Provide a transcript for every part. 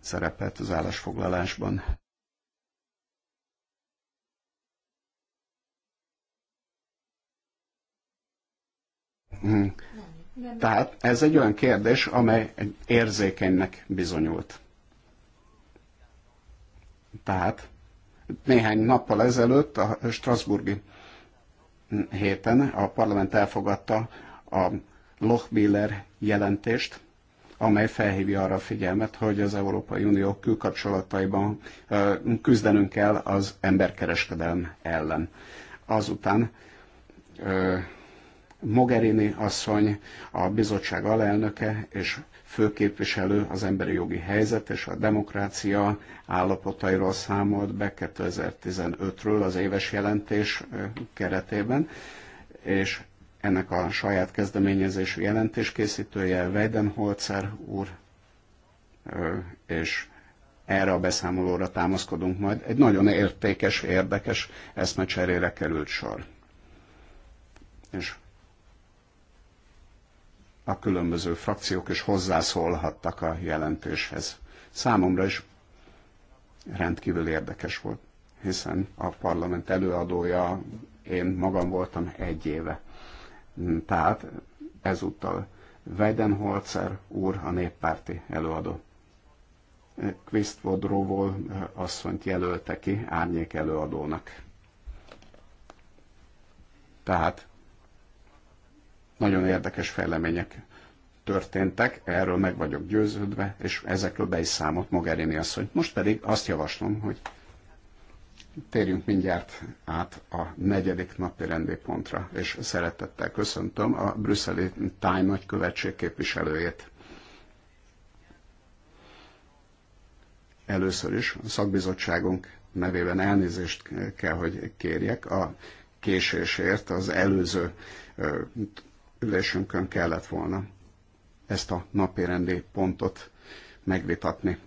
szerepet az állásfoglalásban. Hmm. Tehát ez egy olyan kérdés, amely érzékenynek bizonyult. Tehát néhány nappal ezelőtt a Strasburgi héten a parlament elfogadta a Lochbiller jelentést, amely felhívja arra a figyelmet, hogy az Európai Unió külkapcsolataiban küzdenünk kell az emberkereskedelm ellen. Azután Mogherini asszony, a bizottság alelnöke és főképviselő az emberi jogi helyzet és a demokrácia állapotairól számolt be 2015-ről az éves jelentés keretében, és ennek a saját kezdeményezésű jelentéskészítője, Weidenholzer úr, és erre a beszámolóra támaszkodunk majd. Egy nagyon értékes, érdekes eszmecserére került sor. És a különböző frakciók is hozzászólhattak a jelentéshez. Számomra is rendkívül érdekes volt, hiszen a parlament előadója én magam voltam egy éve tehát ezúttal Weidenholzer úr, a néppárti előadó. Quistvodrovol eh, asszonyt jelölte ki árnyék előadónak. Tehát nagyon érdekes fejlemények történtek, erről meg vagyok győződve, és ezekről be is számolt Mogherini asszony. Most pedig azt javaslom, hogy térjünk mindjárt át a negyedik napi rendi pontra, és szeretettel köszöntöm a brüsszeli táj nagykövetség képviselőjét. Először is a szakbizottságunk nevében elnézést kell, hogy kérjek a késésért, az előző ülésünkön kellett volna ezt a napirendi pontot megvitatni.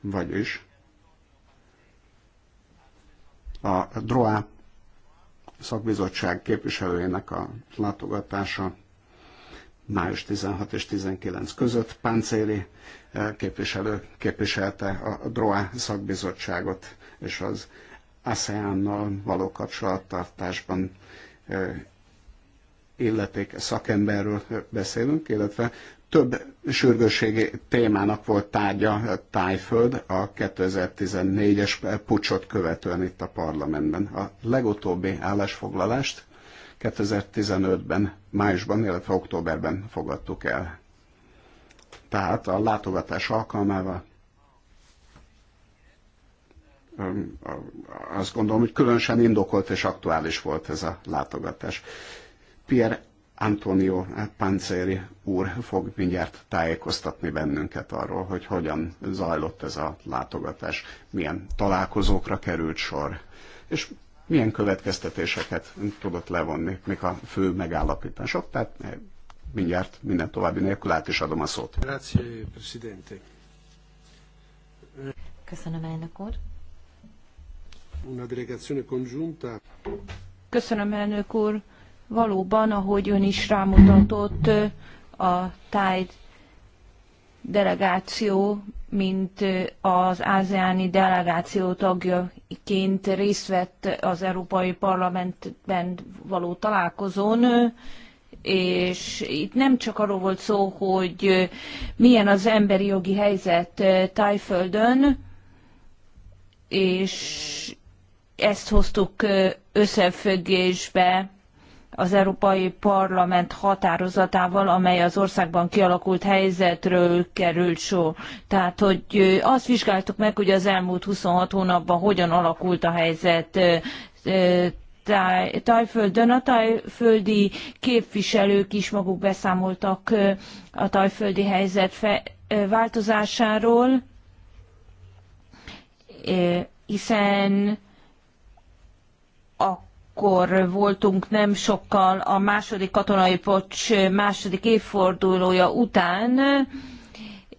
Vagyis a DROA szakbizottság képviselőjének a látogatása május 16 és 19 között páncéli eh, képviselő képviselte a DROA szakbizottságot, és az ASEAN-nal való kapcsolattartásban eh, illeték szakemberről eh, beszélünk, illetve több sürgősségi témának volt tárgya Tájföld a 2014-es pucsot követően itt a parlamentben. A legutóbbi állásfoglalást 2015-ben, májusban, illetve októberben fogadtuk el. Tehát a látogatás alkalmával azt gondolom, hogy különösen indokolt és aktuális volt ez a látogatás. Pierre Antonio Pancéri úr fog mindjárt tájékoztatni bennünket arról, hogy hogyan zajlott ez a látogatás, milyen találkozókra került sor, és milyen következtetéseket tudott levonni, mik a fő megállapítások. Tehát eh, mindjárt minden további nélkül át is adom a szót. Köszönöm, elnök úr. Una delegazione congiunta. Köszönöm, elnök úr valóban, ahogy ön is rámutatott, a táj delegáció, mint az ázeáni delegáció tagjaként részt vett az Európai Parlamentben való találkozón, és itt nem csak arról volt szó, hogy milyen az emberi jogi helyzet Tájföldön, és ezt hoztuk összefüggésbe az Európai Parlament határozatával, amely az országban kialakult helyzetről került sor. Tehát, hogy azt vizsgáltuk meg, hogy az elmúlt 26 hónapban hogyan alakult a helyzet táj, Tajföldön. A tajföldi képviselők is maguk beszámoltak a tajföldi helyzet változásáról, hiszen a akkor voltunk nem sokkal a második katonai pocs második évfordulója után,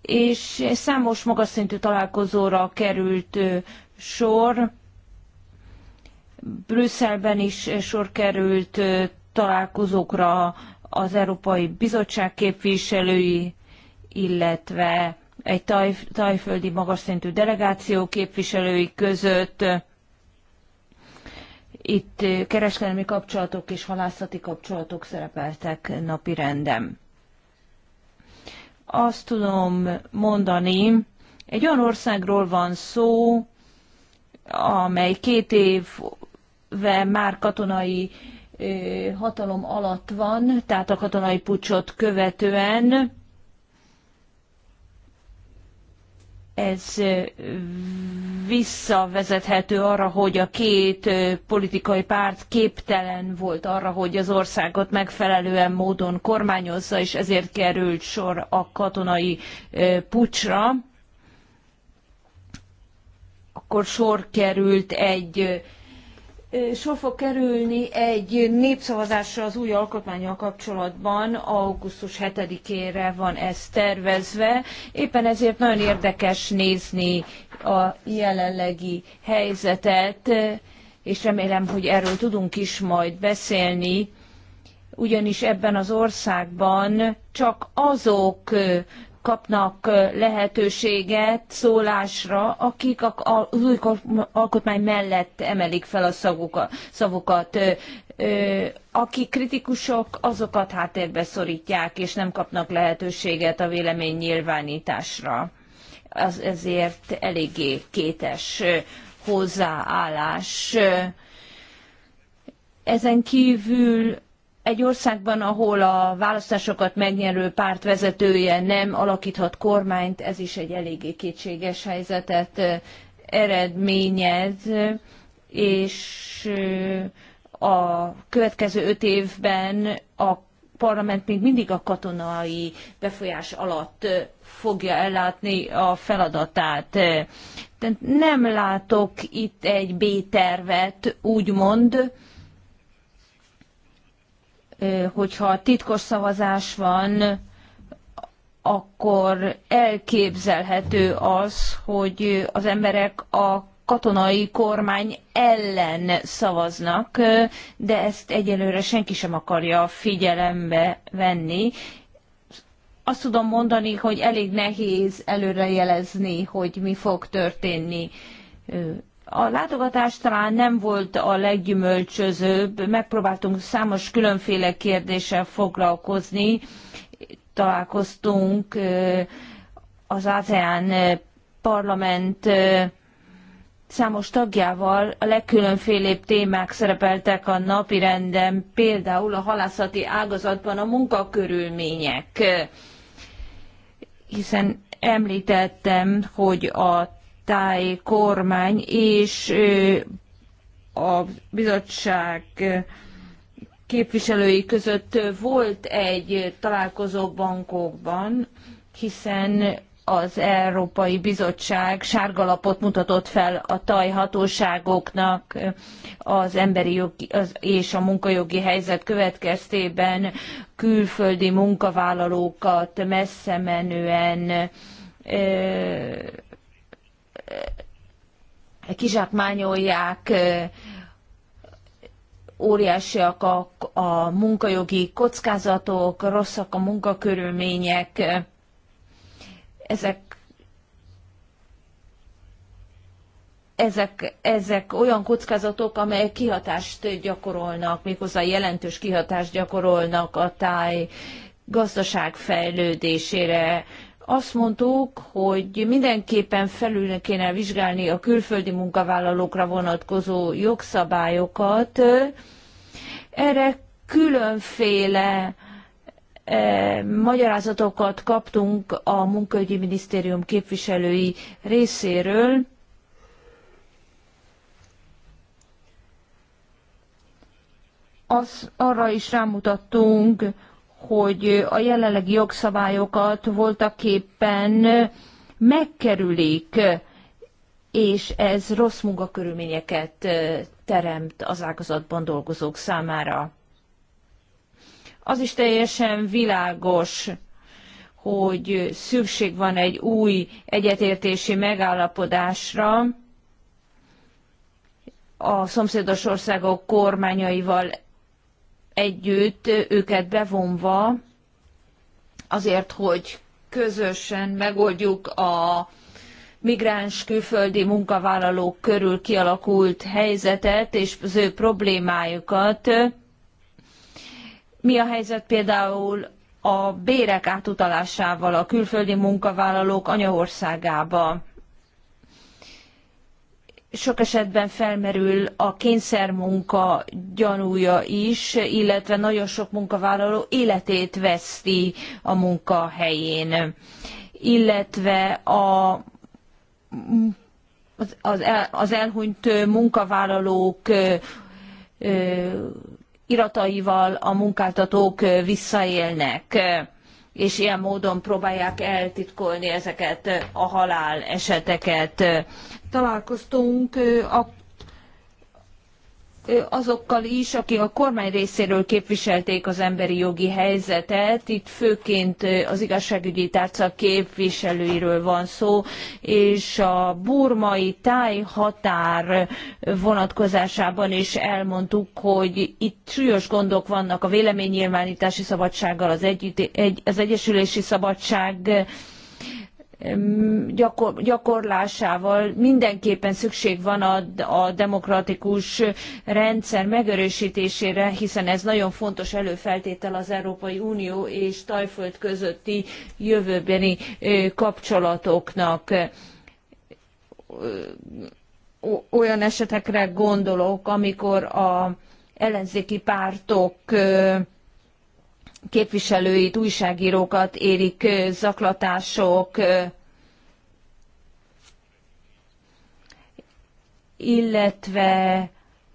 és számos magas szintű találkozóra került sor. Brüsszelben is sor került találkozókra az Európai Bizottság képviselői, illetve egy tajföldi magas szintű delegáció képviselői között itt kereskedelmi kapcsolatok és halászati kapcsolatok szerepeltek napi rendem. Azt tudom mondani, egy olyan országról van szó, amely két évve már katonai hatalom alatt van, tehát a katonai pucsot követően ez visszavezethető arra, hogy a két politikai párt képtelen volt arra, hogy az országot megfelelően módon kormányozza, és ezért került sor a katonai pucsra. Akkor sor került egy sor fog kerülni egy népszavazásra az új alkotmányjal kapcsolatban, augusztus 7-ére van ez tervezve. Éppen ezért nagyon érdekes nézni a jelenlegi helyzetet, és remélem, hogy erről tudunk is majd beszélni, ugyanis ebben az országban csak azok kapnak lehetőséget szólásra, akik az új alkotmány mellett emelik fel a szavukat. Akik kritikusok, azokat háttérbe szorítják, és nem kapnak lehetőséget a vélemény nyilvánításra. Az, ezért eléggé kétes hozzáállás. Ezen kívül egy országban, ahol a választásokat megnyerő párt vezetője nem alakíthat kormányt, ez is egy eléggé kétséges helyzetet eh, eredményez, és eh, a következő öt évben a parlament még mindig a katonai befolyás alatt eh, fogja ellátni a feladatát. Tehát nem látok itt egy B-tervet, úgymond, hogyha titkos szavazás van, akkor elképzelhető az, hogy az emberek a katonai kormány ellen szavaznak, de ezt egyelőre senki sem akarja figyelembe venni. Azt tudom mondani, hogy elég nehéz előrejelezni, hogy mi fog történni a látogatás talán nem volt a leggyümölcsözőbb, megpróbáltunk számos különféle kérdéssel foglalkozni, találkoztunk az ASEAN parlament számos tagjával a legkülönfélébb témák szerepeltek a renden, például a halászati ágazatban a munkakörülmények, hiszen említettem, hogy a táj kormány és a bizottság képviselői között volt egy találkozó bankokban, hiszen az Európai Bizottság sárgalapot mutatott fel a tajhatóságoknak az emberi jogi és a munkajogi helyzet következtében külföldi munkavállalókat messze menően ö, kizsákmányolják, óriásiak a, a munkajogi kockázatok, rosszak a munkakörülmények, ezek ezek, ezek olyan kockázatok, amelyek kihatást gyakorolnak, méghozzá jelentős kihatást gyakorolnak a táj gazdaság fejlődésére, azt mondtuk, hogy mindenképpen felül kéne vizsgálni a külföldi munkavállalókra vonatkozó jogszabályokat. Erre különféle e, magyarázatokat kaptunk a munkaügyi minisztérium képviselői részéről. Az, arra is rámutattunk, hogy a jelenlegi jogszabályokat voltaképpen megkerülik, és ez rossz munkakörülményeket teremt az ágazatban dolgozók számára. Az is teljesen világos, hogy szükség van egy új egyetértési megállapodásra a szomszédos országok kormányaival együtt őket bevonva, azért, hogy közösen megoldjuk a migráns külföldi munkavállalók körül kialakult helyzetet és az ő problémájukat. Mi a helyzet például a bérek átutalásával a külföldi munkavállalók anyaországába? sok esetben felmerül a kényszermunka gyanúja is, illetve nagyon sok munkavállaló életét veszti a munkahelyén, illetve a az, el, az elhunyt munkavállalók irataival a munkáltatók visszaélnek, és ilyen módon próbálják eltitkolni ezeket a halál eseteket találkoztunk a azokkal is, akik a kormány részéről képviselték az emberi jogi helyzetet. Itt főként az igazságügyi tárca képviselőiről van szó, és a burmai táj határ vonatkozásában is elmondtuk, hogy itt súlyos gondok vannak a véleménynyilvánítási szabadsággal, az, együtt, egy, az egyesülési szabadság gyakor, gyakorlásával mindenképpen szükség van a, a demokratikus rendszer megerősítésére, hiszen ez nagyon fontos előfeltétel az Európai Unió és Tajföld közötti jövőbeni kapcsolatoknak olyan esetekre gondolok, amikor a ellenzéki pártok képviselőit, újságírókat érik zaklatások, illetve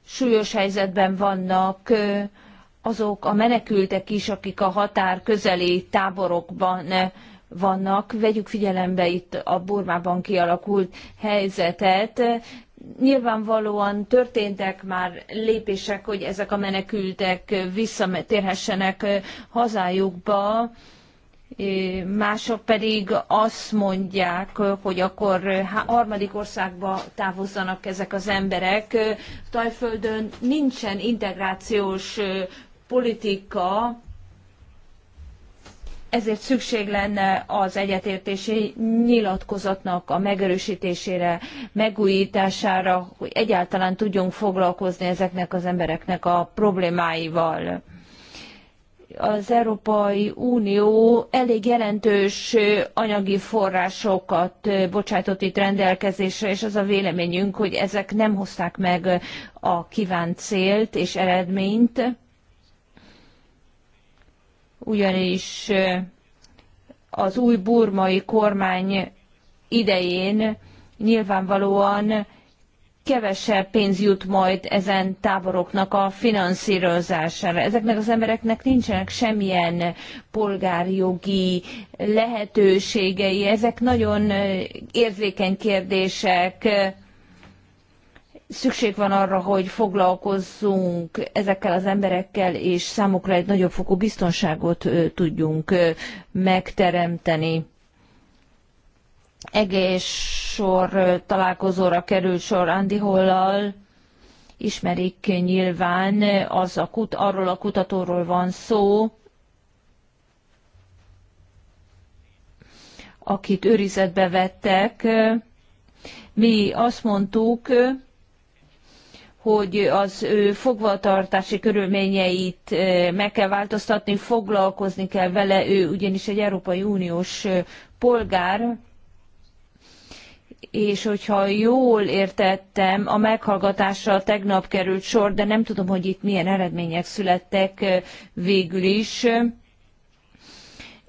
súlyos helyzetben vannak azok a menekültek is, akik a határ közeli táborokban vannak. Vegyük figyelembe itt a Burmában kialakult helyzetet nyilvánvalóan történtek már lépések, hogy ezek a menekültek visszatérhessenek eh, hazájukba, eh, mások pedig azt mondják, eh, hogy akkor harmadik országba távozzanak ezek az emberek. Tajföldön nincsen integrációs politika, ezért szükség lenne az egyetértési nyilatkozatnak a megerősítésére, megújítására, hogy egyáltalán tudjunk foglalkozni ezeknek az embereknek a problémáival az Európai Unió elég jelentős anyagi forrásokat bocsátott itt rendelkezésre, és az a véleményünk, hogy ezek nem hozták meg a kívánt célt és eredményt ugyanis az új burmai kormány idején nyilvánvalóan kevesebb pénz jut majd ezen táboroknak a finanszírozására. Ezeknek az embereknek nincsenek semmilyen polgárjogi lehetőségei, ezek nagyon érzékeny kérdések, szükség van arra, hogy foglalkozzunk ezekkel az emberekkel, és számukra egy nagyobb fokú biztonságot tudjunk megteremteni. Egész sor találkozóra került sor Andy Hollal, ismerik nyilván, az a kut, arról a kutatóról van szó, akit őrizetbe vettek. Mi azt mondtuk, hogy az ő fogvatartási körülményeit eh, meg kell változtatni, foglalkozni kell vele, ő ugyanis egy Európai Uniós eh, polgár, és hogyha jól értettem, a meghallgatásra tegnap került sor, de nem tudom, hogy itt milyen eredmények születtek eh, végül is.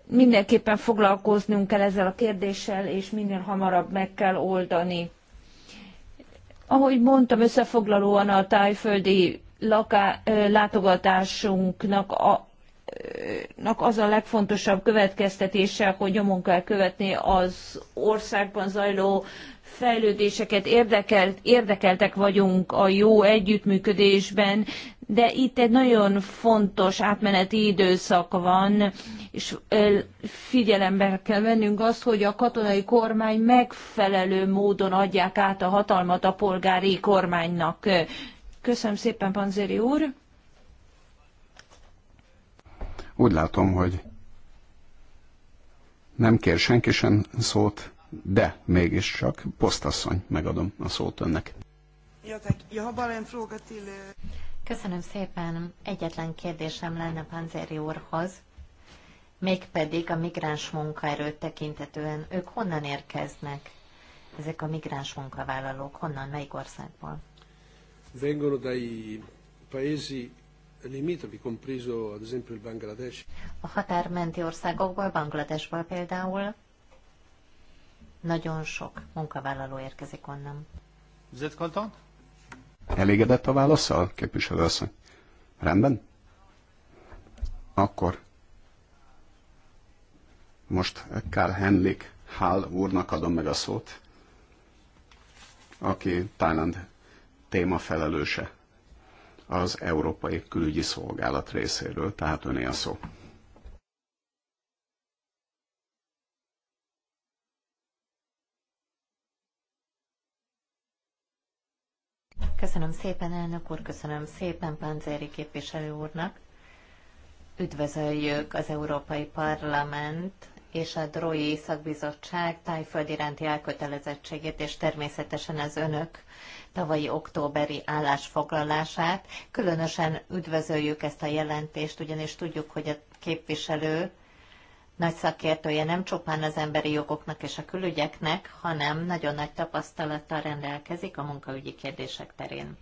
Mindenképpen foglalkoznunk kell ezzel a kérdéssel, és minél hamarabb meg kell oldani ahogy mondtam, összefoglalóan a tájföldi laká, látogatásunknak a, az a legfontosabb következtetése, hogy nyomon kell követni az országban zajló fejlődéseket, érdekelt, érdekeltek vagyunk a jó együttműködésben, de itt egy nagyon fontos átmeneti időszak van, és figyelembe kell vennünk azt, hogy a katonai kormány megfelelő módon adják át a hatalmat a polgári kormánynak. Köszönöm szépen, Panzeri úr! Úgy látom, hogy nem kér senki sem szót de mégiscsak posztasszony, megadom a szót önnek. Köszönöm szépen. Egyetlen kérdésem lenne Panzeri úrhoz, mégpedig a migráns munkaerőt tekintetően ők honnan érkeznek? Ezek a migráns munkavállalók honnan, melyik országból? Vengono dai paesi limitrofi, compreso ad esempio il Bangladesh. A határmenti országokból, Bangladesból például, nagyon sok munkavállaló érkezik onnan. Elégedett a válaszsal, képviselő asszony? Rendben? Akkor most Karl Henlik Hall úrnak adom meg a szót, aki Thailand téma felelőse az Európai Külügyi Szolgálat részéről, tehát öné a szó. Köszönöm szépen, elnök úr, köszönöm szépen Panzeri képviselő úrnak. Üdvözöljük az Európai Parlament és a Drói szakbizottság tájföld iránti elkötelezettségét, és természetesen az önök tavalyi októberi állásfoglalását. Különösen üdvözöljük ezt a jelentést, ugyanis tudjuk, hogy a képviselő nagy szakértője nem csupán az emberi jogoknak és a külügyeknek, hanem nagyon nagy tapasztalattal rendelkezik a munkaügyi kérdések terén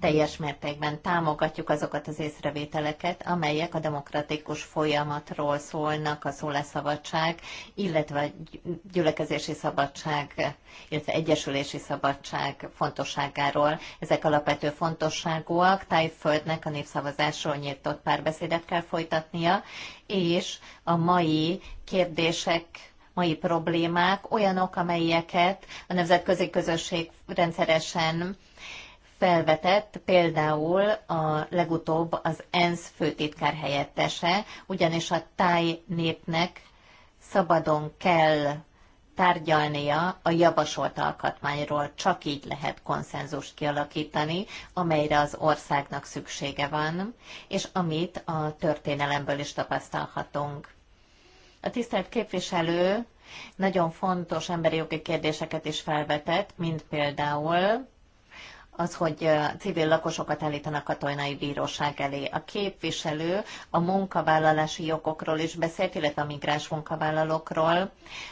teljes mértékben támogatjuk azokat az észrevételeket, amelyek a demokratikus folyamatról szólnak, a szólásszabadság, illetve a gyülekezési szabadság, illetve egyesülési szabadság fontosságáról. Ezek alapvető fontosságúak, Tájföldnek a népszavazásról nyitott párbeszédet kell folytatnia, és a mai kérdések mai problémák olyanok, amelyeket a nemzetközi közösség rendszeresen felvetett például a legutóbb az ENSZ főtitkár helyettese, ugyanis a táj népnek szabadon kell tárgyalnia a javasolt alkatmányról, Csak így lehet konszenzust kialakítani, amelyre az országnak szüksége van, és amit a történelemből is tapasztalhatunk. A tisztelt képviselő nagyon fontos emberi jogi kérdéseket is felvetett, mint például az, hogy civil lakosokat állítanak katonai bíróság elé. A képviselő a munkavállalási jogokról is beszélt, illetve a migráns munkavállalókról.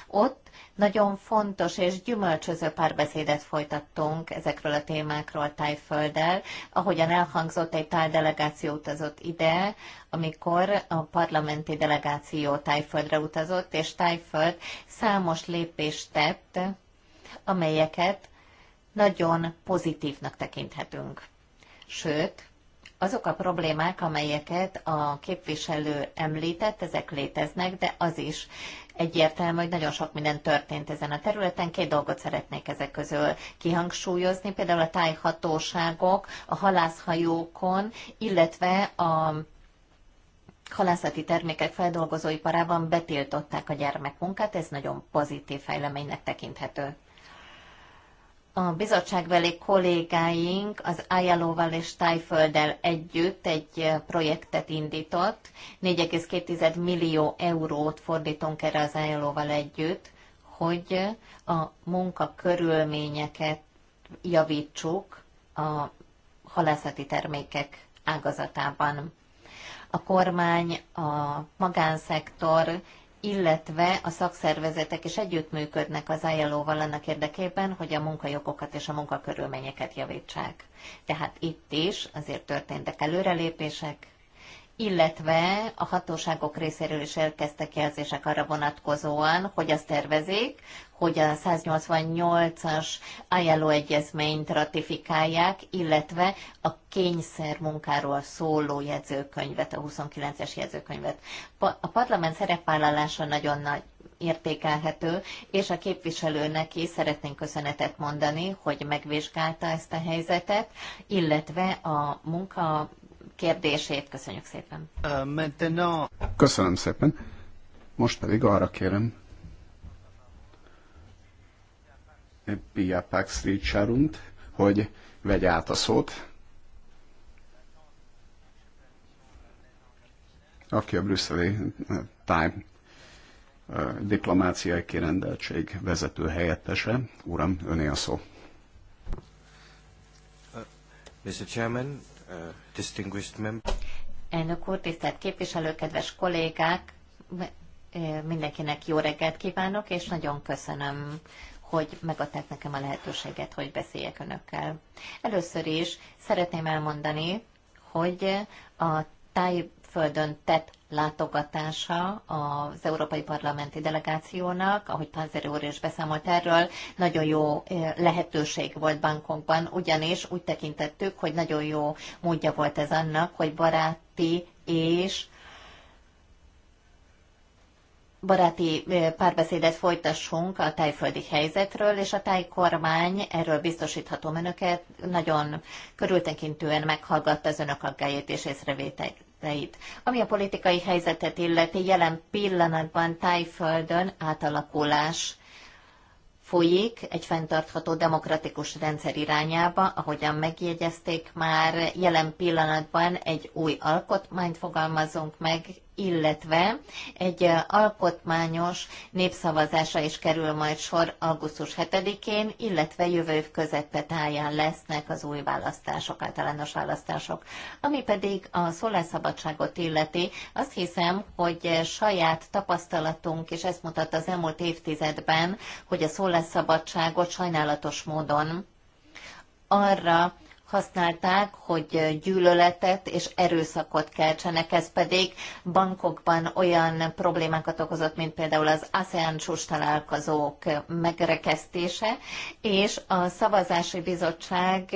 Ott nagyon fontos és gyümölcsöző párbeszédet folytattunk ezekről a témákról Tájfölddel. Ahogyan elhangzott, egy delegáció utazott ide, amikor a parlamenti delegáció Tájföldre utazott, és Tájföld számos lépést tett, amelyeket nagyon pozitívnak tekinthetünk. Sőt, azok a problémák, amelyeket a képviselő említett, ezek léteznek, de az is egyértelmű, hogy nagyon sok minden történt ezen a területen. Két dolgot szeretnék ezek közül kihangsúlyozni, például a tájhatóságok, a halászhajókon, illetve a halászati termékek feldolgozóiparában betiltották a gyermekmunkát, ez nagyon pozitív fejleménynek tekinthető a bizottságbeli kollégáink az Ájálóval és Tájfölddel együtt egy eh, projektet indított. 4,2 millió eurót fordítunk erre az Ájálóval együtt, hogy eh, a munkakörülményeket javítsuk a halászati termékek ágazatában. A kormány, a magánszektor illetve a szakszervezetek is együttműködnek az ILO-val annak érdekében, hogy a munkajogokat és a munkakörülményeket javítsák. Tehát itt is azért történtek előrelépések, illetve a hatóságok részéről is elkezdtek jelzések arra vonatkozóan, hogy azt tervezik, hogy a 188-as ILO egyezményt ratifikálják, illetve a kényszer munkáról szóló jegyzőkönyvet, a 29-es jegyzőkönyvet. A parlament szerepvállalása nagyon nagy értékelhető, és a képviselőnek is szeretnénk köszönetet mondani, hogy megvizsgálta ezt a helyzetet, illetve a munka kérdését. Köszönjük szépen. Uh, Köszönöm szépen. Most pedig arra kérem Pia Pax Richardunt, hogy vegye át a szót. Aki a brüsszeli eh, Time eh, diplomáciai kirendeltség vezető helyettese. Uram, öné a szó. Uh, Mr. Chairman, Uh, distinguished members. Elnök úr, tisztelt képviselő, kedves kollégák, mindenkinek jó reggelt kívánok, és nagyon köszönöm, hogy megadták nekem a lehetőséget, hogy beszéljek önökkel. Először is szeretném elmondani, hogy a tájföldön tett látogatása az Európai Parlamenti Delegációnak, ahogy Panzeri úr is beszámolt erről, nagyon jó lehetőség volt bankokban, ugyanis úgy tekintettük, hogy nagyon jó módja volt ez annak, hogy baráti és baráti párbeszédet folytassunk a tájföldi helyzetről, és a tájkormány erről biztosíthatom önöket, nagyon körültekintően meghallgatta az önök aggájét és észrevételt részeit. Ami a politikai helyzetet illeti, jelen pillanatban Tájföldön átalakulás folyik egy fenntartható demokratikus rendszer irányába, ahogyan megjegyezték már, jelen pillanatban egy új alkotmányt fogalmazunk meg, illetve egy alkotmányos népszavazása is kerül majd sor augusztus 7-én, illetve jövő év táján lesznek az új választások, általános választások. Ami pedig a szólásszabadságot illeti, azt hiszem, hogy saját tapasztalatunk, és ezt mutat az elmúlt évtizedben, hogy a szólásszabadságot sajnálatos módon arra használták, hogy gyűlöletet és erőszakot keltsenek, ez pedig bankokban olyan problémákat okozott, mint például az ASEAN csúcs találkozók megrekesztése, és a szavazási bizottság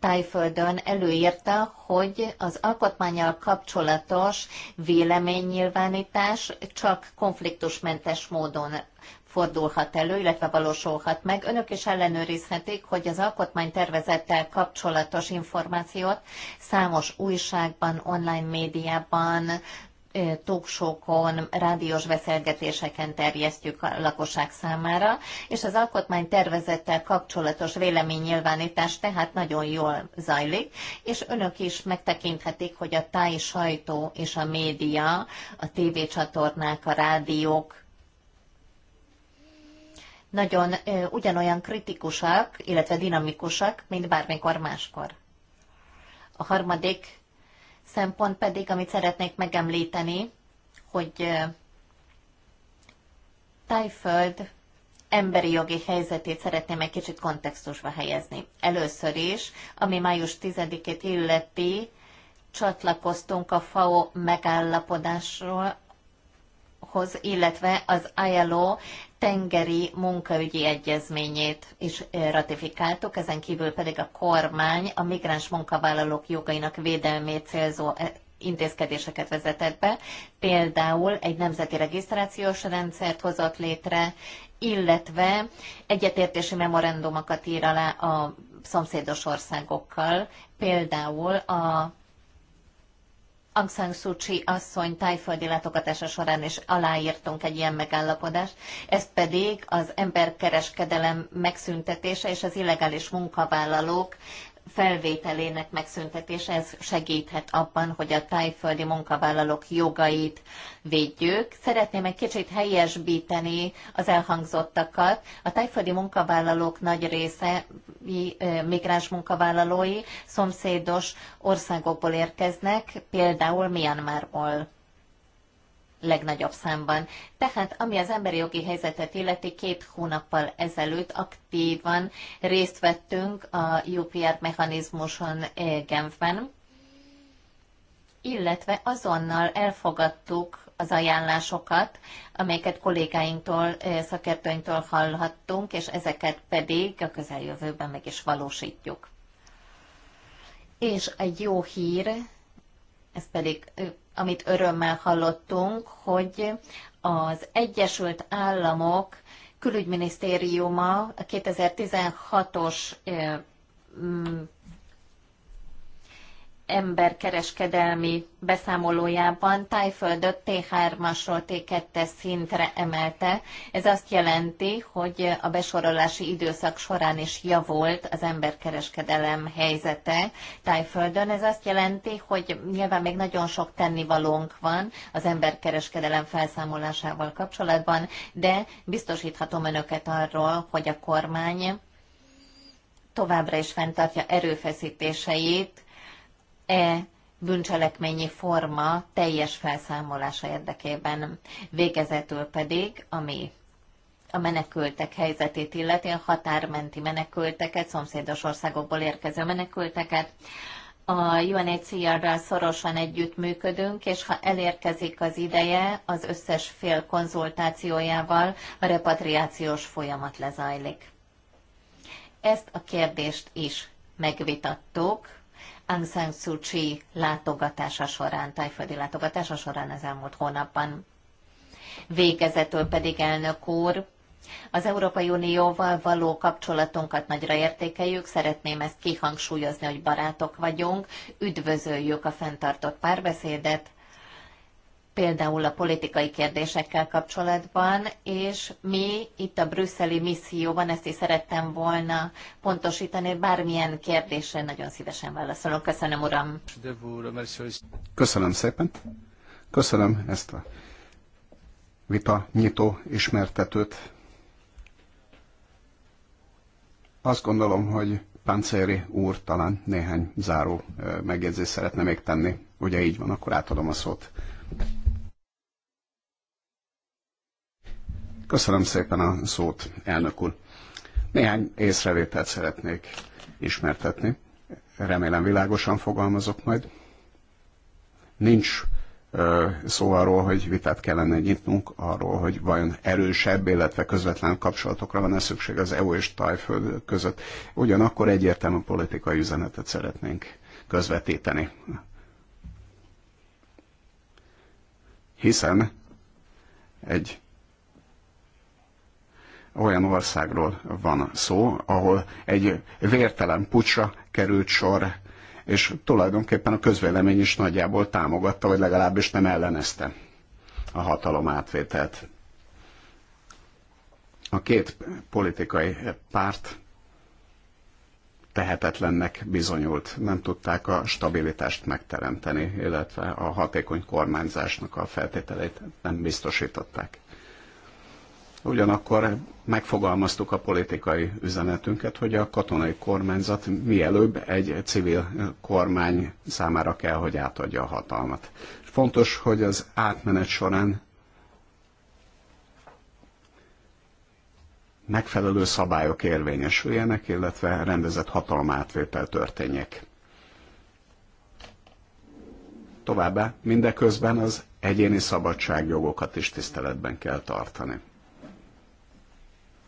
Tájföldön előírta, hogy az alkotmányal kapcsolatos véleménynyilvánítás csak konfliktusmentes módon fordulhat elő, illetve valósulhat meg. Önök is ellenőrizhetik, hogy az alkotmánytervezettel kapcsolatos információt számos újságban, online médiában, toksókon, rádiós beszélgetéseken terjesztjük a lakosság számára, és az alkotmánytervezettel kapcsolatos véleménynyilvánítás tehát nagyon jól zajlik, és önök is megtekinthetik, hogy a táj sajtó és a média, a tévécsatornák, a rádiók nagyon ugyanolyan kritikusak, illetve dinamikusak, mint bármikor máskor. A harmadik szempont pedig, amit szeretnék megemlíteni, hogy Tájföld emberi jogi helyzetét szeretném egy kicsit kontextusba helyezni. Először is, ami május 10-ét illeti, csatlakoztunk a FAO megállapodásról, illetve az ILO tengeri munkaügyi egyezményét is ratifikáltuk, ezen kívül pedig a kormány a migráns munkavállalók jogainak védelmét célzó intézkedéseket vezetett be, például egy nemzeti regisztrációs rendszert hozott létre, illetve egyetértési memorandumokat ír alá a szomszédos országokkal, például a Aung San Suu Kyi asszony tájföldi látogatása során is aláírtunk egy ilyen megállapodást, ez pedig az emberkereskedelem megszüntetése és az illegális munkavállalók felvételének megszüntetése, ez segíthet abban, hogy a tájföldi munkavállalók jogait védjük. Szeretném egy kicsit helyesbíteni az elhangzottakat. A tájföldi munkavállalók nagy része migráns munkavállalói szomszédos országokból érkeznek, például Myanmarból legnagyobb számban. Tehát, ami az emberi jogi helyzetet illeti, két hónappal ezelőtt aktívan részt vettünk a UPR mechanizmuson eh, Genfben, illetve azonnal elfogadtuk az ajánlásokat, amelyeket kollégáinktól, eh, szakértőinktől hallhattunk, és ezeket pedig a közeljövőben meg is valósítjuk. És egy jó hír, ez pedig eh, amit örömmel hallottunk, hogy az Egyesült Államok külügyminisztériuma a 2016-os emberkereskedelmi beszámolójában Tájföldöt T3-asról T2-es szintre emelte. Ez azt jelenti, hogy a besorolási időszak során is javult az emberkereskedelem helyzete Tájföldön. Ez azt jelenti, hogy nyilván még nagyon sok tennivalónk van az emberkereskedelem felszámolásával kapcsolatban, de biztosíthatom önöket arról, hogy a kormány továbbra is fenntartja erőfeszítéseit e bűncselekményi forma teljes felszámolása érdekében. Végezetül pedig, ami a menekültek helyzetét illeti, a határmenti menekülteket, szomszédos országokból érkező menekülteket. A UNHCR-ral szorosan együttműködünk, és ha elérkezik az ideje, az összes fél konzultációjával a repatriációs folyamat lezajlik. Ezt a kérdést is megvitattuk Aung San Suu Kyi látogatása során, tájföldi látogatása során az elmúlt hónapban. Végezetül pedig elnök úr, az Európai Unióval való kapcsolatunkat nagyra értékeljük, szeretném ezt kihangsúlyozni, hogy barátok vagyunk, üdvözöljük a fenntartott párbeszédet, például a politikai kérdésekkel kapcsolatban, és mi itt a brüsszeli misszióban ezt is szerettem volna pontosítani, bármilyen kérdésre nagyon szívesen válaszolok. Köszönöm, uram! Köszönöm szépen! Köszönöm ezt a vita nyitó ismertetőt. Azt gondolom, hogy Páncéri úr talán néhány záró megjegyzést szeretne még tenni. Ugye így van, akkor átadom a szót. Köszönöm szépen a szót, elnök úr. Néhány észrevételt szeretnék ismertetni. Remélem világosan fogalmazok majd. Nincs szó arról, hogy vitát kellene nyitnunk, arról, hogy vajon erősebb, illetve közvetlen kapcsolatokra van-e szükség az EU és Tajföld között. Ugyanakkor egyértelmű politikai üzenetet szeretnénk közvetíteni. Hiszen egy olyan országról van szó, ahol egy vértelen pucsa került sor, és tulajdonképpen a közvélemény is nagyjából támogatta, vagy legalábbis nem ellenezte a hatalom átvételt. A két politikai párt tehetetlennek bizonyult, nem tudták a stabilitást megteremteni, illetve a hatékony kormányzásnak a feltételeit nem biztosították. Ugyanakkor megfogalmaztuk a politikai üzenetünket, hogy a katonai kormányzat mielőbb egy civil kormány számára kell, hogy átadja a hatalmat. Fontos, hogy az átmenet során megfelelő szabályok érvényesüljenek, illetve rendezett hatalmátvétel történjék. Továbbá mindeközben az egyéni szabadságjogokat is tiszteletben kell tartani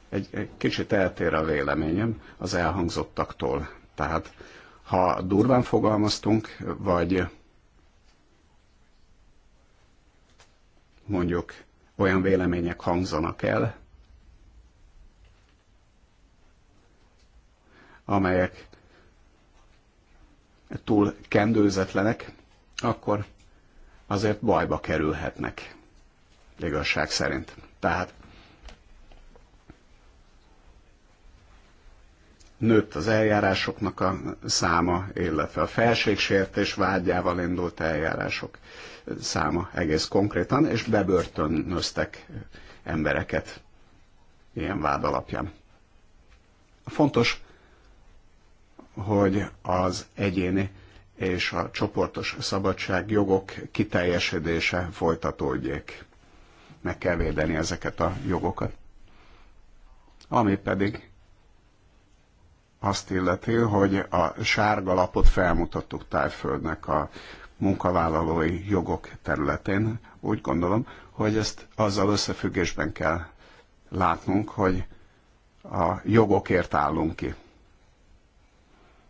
egy, egy kicsit eltér a véleményem az elhangzottaktól. Tehát ha durván fogalmaztunk, vagy mondjuk olyan vélemények hangzanak el, amelyek túl kendőzetlenek, akkor azért bajba kerülhetnek, igazság szerint. Tehát nőtt az eljárásoknak a száma, illetve a felségsértés vágyával indult eljárások száma egész konkrétan, és bebörtönöztek embereket ilyen vád alapján. Fontos, hogy az egyéni és a csoportos szabadság jogok kiteljesedése folytatódjék. Meg kell védeni ezeket a jogokat. Ami pedig azt illeti, hogy a sárga lapot felmutattuk Tájföldnek a munkavállalói jogok területén. Úgy gondolom, hogy ezt azzal összefüggésben kell látnunk, hogy a jogokért állunk ki,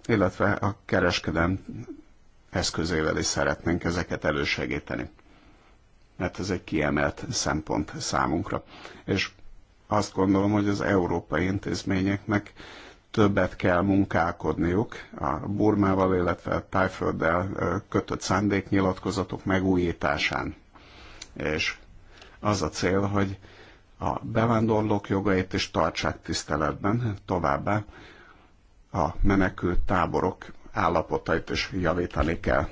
illetve a kereskedem eszközével is szeretnénk ezeket elősegíteni. Mert ez egy kiemelt szempont számunkra. És azt gondolom, hogy az európai intézményeknek többet kell munkálkodniuk a Burmával, illetve Tájfölddel kötött szándéknyilatkozatok megújításán. És az a cél, hogy a bevándorlók jogait is tartsák tiszteletben, továbbá a menekült táborok állapotait is javítani kell.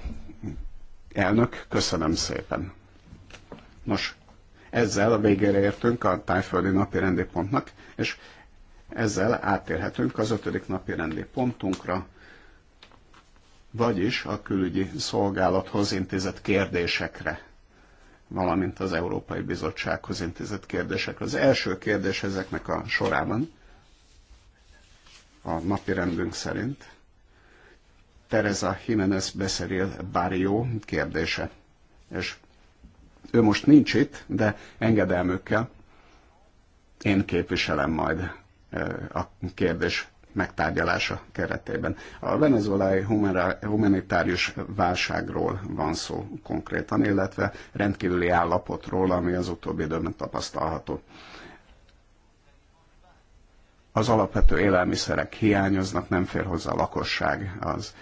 Elnök, köszönöm szépen. Nos, ezzel a végére értünk a tájföldi napi rendi pontnak, és ezzel átérhetünk az ötödik napi rendi pontunkra, vagyis a külügyi szolgálathoz intézett kérdésekre, valamint az Európai Bizottsághoz intézett kérdésekre. Az első kérdés ezeknek a sorában a napi rendünk szerint Teresa Jiménez Becerril Barrio kérdése. És ő most nincs itt, de engedelmükkel én képviselem majd a kérdés megtárgyalása keretében. A venezuelai humanitárius válságról van szó konkrétan, illetve rendkívüli állapotról, ami az utóbbi időben tapasztalható. Az alapvető élelmiszerek hiányoznak, nem fér hozzá a lakosság az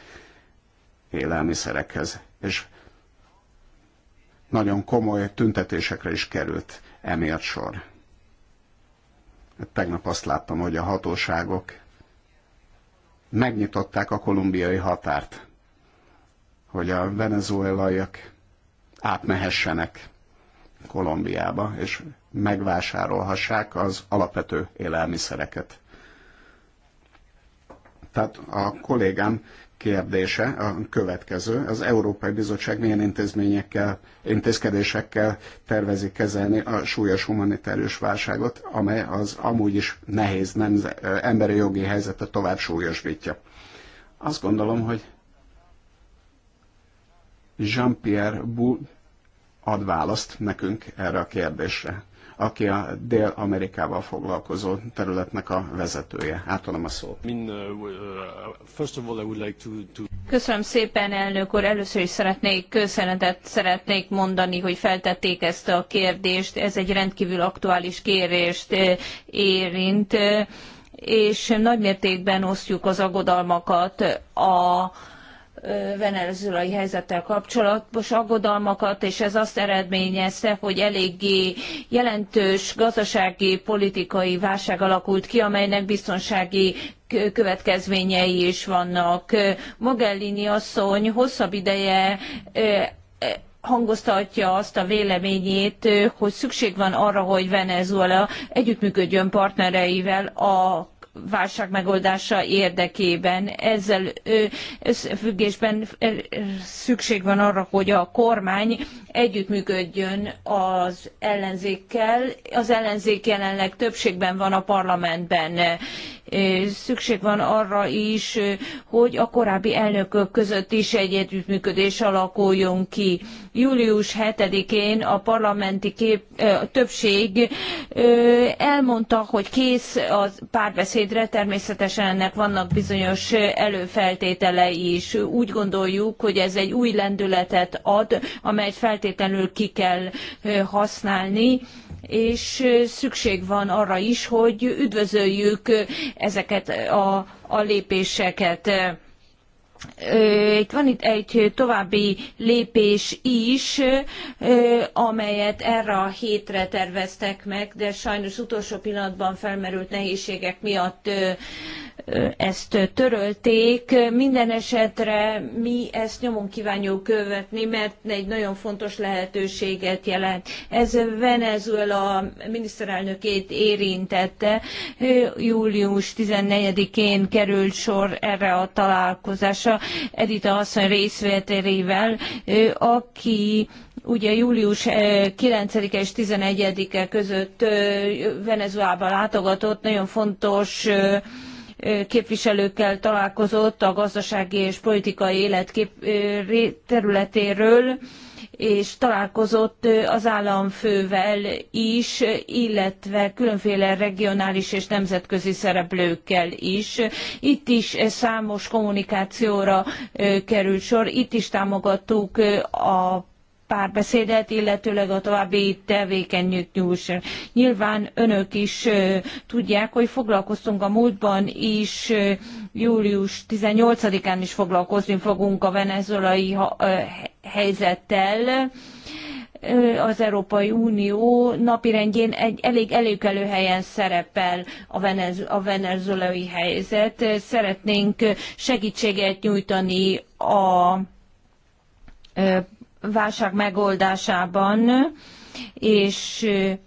élelmiszerekhez, és nagyon komoly tüntetésekre is került emiatt sor Tegnap azt láttam, hogy a hatóságok megnyitották a kolumbiai határt, hogy a venezuelaiak átmehessenek Kolumbiába, és megvásárolhassák az alapvető élelmiszereket. Tehát a kollégám kérdése a következő. Az Európai Bizottság milyen intézményekkel, intézkedésekkel tervezik kezelni a súlyos humanitárius válságot, amely az amúgy is nehéz nem, emberi jogi helyzetet tovább súlyosbítja. Azt gondolom, hogy Jean-Pierre Bou ad választ nekünk erre a kérdésre aki a Dél-Amerikával foglalkozó területnek a vezetője. Átadom a szót. Uh, uh, Köszönöm szépen, elnök úr. Először is szeretnék köszönetet szeretnék mondani, hogy feltették ezt a kérdést. Ez egy rendkívül aktuális kérést eh, érint eh, és nagymértékben osztjuk az aggodalmakat a venezuelai helyzettel kapcsolatos aggodalmakat, és ez azt eredményezte, hogy eléggé jelentős gazdasági, politikai válság alakult ki, amelynek biztonsági következményei is vannak. Mogellini asszony hosszabb ideje hangoztatja azt a véleményét, hogy szükség van arra, hogy Venezuela együttműködjön partnereivel a válság megoldása érdekében. Ezzel összefüggésben szükség van arra, hogy a kormány együttműködjön az ellenzékkel. Az ellenzék jelenleg többségben van a parlamentben, szükség van arra is, hogy a korábbi elnökök között is egy együttműködés alakuljon ki. Július 7-én a parlamenti kép, a többség elmondta, hogy kész a párbeszédre, természetesen ennek vannak bizonyos előfeltételei is. Úgy gondoljuk, hogy ez egy új lendületet ad, amelyet feltétlenül ki kell használni, és szükség van arra is, hogy üdvözöljük ezeket a, a lépéseket. Itt van itt egy további lépés is, amelyet erre a hétre terveztek meg, de sajnos utolsó pillanatban felmerült nehézségek miatt ezt törölték. Minden esetre mi ezt nyomon kívánjuk követni, mert egy nagyon fontos lehetőséget jelent. Ez Venezuela miniszterelnökét érintette. Július 14-én került sor erre a találkozásra Edita asszony részvételével, aki ugye július 9-e és 11-e között Venezuelában látogatott, nagyon fontos képviselőkkel találkozott a gazdasági és politikai élet területéről, és találkozott az államfővel is, illetve különféle regionális és nemzetközi szereplőkkel is. Itt is számos kommunikációra került sor, itt is támogattuk a párbeszédet, illetőleg a további tevékenyük nyújtson. Nyilván önök is tudják, hogy foglalkoztunk a múltban is, július 18-án is foglalkozni fogunk a venezuelai helyzettel az Európai Unió napirendjén egy elég előkelő helyen szerepel a, venez, a venezuelai helyzet. Szeretnénk segítséget nyújtani a válság megoldásában, és eh,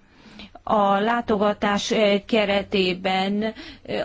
a látogatás eh, keretében eh,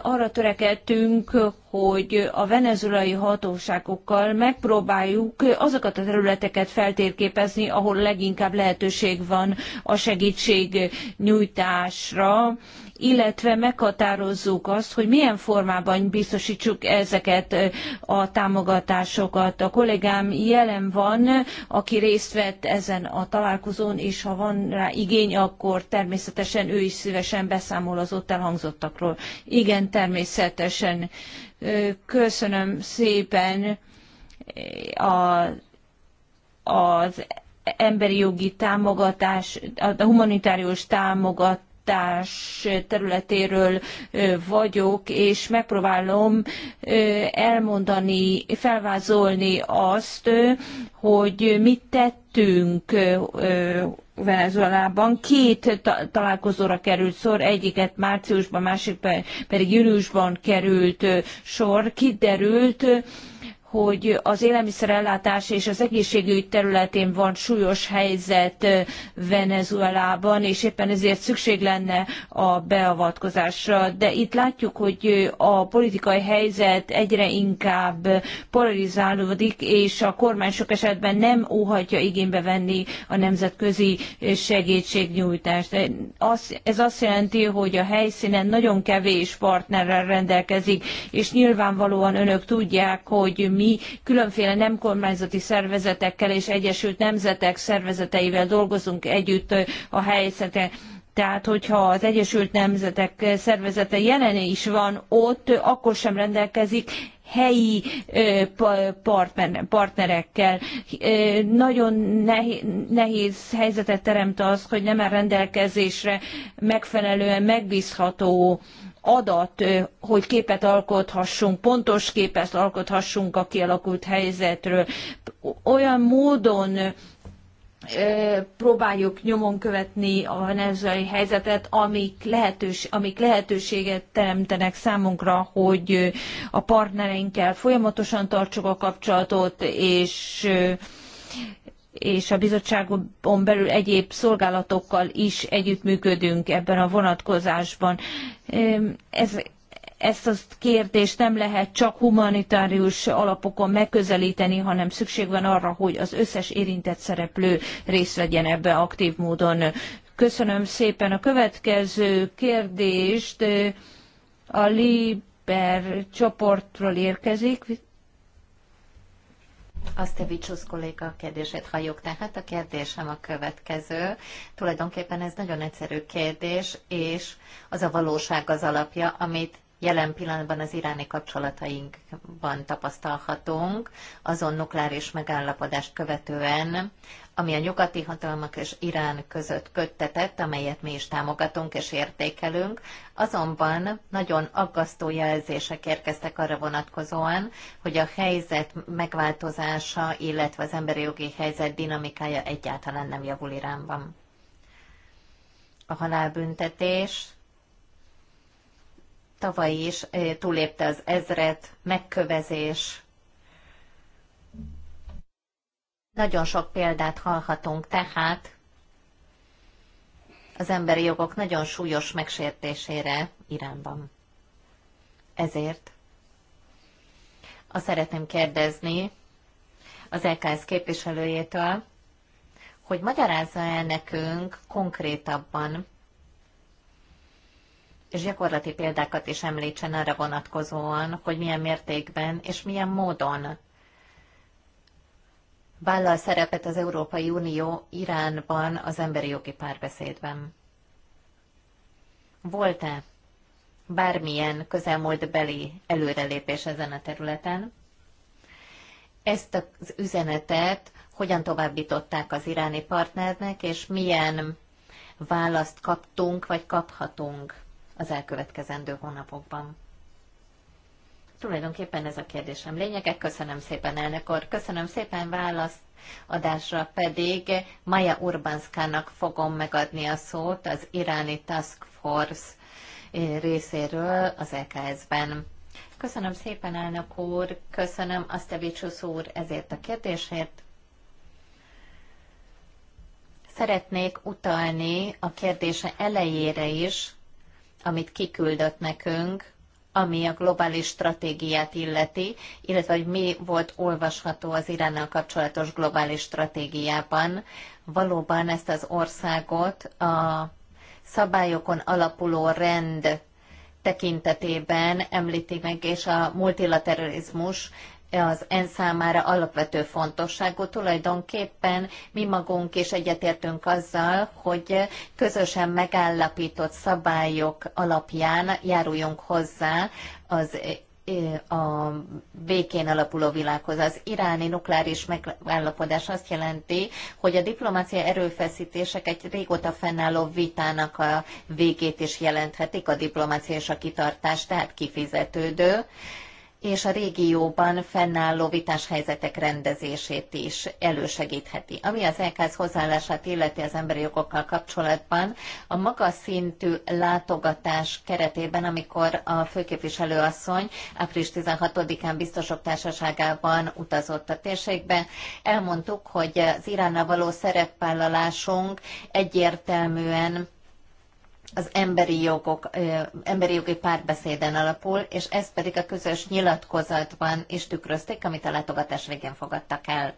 arra törekedtünk, hogy a venezuelai hatóságokkal megpróbáljuk azokat a területeket feltérképezni, ahol leginkább lehetőség van a segítség nyújtásra, illetve meghatározzuk azt, hogy milyen formában biztosítsuk ezeket a támogatásokat. A kollégám jelen van, aki részt vett ezen a találkozón, és ha van rá igény, akkor természetesen ő is szívesen beszámol az ott elhangzottakról. Igen, természetesen Köszönöm szépen a, az emberi jogi támogatás, a humanitárius támogat, oktatás területéről vagyok, és megpróbálom elmondani, felvázolni azt, hogy mit tettünk Venezuelában. Két találkozóra került sor, egyiket márciusban, másik pedig júniusban került sor. Kiderült, hogy az élelmiszerellátás és az egészségügy területén van súlyos helyzet Venezuelában, és éppen ezért szükség lenne a beavatkozásra. De itt látjuk, hogy a politikai helyzet egyre inkább polarizálódik, és a kormány sok esetben nem óhatja igénybe venni a nemzetközi segítségnyújtást. Ez azt jelenti, hogy a helyszínen nagyon kevés partnerrel rendelkezik, és nyilvánvalóan önök tudják, hogy mi mi különféle nem kormányzati szervezetekkel és Egyesült Nemzetek szervezeteivel dolgozunk együtt a helyzeten. Tehát, hogyha az Egyesült Nemzetek szervezete jelen is van ott, akkor sem rendelkezik helyi partnerekkel. Nagyon nehéz helyzetet teremt az, hogy nem áll rendelkezésre megfelelően megbízható adat, hogy képet alkothassunk, pontos képet alkothassunk a kialakult helyzetről. Olyan módon próbáljuk nyomon követni a venezuelai helyzetet, amik, lehetős, amik lehetőséget teremtenek számunkra, hogy a partnereinkkel folyamatosan tartsuk a kapcsolatot, és és a bizottságon belül egyéb szolgálatokkal is együttműködünk ebben a vonatkozásban. Ez, ezt a kérdést nem lehet csak humanitárius alapokon megközelíteni, hanem szükség van arra, hogy az összes érintett szereplő részt vegyen ebbe aktív módon. Köszönöm szépen a következő kérdést. A Liber csoportról érkezik. Asztevicsusz kolléga a kérdését halljuk, tehát a kérdésem a következő. Tulajdonképpen ez nagyon egyszerű kérdés, és az a valóság az alapja, amit jelen pillanatban az iráni kapcsolatainkban tapasztalhatunk, azon nukleáris megállapodást követően, ami a nyugati hatalmak és Irán között köttetett, amelyet mi is támogatunk és értékelünk, azonban nagyon aggasztó jelzések érkeztek arra vonatkozóan, hogy a helyzet megváltozása, illetve az emberi jogi helyzet dinamikája egyáltalán nem javul Iránban. A halálbüntetés Tavaly is túlépte az ezret, megkövezés. Nagyon sok példát hallhatunk tehát az emberi jogok nagyon súlyos megsértésére Iránban. Ezért azt szeretném kérdezni az LKS képviselőjétől, hogy magyarázza el nekünk konkrétabban, és gyakorlati példákat is említsen arra vonatkozóan, hogy milyen mértékben és milyen módon vállal szerepet az Európai Unió Iránban az emberi jogi párbeszédben. Volt-e bármilyen közelmúltbeli előrelépés ezen a területen? Ezt az üzenetet hogyan továbbították az iráni partnernek, és milyen választ kaptunk vagy kaphatunk az elkövetkezendő hónapokban? Tulajdonképpen ez a kérdésem lényege. Köszönöm szépen, elnök úr. Köszönöm szépen választ adásra pedig Maja Urbanszkának fogom megadni a szót az iráni Task Force részéről az EKS-ben. Köszönöm szépen, elnök úr, köszönöm Asztevicsusz úr ezért a kérdésért. Szeretnék utalni a kérdése elejére is, amit kiküldött nekünk, ami a globális stratégiát illeti, illetve hogy mi volt olvasható az Iránnal kapcsolatos globális stratégiában. Valóban ezt az országot a szabályokon alapuló rend tekintetében említi meg, és a multilateralizmus az EN számára alapvető fontosságú. Tulajdonképpen mi magunk is egyetértünk azzal, hogy közösen megállapított szabályok alapján járuljunk hozzá az a békén alapuló világhoz. Az iráni nukleáris megállapodás azt jelenti, hogy a diplomácia erőfeszítések egy régóta fennálló vitának a végét is jelenthetik, a diplomácia és a kitartás, tehát kifizetődő és a régióban fennálló vitáshelyzetek rendezését is elősegítheti. Ami az EKZ hozzáállását illeti az emberi jogokkal kapcsolatban, a magas szintű látogatás keretében, amikor a főképviselő asszony április 16-án biztosok társaságában utazott a térségbe, elmondtuk, hogy az Iránnal való szerepvállalásunk egyértelműen az emberi, jogok, emberi jogi párbeszéden alapul, és ez pedig a közös nyilatkozatban is tükrözték, amit a látogatás végén fogadtak el.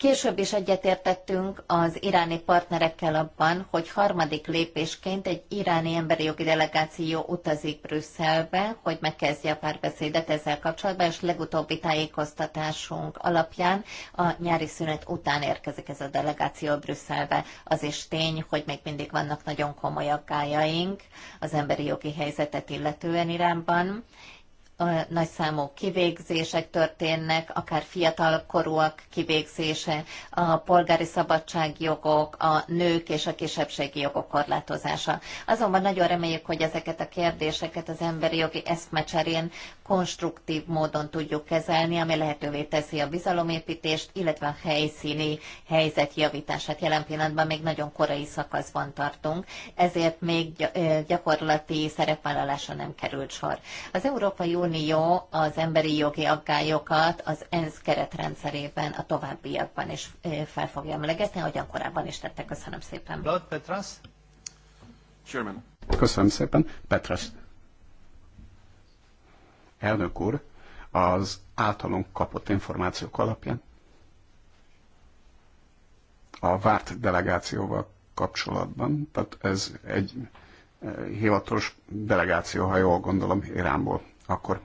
Később is egyetértettünk az iráni partnerekkel abban, hogy harmadik lépésként egy iráni emberi jogi delegáció utazik Brüsszelbe, hogy megkezdje a párbeszédet ezzel kapcsolatban, és legutóbbi tájékoztatásunk alapján a nyári szünet után érkezik ez a delegáció Brüsszelbe. Az is tény, hogy még mindig vannak nagyon komoly aggájaink az emberi jogi helyzetet illetően Iránban, nagy számú kivégzések történnek, akár fiatal korúak kivégzése, a polgári szabadságjogok, a nők és a kisebbségi jogok korlátozása. Azonban nagyon reméljük, hogy ezeket a kérdéseket az emberi jogi eszmecserén konstruktív módon tudjuk kezelni, ami lehetővé teszi a bizalomépítést, illetve a helyszíni helyzet javítását. Jelen pillanatban még nagyon korai szakaszban tartunk, ezért még gyakorlati szerepvállalása nem került sor. Az Európai Unió Unió az emberi jogi aggályokat az ENSZ keretrendszerében a továbbiakban is fel fogja emlegetni, ahogyan korábban is tette. Köszönöm szépen. Lord Petras. Chairman. Köszönöm szépen. Petras. Elnök úr, az általunk kapott információk alapján a várt delegációval kapcsolatban, tehát ez egy hivatalos delegáció, ha jól gondolom, Iránból akkor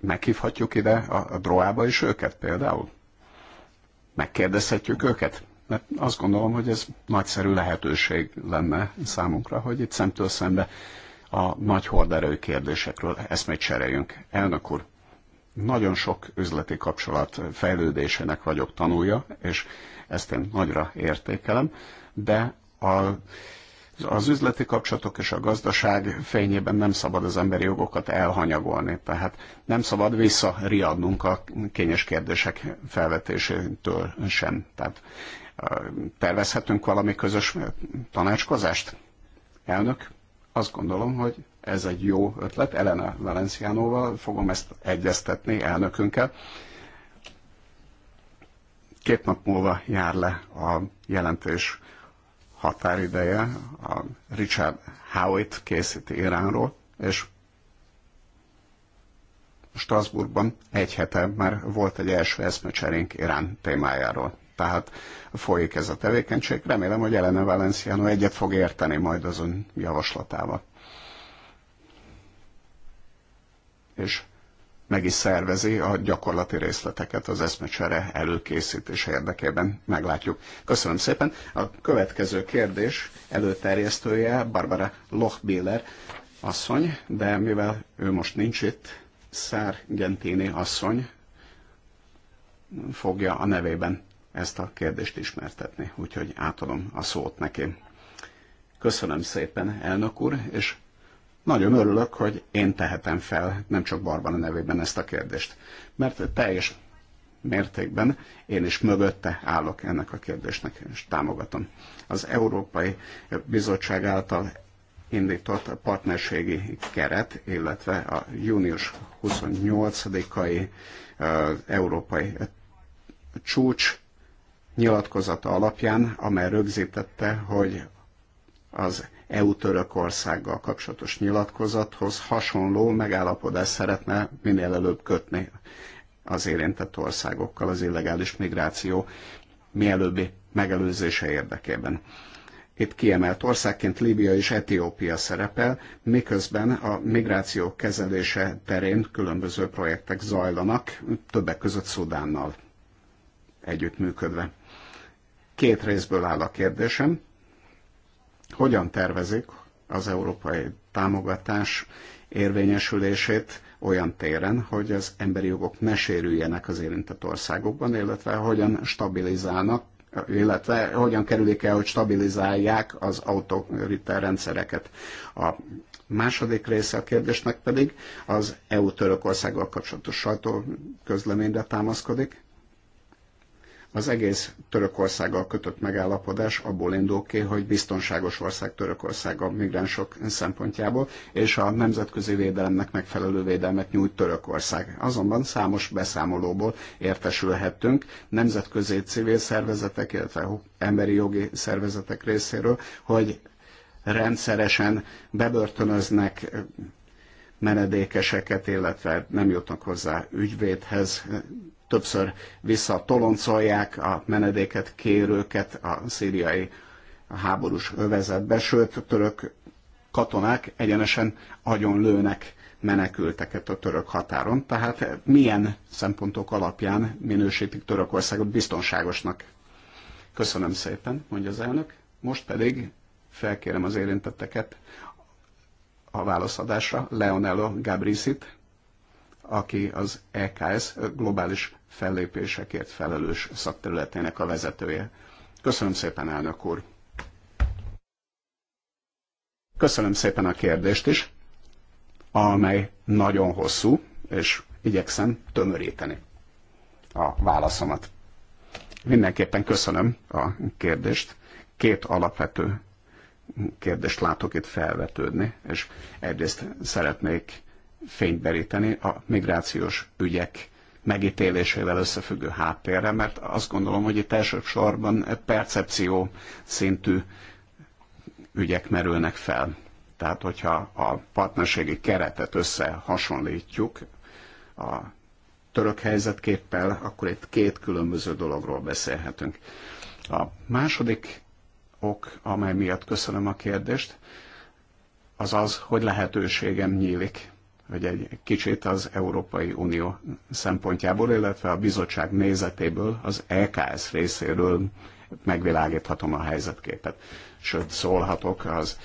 meghívhatjuk ide a, a droába is őket például? Megkérdezhetjük őket? Mert azt gondolom, hogy ez nagyszerű lehetőség lenne számunkra, hogy itt szemtől szembe a nagy horderő kérdésekről eszmét cseréljünk. Elnök úr, nagyon sok üzleti kapcsolat fejlődésének vagyok tanulja, és ezt én nagyra értékelem, de a az üzleti kapcsolatok és a gazdaság fényében nem szabad az emberi jogokat elhanyagolni, tehát nem szabad visszariadnunk a kényes kérdések felvetésétől sem. Tehát tervezhetünk valami közös tanácskozást? Elnök, azt gondolom, hogy ez egy jó ötlet. Elena Valenciánóval fogom ezt egyeztetni elnökünkkel. Két nap múlva jár le a jelentés határideje, a Richard Howitt készíti Iránról, és Strasbourgban egy hete már volt egy első eszmecserénk Irán témájáról. Tehát folyik ez a tevékenység. Remélem, hogy Elena Valenciano egyet fog érteni majd azon javaslatával. És meg is szervezi a gyakorlati részleteket az eszmecsere előkészítése érdekében. Meglátjuk. Köszönöm szépen. A következő kérdés előterjesztője Barbara Lochbiller asszony, de mivel ő most nincs itt, Szár Gentini asszony fogja a nevében ezt a kérdést ismertetni, úgyhogy átadom a szót neki. Köszönöm szépen, elnök úr, és nagyon örülök, hogy én tehetem fel nem csak Barban a nevében ezt a kérdést, mert teljes mértékben én is mögötte állok ennek a kérdésnek, és támogatom. Az Európai Bizottság által indított a partnerségi keret, illetve a június 28-ai európai csúcs nyilatkozata alapján, amely rögzítette, hogy az EU-Törökországgal kapcsolatos nyilatkozathoz hasonló megállapodást szeretne minél előbb kötni az érintett országokkal az illegális migráció mielőbbi megelőzése érdekében. Itt kiemelt országként Líbia és Etiópia szerepel, miközben a migráció kezelése terén különböző projektek zajlanak, többek között Szudánnal együttműködve. Két részből áll a kérdésem hogyan tervezik az európai támogatás érvényesülését olyan téren, hogy az emberi jogok ne sérüljenek az érintett országokban, illetve hogyan stabilizálnak, illetve hogyan kerülik el, hogy stabilizálják az autoritár rendszereket. A második része a kérdésnek pedig az EU-Törökországgal kapcsolatos sajtóközleményre támaszkodik, az egész Törökországgal kötött megállapodás abból indul ki, hogy biztonságos ország Törökország a migránsok szempontjából, és a nemzetközi védelemnek megfelelő védelmet nyújt Törökország. Azonban számos beszámolóból értesülhettünk nemzetközi civil szervezetek, illetve emberi jogi szervezetek részéről, hogy rendszeresen bebörtönöznek menedékeseket, illetve nem jutnak hozzá ügyvédhez, többször visszatoloncolják a menedéket, kérőket a szíriai háborús övezetbe, sőt, török katonák egyenesen agyonlőnek menekülteket a török határon. Tehát milyen szempontok alapján minősítik Törökországot biztonságosnak? Köszönöm szépen, mondja az elnök. Most pedig felkérem az érintetteket a válaszadásra, Leonello Gabrisit, aki az EKS globális fellépésekért felelős szakterületének a vezetője. Köszönöm szépen, elnök úr! Köszönöm szépen a kérdést is, amely nagyon hosszú, és igyekszem tömöríteni a válaszomat. Mindenképpen köszönöm a kérdést. Két alapvető kérdést látok itt felvetődni, és egyrészt szeretnék fényt beríteni a migrációs ügyek megítélésével összefüggő háttérre, mert azt gondolom, hogy itt elsősorban percepció szintű ügyek merülnek fel. Tehát, hogyha a partnerségi keretet összehasonlítjuk a török helyzetképpel, akkor itt két különböző dologról beszélhetünk. A második ok, amely miatt köszönöm a kérdést, az az, hogy lehetőségem nyílik hogy egy kicsit az Európai Unió szempontjából, illetve a bizottság nézetéből, az EKS részéről megvilágíthatom a helyzetképet. Sőt, szólhatok az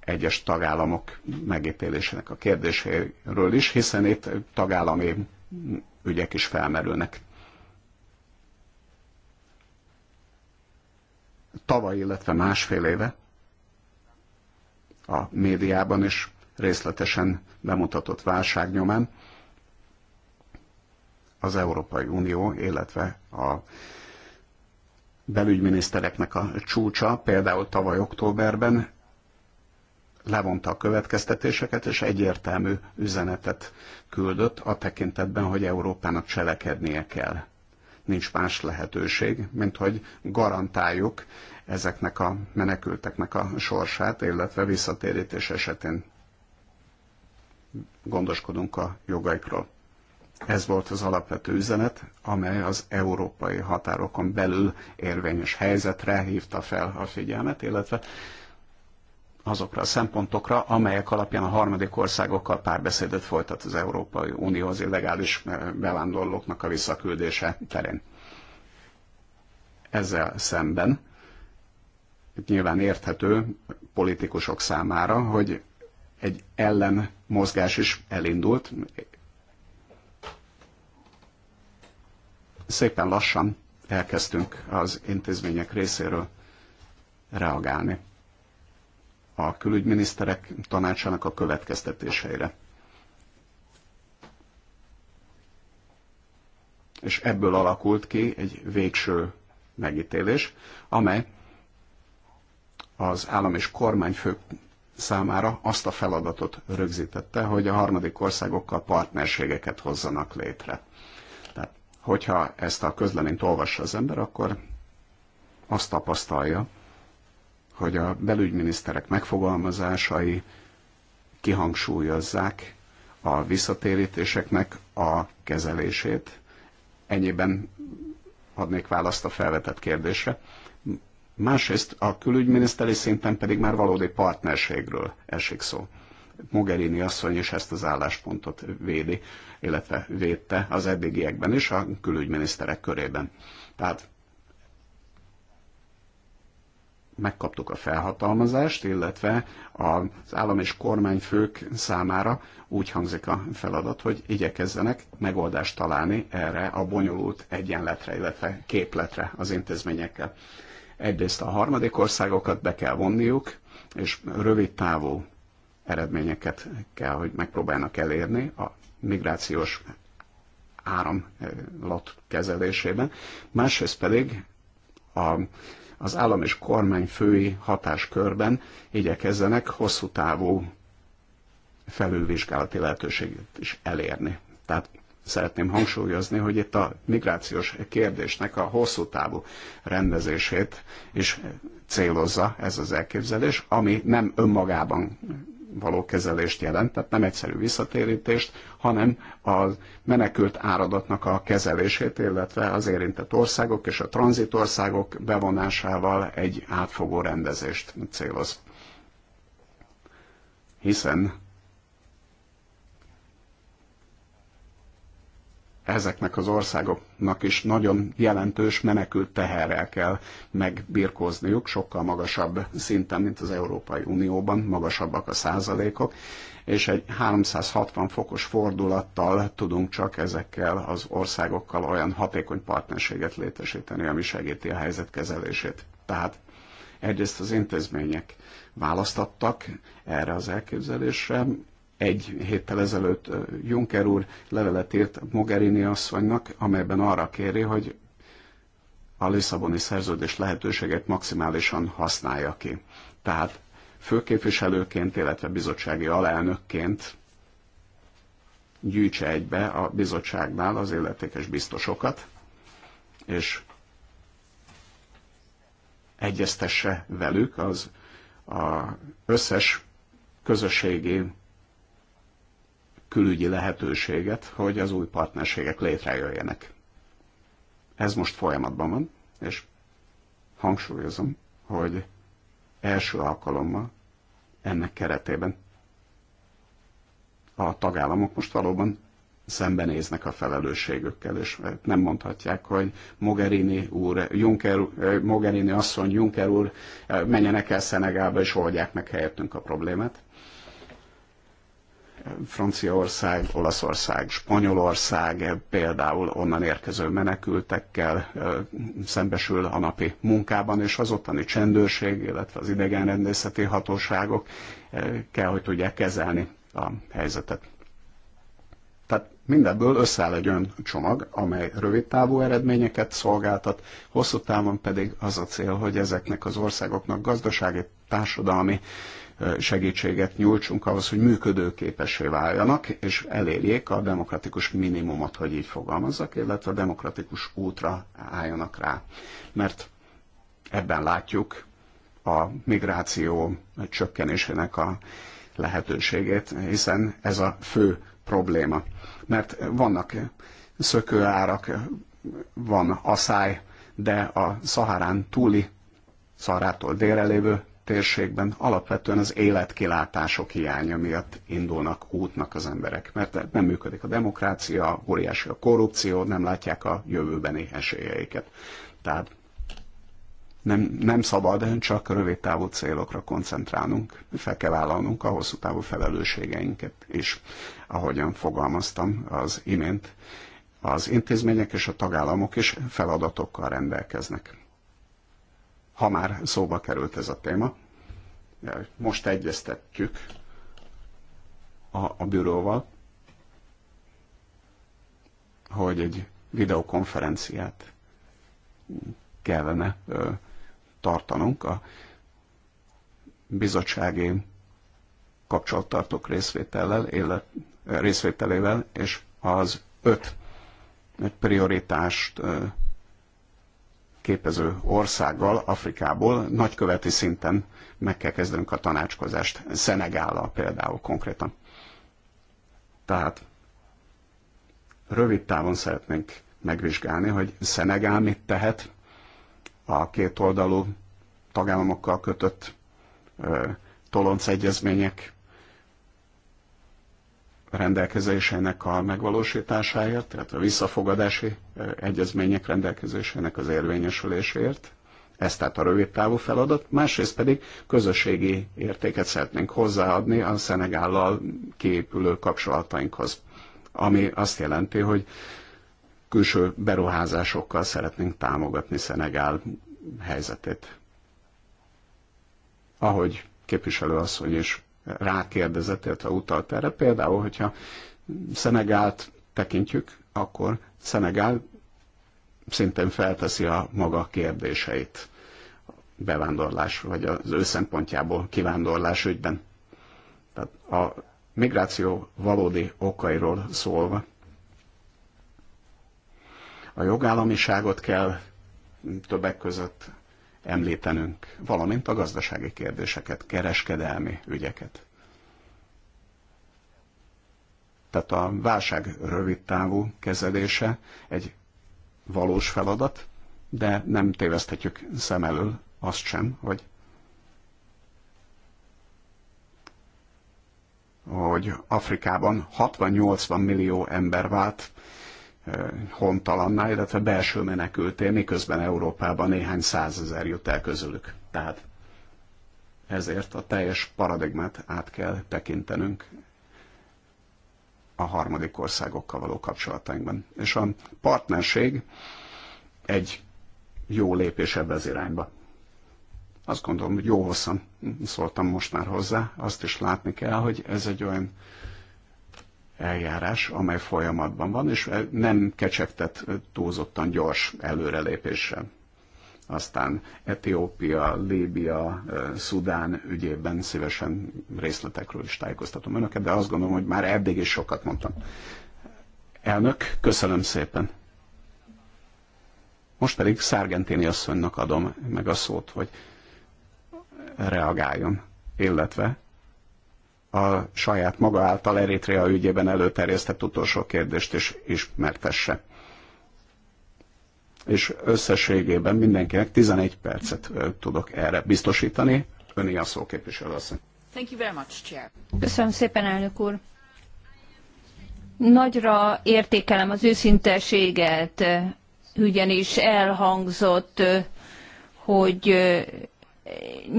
egyes tagállamok megítélésének a kérdéséről is, hiszen itt tagállami ügyek is felmerülnek. Tavaly, illetve másfél éve a médiában is részletesen bemutatott válság nyomán az Európai Unió, illetve a belügyminisztereknek a csúcsa, például tavaly októberben levonta a következtetéseket, és egyértelmű üzenetet küldött a tekintetben, hogy Európának cselekednie kell. Nincs más lehetőség, mint hogy garantáljuk ezeknek a menekülteknek a sorsát, illetve visszatérítés esetén gondoskodunk a jogaikról. Ez volt az alapvető üzenet, amely az európai határokon belül érvényes helyzetre hívta fel a figyelmet, illetve azokra a szempontokra, amelyek alapján a harmadik országokkal párbeszédet folytat az Európai Unió az illegális eh, bevándorlóknak a visszaküldése terén. Ezzel szemben nyilván érthető politikusok számára, hogy egy ellen mozgás is elindult. Szépen lassan elkezdtünk az intézmények részéről reagálni a külügyminiszterek tanácsának a következtetéseire. És ebből alakult ki egy végső megítélés, amely az állam és kormányfők számára azt a feladatot rögzítette, hogy a harmadik országokkal partnerségeket hozzanak létre. Tehát, hogyha ezt a közleményt olvassa az ember, akkor azt tapasztalja, hogy a belügyminiszterek megfogalmazásai kihangsúlyozzák a visszatérítéseknek a kezelését. Ennyiben adnék választ a felvetett kérdésre. Másrészt a külügyminiszteri szinten pedig már valódi partnerségről esik szó. Mogherini asszony is ezt az álláspontot védi, illetve védte az eddigiekben is a külügyminiszterek körében. Tehát megkaptuk a felhatalmazást, illetve az állam és kormányfők számára úgy hangzik a feladat, hogy igyekezzenek megoldást találni erre a bonyolult egyenletre, illetve képletre az intézményekkel. Egyrészt a harmadik országokat be kell vonniuk, és rövid távú eredményeket kell, hogy megpróbálnak elérni a migrációs áramlat kezelésében. Másrészt pedig a, az állam és kormány fői hatáskörben igyekezzenek hosszú távú felülvizsgálati lehetőséget is elérni. Tehát szeretném hangsúlyozni, hogy itt a migrációs kérdésnek a hosszú távú rendezését is célozza ez az elképzelés, ami nem önmagában való kezelést jelent, tehát nem egyszerű visszatérítést, hanem a menekült áradatnak a kezelését, illetve az érintett országok és a tranzitországok bevonásával egy átfogó rendezést céloz. Hiszen ezeknek az országoknak is nagyon jelentős menekült teherrel kell megbirkózniuk, sokkal magasabb szinten, mint az Európai Unióban, magasabbak a százalékok, és egy 360 fokos fordulattal tudunk csak ezekkel az országokkal olyan hatékony partnerséget létesíteni, ami segíti a helyzet kezelését. Tehát egyrészt az intézmények választattak erre az elképzelésre, egy héttel ezelőtt Juncker úr levelet írt Mogherini asszonynak, amelyben arra kéri, hogy a Lisszaboni szerződés lehetőséget maximálisan használja ki. Tehát főképviselőként, illetve bizottsági alelnökként gyűjtse egybe a bizottságnál az illetékes biztosokat, és egyeztesse velük az a összes közösségi külügyi lehetőséget, hogy az új partnerségek létrejöjjenek. Ez most folyamatban van, és hangsúlyozom, hogy első alkalommal ennek keretében a tagállamok most valóban szembenéznek a felelősségükkel, és nem mondhatják, hogy Mogherini úr, Juncker, Mogherini asszony, Juncker úr menjenek el Szenegába, és oldják meg helyettünk a problémát. Franciaország, Olaszország, Spanyolország például onnan érkező menekültekkel szembesül a napi munkában, és az ottani csendőrség, illetve az idegenrendészeti hatóságok kell, hogy tudják kezelni a helyzetet. Tehát mindebből összeáll egy olyan csomag, amely rövid távú eredményeket szolgáltat, hosszú távon pedig az a cél, hogy ezeknek az országoknak gazdasági, társadalmi segítséget nyújtsunk ahhoz, hogy működőképessé váljanak, és elérjék a demokratikus minimumot, hogy így fogalmazzak, illetve a demokratikus útra álljanak rá. Mert ebben látjuk a migráció csökkenésének a lehetőségét, hiszen ez a fő probléma. Mert vannak szökőárak, van asszály, de a Szaharán túli, Szarától délre lévő térségben alapvetően az életkilátások hiánya miatt indulnak útnak az emberek, mert nem működik a demokrácia, óriási a korrupció, nem látják a jövőbeni esélyeiket. Tehát nem, nem szabad csak rövid távú célokra koncentrálnunk, fel kell vállalnunk a hosszú távú felelősségeinket is, ahogyan fogalmaztam az imént. Az intézmények és a tagállamok is feladatokkal rendelkeznek ha már szóba került ez a téma. Most egyeztetjük a, a büróval, hogy egy videokonferenciát kellene ö, tartanunk a bizottsági kapcsolattartók részvétellel, élet, részvételével, és az öt ö, képező országgal, Afrikából nagyköveti szinten meg kell kezdenünk a tanácskozást, Szenegállal például konkrétan. Tehát rövid távon szeretnénk megvizsgálni, hogy Szenegál mit tehet a két oldalú tagállamokkal kötött ö, egyezmények rendelkezésének a megvalósításáért, tehát a visszafogadási egyezmények rendelkezésének az érvényesüléséért. Ez tehát a rövid távú feladat, másrészt pedig közösségi értéket szeretnénk hozzáadni a Szenegállal kiépülő kapcsolatainkhoz, ami azt jelenti, hogy külső beruházásokkal szeretnénk támogatni Szenegál helyzetét. Ahogy képviselő asszony is rákérdezett, illetve utalt erre. Például, hogyha Szenegált tekintjük, akkor Szenegál szintén felteszi a maga kérdéseit bevándorlás, vagy az ő szempontjából kivándorlás ügyben. Tehát a migráció valódi okairól szólva a jogállamiságot kell többek között említenünk, valamint a gazdasági kérdéseket, kereskedelmi ügyeket. Tehát a válság rövidtávú kezelése egy valós feladat, de nem téveszthetjük szem elől azt sem, hogy hogy Afrikában 60-80 millió ember vált hontalanná, illetve belső menekülté, miközben Európában néhány százezer jut el közülük. Tehát ezért a teljes paradigmát át kell tekintenünk a harmadik országokkal való kapcsolatainkban. És a partnerség egy jó lépés ebbe az irányba. Azt gondolom, hogy jó hosszan szóltam most már hozzá, azt is látni kell, hogy ez egy olyan eljárás, amely folyamatban van, és nem kecsegtet túlzottan gyors előrelépéssel. Aztán Etiópia, Líbia, eh, Szudán ügyében szívesen részletekről is tájékoztatom önöket, de azt gondolom, hogy már eddig is sokat mondtam. Elnök, köszönöm szépen. Most pedig Szárgenténi asszonynak adom meg a szót, hogy reagáljon, illetve a saját maga által Eritrea ügyében előterjesztett utolsó kérdést is ismertesse. És összességében mindenkinek 11 percet tudok erre biztosítani. Öné a szó képviselő Thank you very much, Chair. Köszönöm szépen, elnök úr. Nagyra értékelem az őszinteséget, ugyanis elhangzott, hogy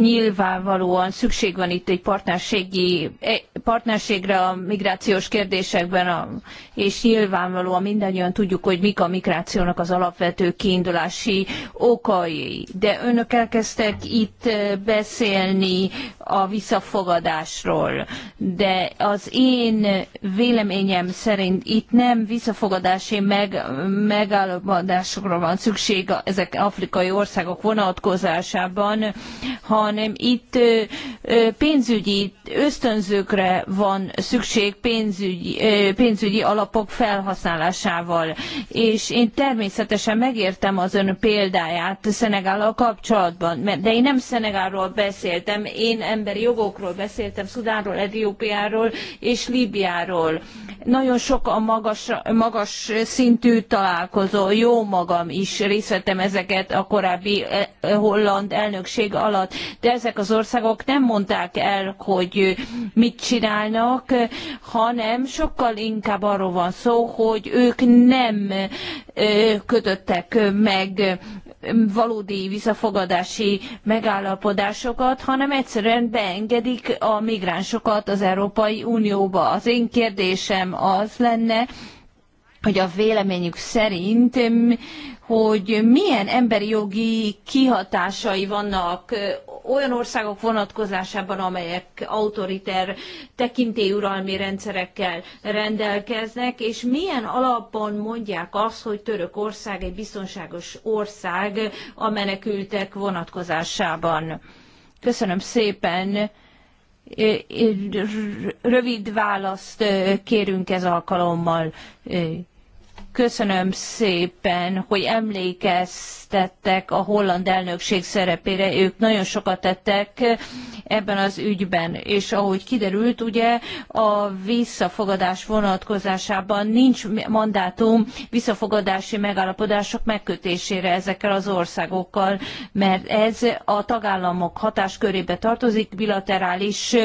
nyilvánvalóan szükség van itt egy partnerségi, e, partnerségre a migrációs kérdésekben, a, és nyilvánvalóan mindannyian tudjuk, hogy mik a migrációnak az alapvető kiindulási okai. De önök elkezdtek itt e, beszélni a visszafogadásról, de az én véleményem szerint itt nem visszafogadási meg, megállapodásokra van szükség ezek afrikai országok vonatkozásában, hanem itt pénzügyi ösztönzőkre van szükség pénzügyi, pénzügyi alapok felhasználásával. És én természetesen megértem az ön példáját Szenegállal kapcsolatban, de én nem Szenegálról beszéltem, én emberi jogokról beszéltem, Szudánról, Etiópiáról és Líbiáról. Nagyon sok a magas, magas szintű találkozó, jó magam is részt vettem ezeket a korábbi eh, holland elnökség alatt, de ezek az országok nem mondták el, hogy mit csinálnak, hanem sokkal inkább arról van szó, hogy ők nem eh, kötöttek meg valódi visszafogadási megállapodásokat, hanem egyszerűen beengedik a migránsokat az Európai Unióba. Az én kérdésem az lenne, hogy a véleményük szerint hogy milyen emberi jogi kihatásai vannak olyan országok vonatkozásában, amelyek autoriter tekintélyuralmi rendszerekkel rendelkeznek, és milyen alapon mondják azt, hogy Törökország egy biztonságos ország a menekültek vonatkozásában. Köszönöm szépen. Rövid választ kérünk ez alkalommal. Köszönöm szépen, hogy emlékeztettek a holland elnökség szerepére. Ők nagyon sokat tettek ebben az ügyben, és ahogy kiderült, ugye a visszafogadás vonatkozásában nincs mandátum visszafogadási megállapodások megkötésére ezekkel az országokkal, mert ez a tagállamok hatáskörébe tartozik, bilaterális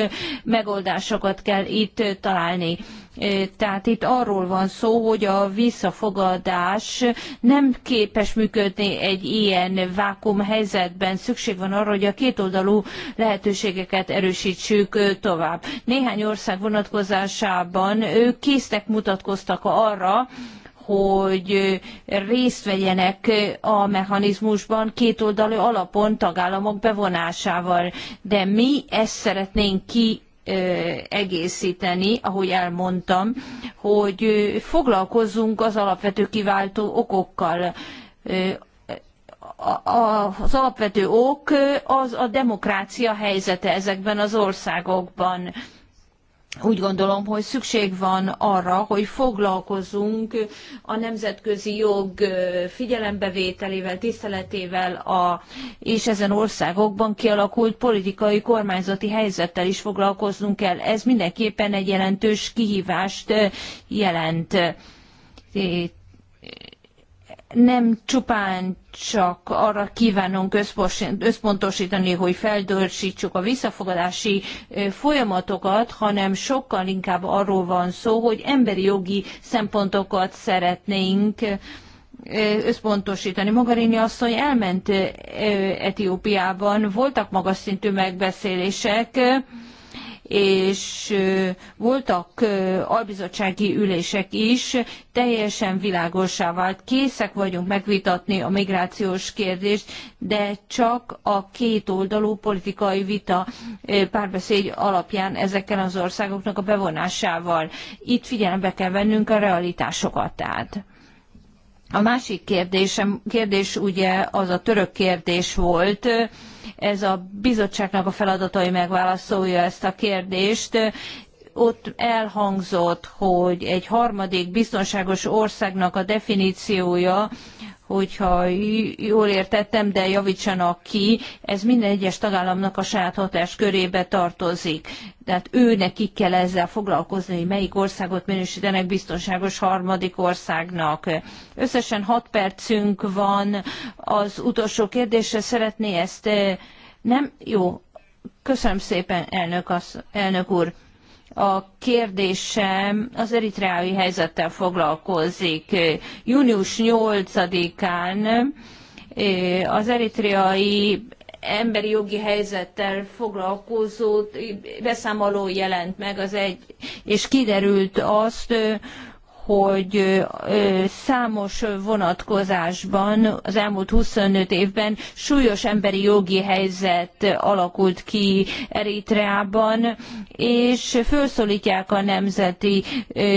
megoldásokat kell itt találni. Tehát itt arról van szó, hogy a visszafogadás nem képes működni egy ilyen vákum helyzetben. Szükség van arra, hogy a kétoldalú lehetőségeket erősítsük tovább. Néhány ország vonatkozásában ők késznek mutatkoztak arra, hogy részt vegyenek a mechanizmusban kétoldalú alapon tagállamok bevonásával. De mi ezt szeretnénk ki egészíteni, ahogy elmondtam, hogy foglalkozzunk az alapvető kiváltó okokkal. Az alapvető ok az a demokrácia helyzete ezekben az országokban úgy gondolom, hogy szükség van arra, hogy foglalkozunk a nemzetközi jog figyelembevételével, tiszteletével, a, és ezen országokban kialakult politikai kormányzati helyzettel is foglalkoznunk kell. Ez mindenképpen egy jelentős kihívást jelent nem csupán csak arra kívánunk összpontosítani, hogy feldörsítsük a visszafogadási folyamatokat, hanem sokkal inkább arról van szó, hogy emberi jogi szempontokat szeretnénk összpontosítani. Magarini asszony elment Etiópiában, voltak magas szintű megbeszélések, és voltak albizottsági ülések is, teljesen világosá vált. Készek vagyunk megvitatni a migrációs kérdést, de csak a kétoldalú politikai vita párbeszéd alapján ezekkel az országoknak a bevonásával. Itt figyelembe kell vennünk a realitásokat tehát. A másik kérdésem, kérdés ugye az a török kérdés volt, ez a bizottságnak a feladata, hogy megválaszolja ezt a kérdést ott elhangzott, hogy egy harmadik biztonságos országnak a definíciója hogyha jól értettem, de javítsanak ki, ez minden egyes tagállamnak a saját hatás körébe tartozik. Tehát ő nekik kell ezzel foglalkozni, hogy melyik országot minősítenek biztonságos harmadik országnak. Összesen hat percünk van az utolsó kérdésre. Szeretné ezt eh, nem? Jó. Köszönöm szépen, elnök, az, elnök úr a kérdésem az eritreai helyzettel foglalkozik. Június 8-án eh, az eritreai emberi jogi helyzettel foglalkozó beszámoló jelent meg, az egy, és kiderült azt, hogy számos vonatkozásban az elmúlt 25 évben súlyos emberi jogi helyzet alakult ki Eritreában, és felszólítják a nemzeti,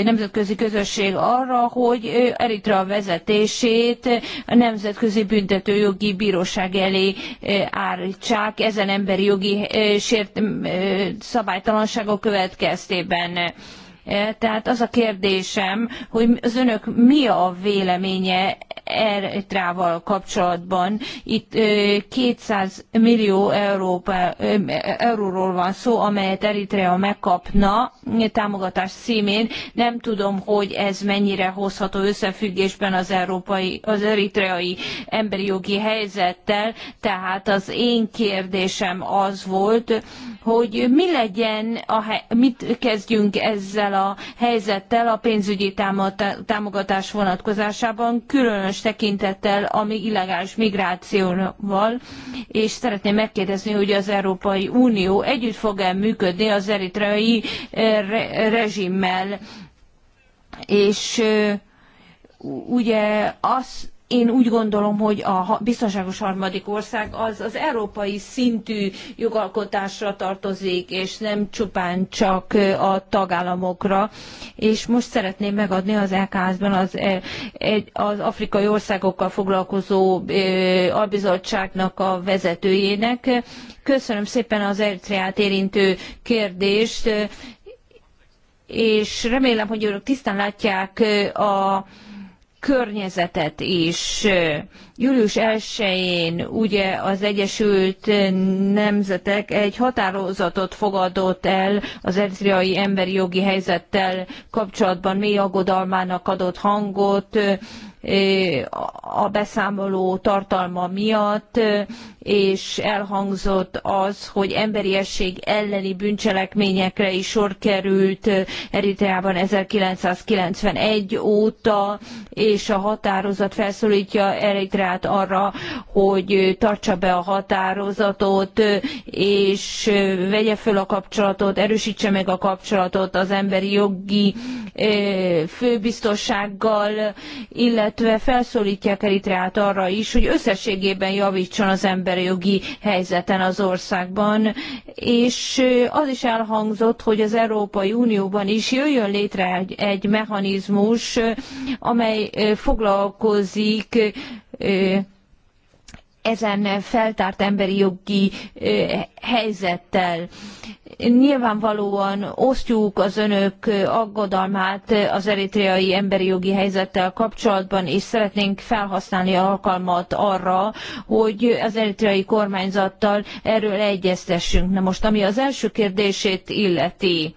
nemzetközi közösség arra, hogy Eritrea vezetését a Nemzetközi Büntetőjogi Bíróság elé állítsák ezen emberi jogi sért, szabálytalanságok következtében. E, tehát az a kérdésem, hogy az önök mi a véleménye Eritrával kapcsolatban. Itt 200 millió Európa, euróról van szó, amelyet Eritrea megkapna támogatás címén. Nem tudom, hogy ez mennyire hozható összefüggésben az, európai, az eritreai emberi jogi helyzettel, tehát az én kérdésem az volt, hogy mi legyen, a, mit kezdjünk ezzel a helyzettel a pénzügyi támogatás vonatkozásában, különösen különös tekintettel a még illegális migrációval, és szeretném megkérdezni, hogy az Európai Unió együtt fog-e működni az eritreai eh, re- rezsimmel, és eh, ugye az, én úgy gondolom, hogy a biztonságos harmadik ország az az európai szintű jogalkotásra tartozik, és nem csupán csak a tagállamokra. És most szeretném megadni az EKS-ben az, e, az afrikai országokkal foglalkozó albizottságnak a vezetőjének. Köszönöm szépen az Eritreát érintő kérdést, és remélem, hogy önök tisztán látják a környezetet is. Július 1-én ugye az Egyesült Nemzetek egy határozatot fogadott el az eritreai emberi jogi helyzettel kapcsolatban mély aggodalmának adott hangot, a beszámoló tartalma miatt, és elhangzott az, hogy emberiesség elleni bűncselekményekre is sor került Eritreában 1991 óta, és a határozat felszólítja Eritreát arra, hogy tartsa be a határozatot, és vegye föl a kapcsolatot, erősítse meg a kapcsolatot az emberi jogi főbiztossággal, illetve illetve felszólítják Eritreát arra is, hogy összességében javítson az emberi jogi helyzeten az országban, és az is elhangzott, hogy az Európai Unióban is jöjjön létre egy, egy mechanizmus, amely foglalkozik ezen feltárt emberi jogi helyzettel. Nyilvánvalóan osztjuk az önök aggodalmát az eritreai emberi jogi helyzettel kapcsolatban, és szeretnénk felhasználni alkalmat arra, hogy az eritreai kormányzattal erről egyeztessünk. Na most, ami az első kérdését illeti,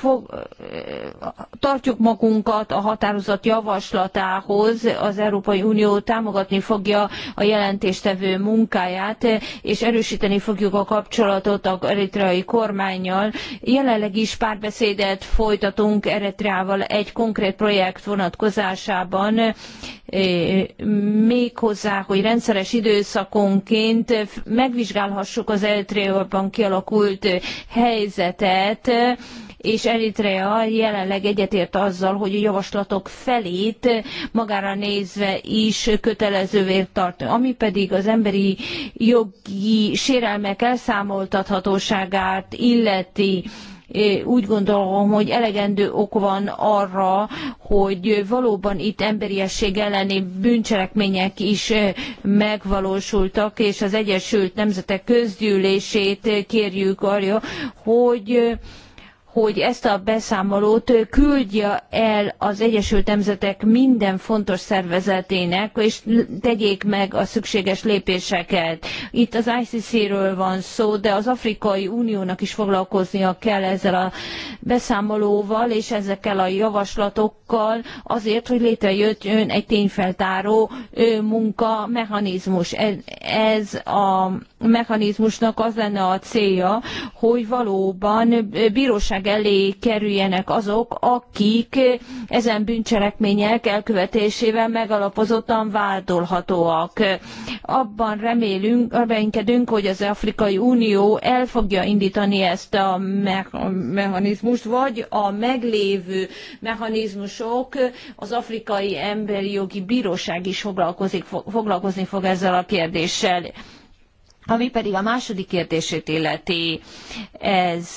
fog, tartjuk magunkat a határozat javaslatához, az Európai Unió támogatni fogja a jelentéstevő munkáját, és erősíteni fogjuk a kapcsolatot a eritreai kormányjal. Jelenleg is párbeszédet folytatunk Eritreával egy konkrét projekt vonatkozásában, méghozzá, hogy rendszeres időszakonként megvizsgálhassuk az Eritreában kialakult helyzetet, helyzet, és Eritrea jelenleg egyetért azzal, hogy a javaslatok felét magára nézve is kötelezővé tart. Ami pedig az emberi jogi sérelmek elszámoltathatóságát illeti, úgy gondolom, hogy elegendő ok van arra, hogy valóban itt emberiesség elleni bűncselekmények is megvalósultak, és az Egyesült Nemzetek közgyűlését kérjük arra, hogy hogy ezt a beszámolót küldje el az Egyesült Nemzetek minden fontos szervezetének, és tegyék meg a szükséges lépéseket. Itt az ICC-ről van szó, de az Afrikai Uniónak is foglalkoznia kell ezzel a beszámolóval és ezekkel a javaslatokkal azért, hogy létrejöjjön egy tényfeltáró munka mechanizmus. Ez a mechanizmusnak az lenne a célja, hogy valóban bíróság bíróság elé kerüljenek azok, akik ezen bűncselekmények elkövetésével megalapozottan vádolhatóak. Abban remélünk, reménykedünk, hogy az Afrikai Unió el fogja indítani ezt a mechanizmust, vagy a meglévő mechanizmusok, az Afrikai Emberi Jogi Bíróság is foglalkozik, foglalkozni fog ezzel a kérdéssel. Ami pedig a második kérdését illeti, ez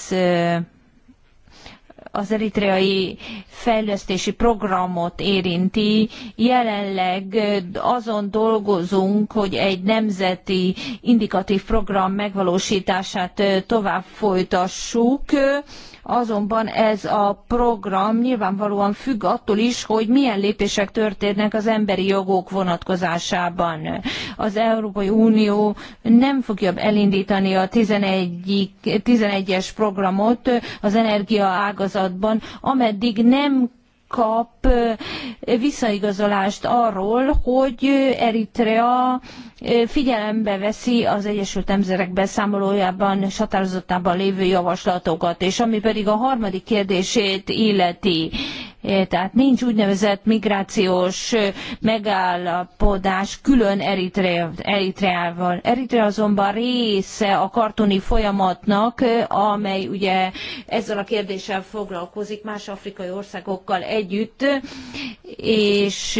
az eritreai fejlesztési programot érinti. Jelenleg azon dolgozunk, hogy egy nemzeti indikatív program megvalósítását tovább folytassuk Azonban ez a program nyilvánvalóan függ attól is, hogy milyen lépések történnek az emberi jogok vonatkozásában. Az Európai Unió nem fogja elindítani a 11. es programot az energiaágazatban, ameddig nem kap visszaigazolást arról, hogy Eritrea figyelembe veszi az Egyesült Nemzetek beszámolójában és határozottában lévő javaslatokat, és ami pedig a harmadik kérdését illeti tehát nincs úgynevezett migrációs megállapodás külön Eritreával. Eritrea azonban része a kartoni folyamatnak, amely ugye ezzel a kérdéssel foglalkozik más afrikai országokkal együtt, és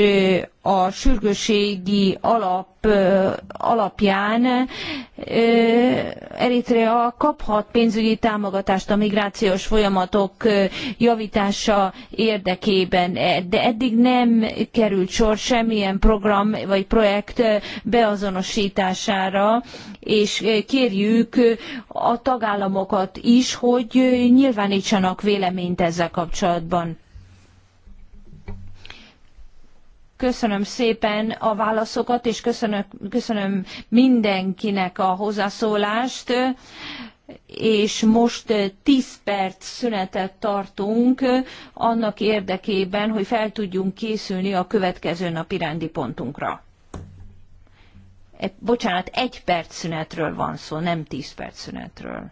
a sürgősségi alap alapján Eritrea kaphat pénzügyi támogatást a migrációs folyamatok javítása érdekében, e, de eddig nem került sor semmilyen program vagy projekt beazonosítására, és kérjük a tagállamokat is, hogy nyilvánítsanak véleményt ezzel kapcsolatban. Köszönöm szépen a válaszokat, és köszönöm, köszönöm mindenkinek a hozzászólást és most 10 perc szünetet tartunk annak érdekében, hogy fel tudjunk készülni a következő napi rendi pontunkra. E, bocsánat, egy perc szünetről van szó, nem 10 perc szünetről.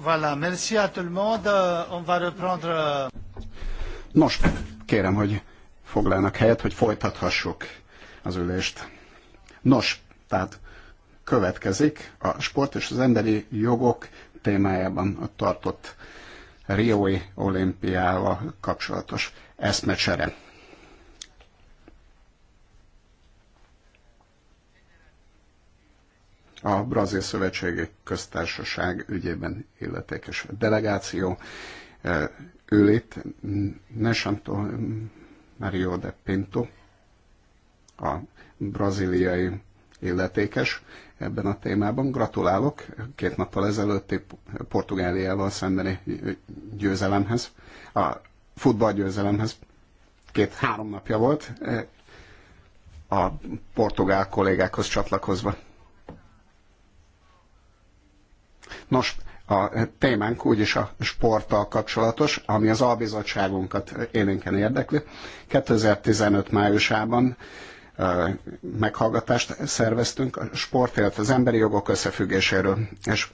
Voilà, merci à tout le monde. Euh, on va reprendre... Euh, Nos, kérem, hogy foglalnak helyet, hogy folytathassuk az ülést. Nos, tehát következik a sport és az emberi jogok témájában a tartott Rioi olimpiával kapcsolatos eszmecsere. a Brazil Szövetségi Köztársaság ügyében illetékes delegáció Ő e, itt, Nesanto Mario de Pinto, a braziliai illetékes ebben a témában. Gratulálok két nappal ezelőtti Portugáliával szembeni győzelemhez, a futballgyőzelemhez. Két-három napja volt e, a portugál kollégákhoz csatlakozva. Nos, a témánk úgyis a sporttal kapcsolatos, ami az albizottságunkat élénken érdekli. 2015 májusában meghallgatást szerveztünk a sport, illetve az emberi jogok összefüggéséről, és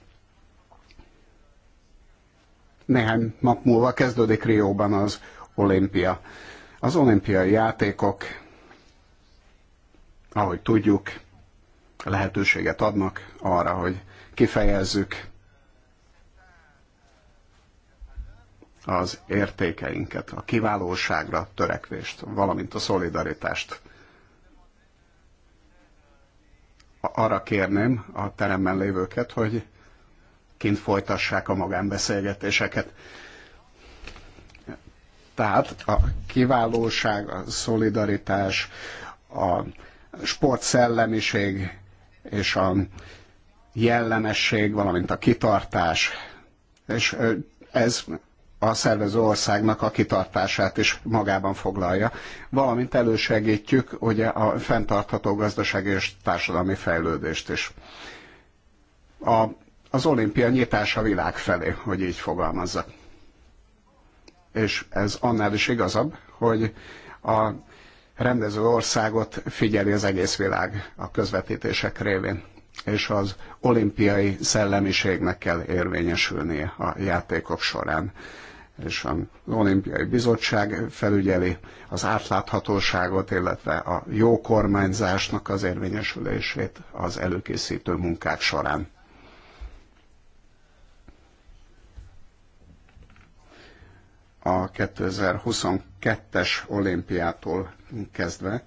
néhány nap múlva kezdődik Rióban az olimpia. Az olimpiai játékok, ahogy tudjuk, lehetőséget adnak arra, hogy kifejezzük az értékeinket, a kiválóságra törekvést, valamint a szolidaritást. Arra kérném a teremben lévőket, hogy kint folytassák a magánbeszélgetéseket. Tehát a kiválóság, a szolidaritás, a sportszellemiség és a jellemesség, valamint a kitartás. És ez a szervező országnak a kitartását is magában foglalja, valamint elősegítjük ugye a fenntartható gazdasági és társadalmi fejlődést is. A, az olimpia nyitása világ felé, hogy így fogalmazzak. És ez annál is igazabb, hogy a rendező országot figyeli az egész világ a közvetítések révén és az olimpiai szellemiségnek kell érvényesülnie a játékok során és az Olimpiai Bizottság felügyeli az átláthatóságot, illetve a jó kormányzásnak az érvényesülését az előkészítő munkák során. A 2022-es olimpiától kezdve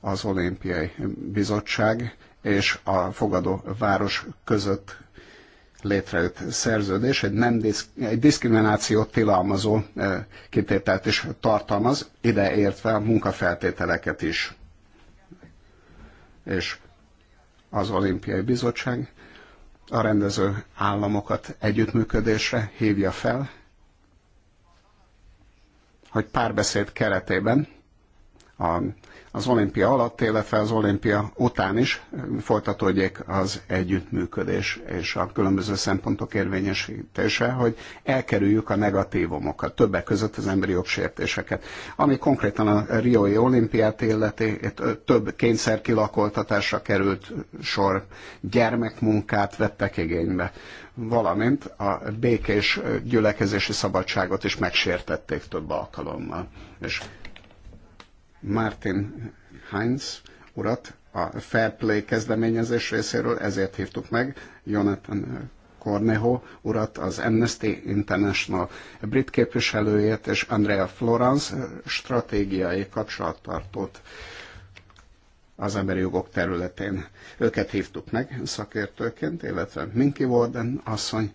az Olimpiai Bizottság és a fogadó város között létrejött szerződés egy, nem diszk, egy diszkriminációt tilalmazó eh, kitételt is tartalmaz, ideértve a munkafeltételeket is. És az Olimpiai Bizottság a rendező államokat együttműködésre hívja fel, hogy párbeszéd keretében a az olimpia alatt, illetve az olimpia után is folytatódjék az együttműködés és a különböző szempontok érvényesítése, hogy elkerüljük a negatívumokat, többek között az emberi jogsértéseket. Ami konkrétan a Rioi olimpiát illeti, több kényszerkilakoltatásra került sor, gyermekmunkát vettek igénybe valamint a békés gyülekezési szabadságot is megsértették több alkalommal. És Martin Heinz urat a Fair Play kezdeményezés részéről, ezért hívtuk meg Jonathan Cornejo urat, az Amnesty International brit képviselőjét, és Andrea Florence stratégiai kapcsolattartót az emberi jogok területén. Őket hívtuk meg szakértőként, illetve Minky Warden asszony,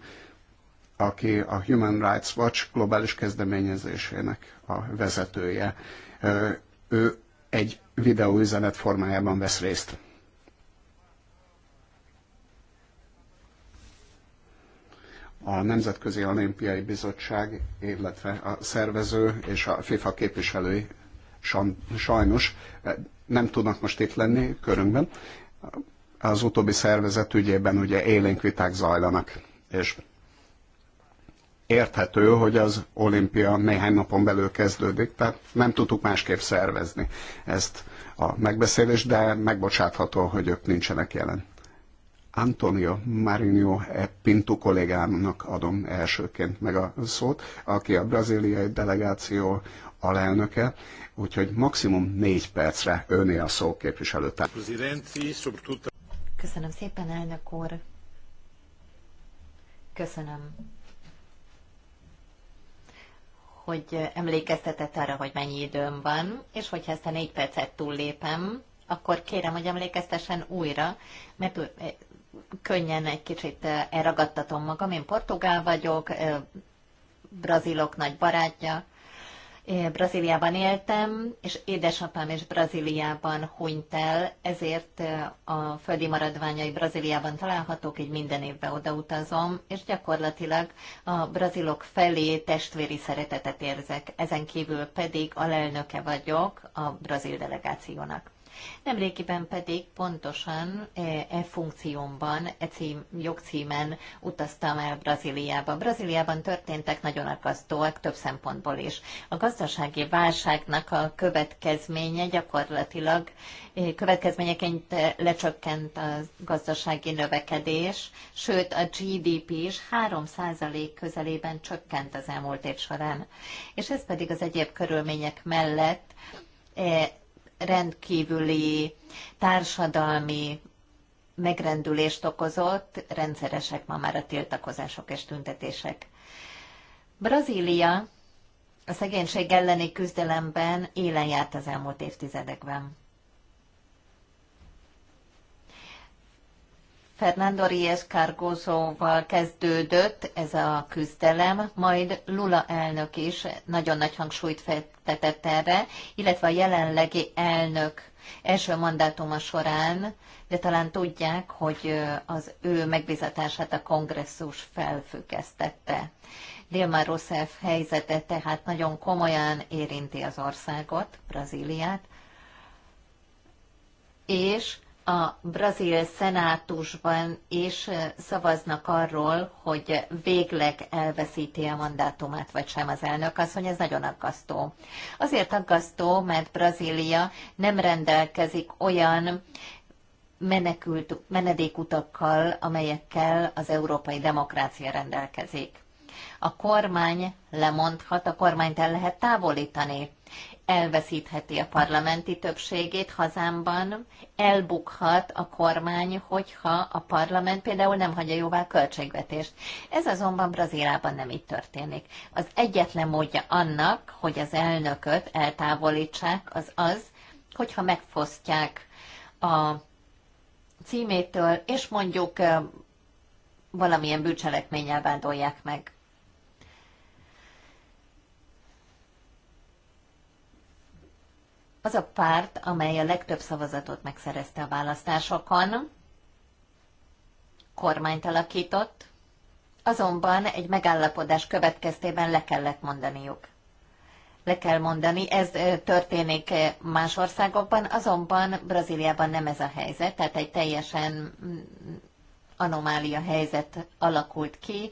aki a Human Rights Watch globális kezdeményezésének a vezetője ő egy videóüzenet formájában vesz részt. a Nemzetközi Olimpiai Bizottság, illetve a szervező és a FIFA képviselői sajnos eh, nem tudnak most itt lenni körünkben. Az utóbbi szervezet ügyében ugye élénk viták zajlanak, és érthető, hogy az olimpia néhány napon belül kezdődik, tehát nem tudtuk másképp szervezni ezt a megbeszélést, de megbocsátható, hogy ők nincsenek jelen. Antonio Marinho e Pinto kollégámnak adom elsőként meg a szót, aki a braziliai delegáció alelnöke, úgyhogy maximum négy percre őné a szó képviselőtár. Köszönöm szépen, elnök úr! Köszönöm hogy emlékeztetett arra, hogy mennyi időm van, és hogyha ezt a négy percet túllépem, akkor kérem, hogy emlékeztessen újra, mert könnyen egy kicsit elragadtatom magam. Én portugál vagyok, brazilok nagy barátja, Brazíliában éltem, és édesapám is Brazíliában hunyt el, ezért a földi maradványai Brazíliában találhatók, így minden évben odautazom, és gyakorlatilag a brazilok felé testvéri szeretetet érzek. Ezen kívül pedig alelnöke vagyok a brazil delegációnak. Nemrégiben pedig pontosan e, e funkciómban, e cím, jogcímen utaztam el Brazíliába. Brazíliában történtek nagyon akasztóak több szempontból is. A gazdasági válságnak a következménye gyakorlatilag e, következményeként lecsökkent a gazdasági növekedés, sőt a GDP is 3% közelében csökkent az elmúlt év során. És ez pedig az egyéb körülmények mellett e, rendkívüli társadalmi megrendülést okozott, rendszeresek ma már a tiltakozások és tüntetések. Brazília a szegénység elleni küzdelemben élen járt az elmúlt évtizedekben. Fernando Ries Cargozóval kezdődött ez a küzdelem, majd Lula elnök is nagyon nagy hangsúlyt fektetett erre, illetve a jelenlegi elnök első mandátuma során, de talán tudják, hogy az ő megbizatását a kongresszus felfüggesztette. Dilma Rousseff helyzete tehát nagyon komolyan érinti az országot, Brazíliát, és a brazil szenátusban is szavaznak arról, hogy végleg elveszíti a mandátumát, vagy sem az elnök asszony, ez nagyon aggasztó. Azért aggasztó, mert Brazília nem rendelkezik olyan menekült, menedékutakkal, amelyekkel az európai demokrácia rendelkezik. A kormány lemondhat, a kormányt el lehet távolítani elveszítheti a parlamenti többségét hazámban, elbukhat a kormány, hogyha a parlament például nem hagyja jóvá költségvetést. Ez azonban Brazíliában nem így történik. Az egyetlen módja annak, hogy az elnököt eltávolítsák, az az, hogyha megfosztják a címétől, és mondjuk valamilyen bűncselekménnyel vádolják meg. az a párt, amely a legtöbb szavazatot megszerezte a választásokon, kormányt alakított, azonban egy megállapodás következtében le kellett mondaniuk. Le kell mondani, ez történik más országokban, azonban Brazíliában nem ez a helyzet, tehát egy teljesen mm, anomália helyzet alakult ki,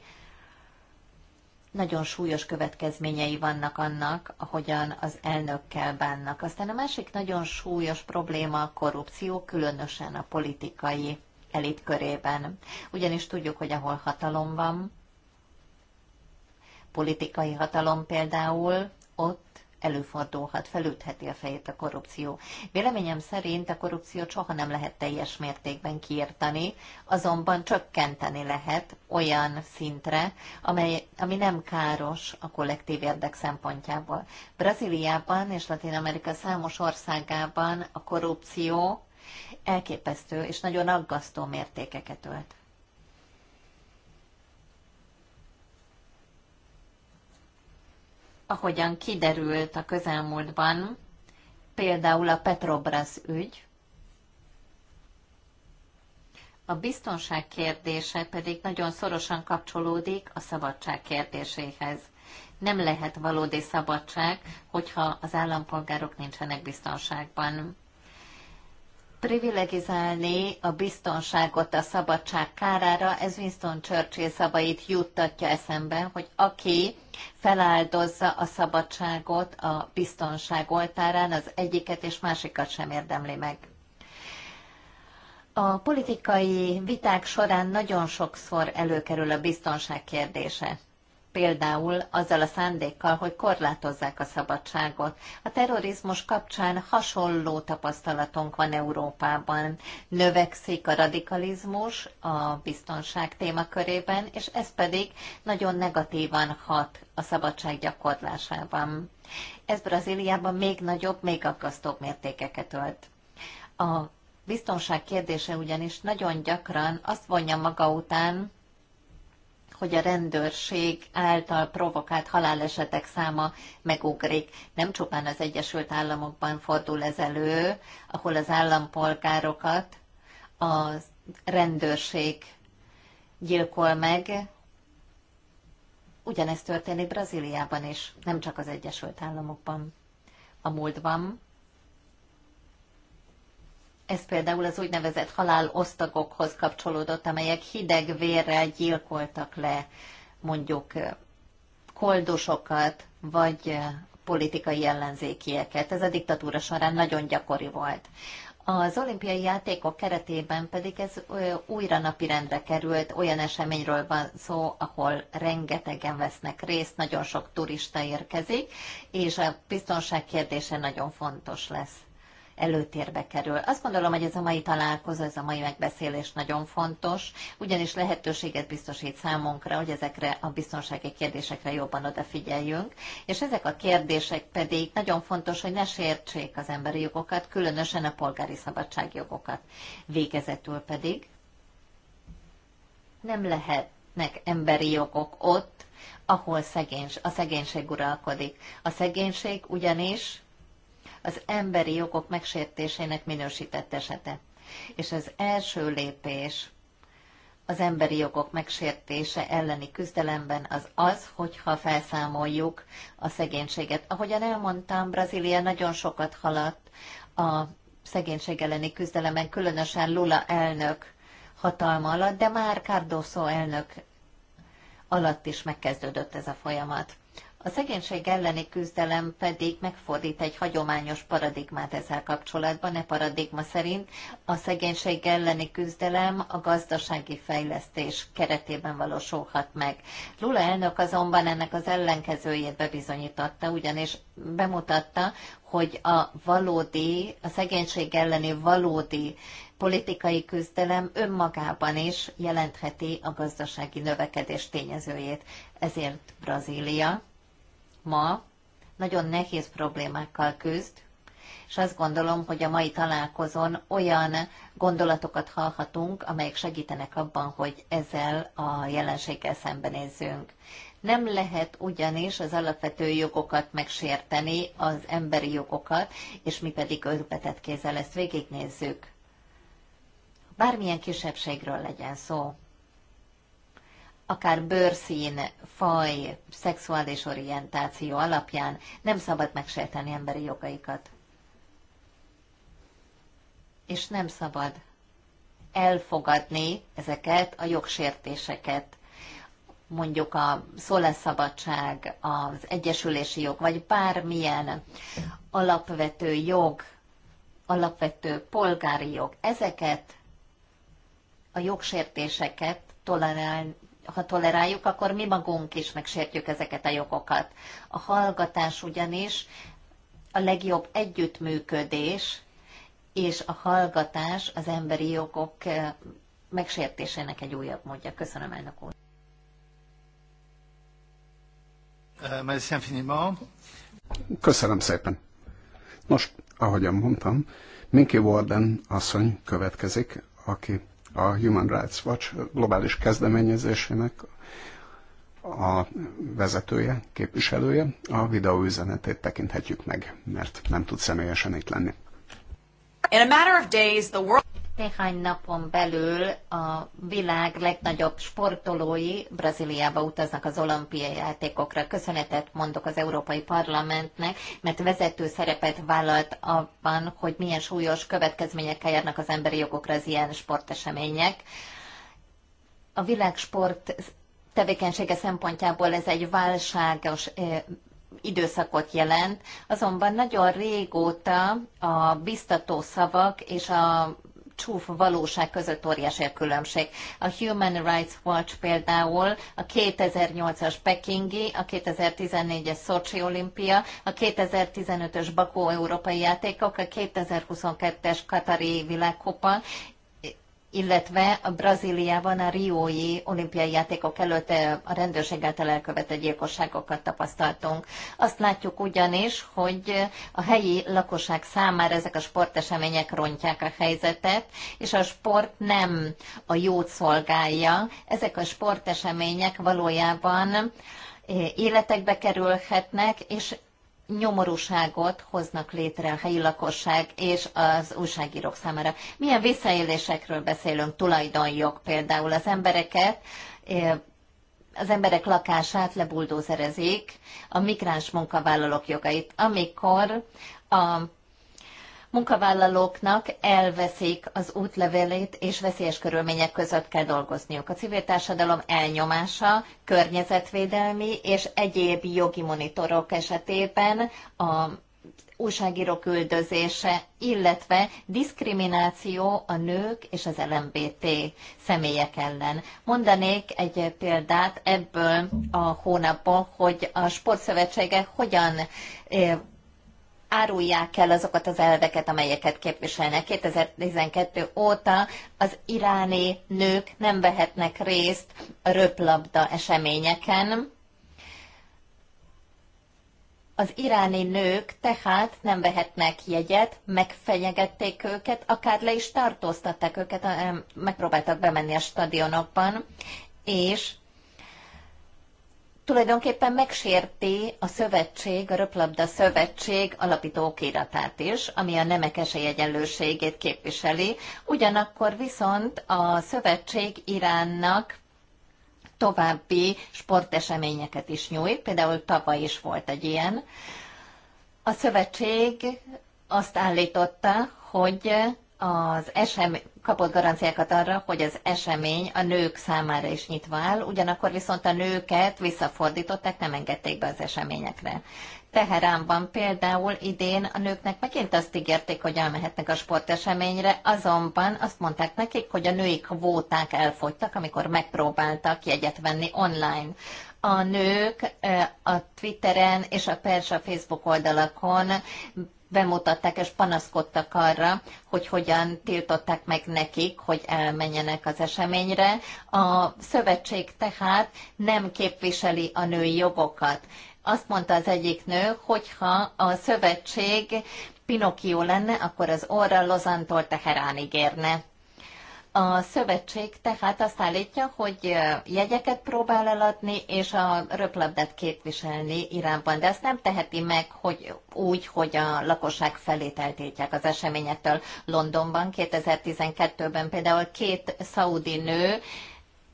nagyon súlyos következményei vannak annak, ahogyan az elnökkel bánnak. Aztán a másik nagyon súlyos probléma a korrupció, különösen a politikai elit körében. Ugyanis tudjuk, hogy ahol hatalom van, politikai hatalom például, ott előfordulhat, felütheti a fejét a korrupció. Véleményem szerint a korrupció soha nem lehet teljes mértékben kiirtani, azonban csökkenteni lehet olyan szintre, amely, ami nem káros a kollektív érdek szempontjából. Brazíliában és Latin-Amerika számos országában a korrupció elképesztő és nagyon aggasztó mértékeket ölt. ahogyan kiderült a közelmúltban, például a Petrobras ügy, a biztonság kérdése pedig nagyon szorosan kapcsolódik a szabadság kérdéséhez. Nem lehet valódi szabadság, hogyha az állampolgárok nincsenek biztonságban privilegizálni a biztonságot a szabadság kárára, ez Winston Churchill szavait juttatja eszembe, hogy aki feláldozza a szabadságot a biztonság oltárán, az egyiket és másikat sem érdemli meg. A politikai viták során nagyon sokszor előkerül a biztonság kérdése például azzal a szándékkal, hogy korlátozzák a szabadságot. A terrorizmus kapcsán hasonló tapasztalatunk van Európában. Növekszik a radikalizmus a biztonság témakörében, és ez pedig nagyon negatívan hat a szabadság gyakorlásában. Ez Brazíliában még nagyobb, még aggasztóbb mértékeket ölt. A biztonság kérdése ugyanis nagyon gyakran azt vonja maga után, hogy a rendőrség által provokált halálesetek száma megugrik. Nem csupán az Egyesült Államokban fordul ez elő, ahol az állampolgárokat a rendőrség gyilkol meg, ugyanezt történik Brazíliában is, nem csak az Egyesült Államokban. A múltban ez például az úgynevezett halálosztagokhoz kapcsolódott, amelyek hideg vérrel gyilkoltak le mondjuk koldosokat, vagy politikai ellenzékieket. Ez a diktatúra során nagyon gyakori volt. Az olimpiai játékok keretében pedig ez újra napirendre került, olyan eseményről van szó, ahol rengetegen vesznek részt, nagyon sok turista érkezik, és a biztonság kérdése nagyon fontos lesz előtérbe kerül. Azt gondolom, hogy ez a mai találkozó, ez a mai megbeszélés nagyon fontos, ugyanis lehetőséget biztosít számunkra, hogy ezekre a biztonsági kérdésekre jobban odafigyeljünk, és ezek a kérdések pedig nagyon fontos, hogy ne sértsék az emberi jogokat, különösen a polgári szabadságjogokat. Végezetül pedig nem lehetnek emberi jogok ott, ahol szegénység a szegénység uralkodik. A szegénység ugyanis az emberi jogok megsértésének minősített esete. És az első lépés az emberi jogok megsértése elleni küzdelemben az az, hogyha felszámoljuk a szegénységet. Ahogyan elmondtam, Brazília nagyon sokat haladt a szegénység elleni küzdelemen, különösen Lula elnök hatalma alatt, de már Cardoso elnök alatt is megkezdődött ez a folyamat. A szegénység elleni küzdelem pedig megfordít egy hagyományos paradigmát ezzel kapcsolatban. E paradigma szerint a szegénység elleni küzdelem a gazdasági fejlesztés keretében valósulhat meg. Lula elnök azonban ennek az ellenkezőjét bebizonyította, ugyanis bemutatta, hogy a valódi, a szegénység elleni valódi politikai küzdelem önmagában is jelentheti a gazdasági növekedés tényezőjét. Ezért Brazília ma nagyon nehéz problémákkal küzd, és azt gondolom, hogy a mai találkozón olyan gondolatokat hallhatunk, amelyek segítenek abban, hogy ezzel a jelenséggel szembenézzünk. Nem lehet ugyanis az alapvető jogokat megsérteni, az emberi jogokat, és mi pedig örbetett kézzel ezt végignézzük. Bármilyen kisebbségről legyen szó, akár bőrszín, faj, szexuális orientáció alapján nem szabad megsérteni emberi jogaikat. És nem szabad elfogadni ezeket a jogsértéseket, mondjuk a szólásszabadság, az egyesülési jog, vagy bármilyen alapvető jog, alapvető polgári jog, ezeket a jogsértéseket ha toleráljuk, akkor mi magunk is megsértjük ezeket a jogokat. A hallgatás ugyanis a legjobb együttműködés, és a hallgatás az emberi jogok eh, megsértésének egy újabb módja. Köszönöm, elnök úr. Eh, Köszönöm szépen. Nos, ahogyan mondtam, Minky Warden asszony következik, aki a Human Rights Watch globális kezdeményezésének a vezetője, képviselője, a videó üzenetét tekinthetjük meg, mert nem tud személyesen itt lenni. In a matter of days, the world... Néhány napon belül a világ legnagyobb sportolói Brazíliába utaznak az olimpiai játékokra. Köszönetet mondok az Európai Parlamentnek, mert vezető szerepet vállalt abban, hogy milyen súlyos következményekkel járnak az emberi jogokra az ilyen sportesemények. A világ sport tevékenysége szempontjából ez egy válságos időszakot jelent, azonban nagyon régóta a biztató szavak és a csúf valóság között óriási a különbség. A Human Rights Watch például a 2008-as Pekingi, a 2014-es Szocsi olimpia, a 2015-ös Bakó európai játékok, a 2022-es Katari világkupa illetve a Brazíliában a Riói olimpiai játékok előtt a rendőrség által elkövetett gyilkosságokat tapasztaltunk. Azt látjuk ugyanis, hogy a helyi lakosság számára ezek a sportesemények rontják a helyzetet, és a sport nem a jót szolgálja. Ezek a sportesemények valójában életekbe kerülhetnek, és nyomorúságot hoznak létre a helyi lakosság és az újságírók számára. Milyen visszaélésekről beszélünk, tulajdonjog például az embereket, eh, az emberek lakását lebuldózerezik, a migráns munkavállalók jogait, amikor a munkavállalóknak elveszik az útlevelét, és veszélyes körülmények között kell dolgozniuk. A civil társadalom elnyomása, környezetvédelmi és egyéb jogi monitorok esetében a újságírók üldözése, illetve diszkrimináció a nők és az LMBT személyek ellen. Mondanék egy példát ebből a hónapból, hogy a sportszövetségek hogyan eh, árulják el azokat az elveket, amelyeket képviselnek. 2012 óta az iráni nők nem vehetnek részt a röplabda eseményeken. Az iráni nők tehát nem vehetnek jegyet, megfenyegették őket, akár le is tartóztatták őket, megpróbáltak bemenni a stadionokban, és tulajdonképpen megsérti a szövetség, a röplabda szövetség alapító okiratát is, ami a nemek esélyegyenlőségét képviseli. Ugyanakkor viszont a szövetség Iránnak további sporteseményeket is nyújt, például tavaly is volt egy ilyen. A szövetség azt állította, hogy az esem, kapott garanciákat arra, hogy az esemény a nők számára is nyitva áll, ugyanakkor viszont a nőket visszafordították, nem engedték be az eseményekre. Teheránban például idén a nőknek megint azt ígérték, hogy elmehetnek a sporteseményre, azonban azt mondták nekik, hogy a női kvóták elfogytak, amikor megpróbáltak jegyet venni online. A nők eh, a Twitteren és a persze a Facebook oldalakon bemutatták és panaszkodtak arra, hogy hogyan tiltották meg nekik, hogy elmenjenek az eseményre. A szövetség tehát nem képviseli a női jogokat. Azt mondta az egyik nő, hogyha a szövetség Pinokió lenne, akkor az orra Lozantól Teheránig érne. A szövetség tehát azt állítja, hogy jegyeket próbál eladni, és a röplabdát képviselni Iránban, de ezt nem teheti meg hogy úgy, hogy a lakosság felét eltétják az eseményettől Londonban 2012-ben például két szaudi nő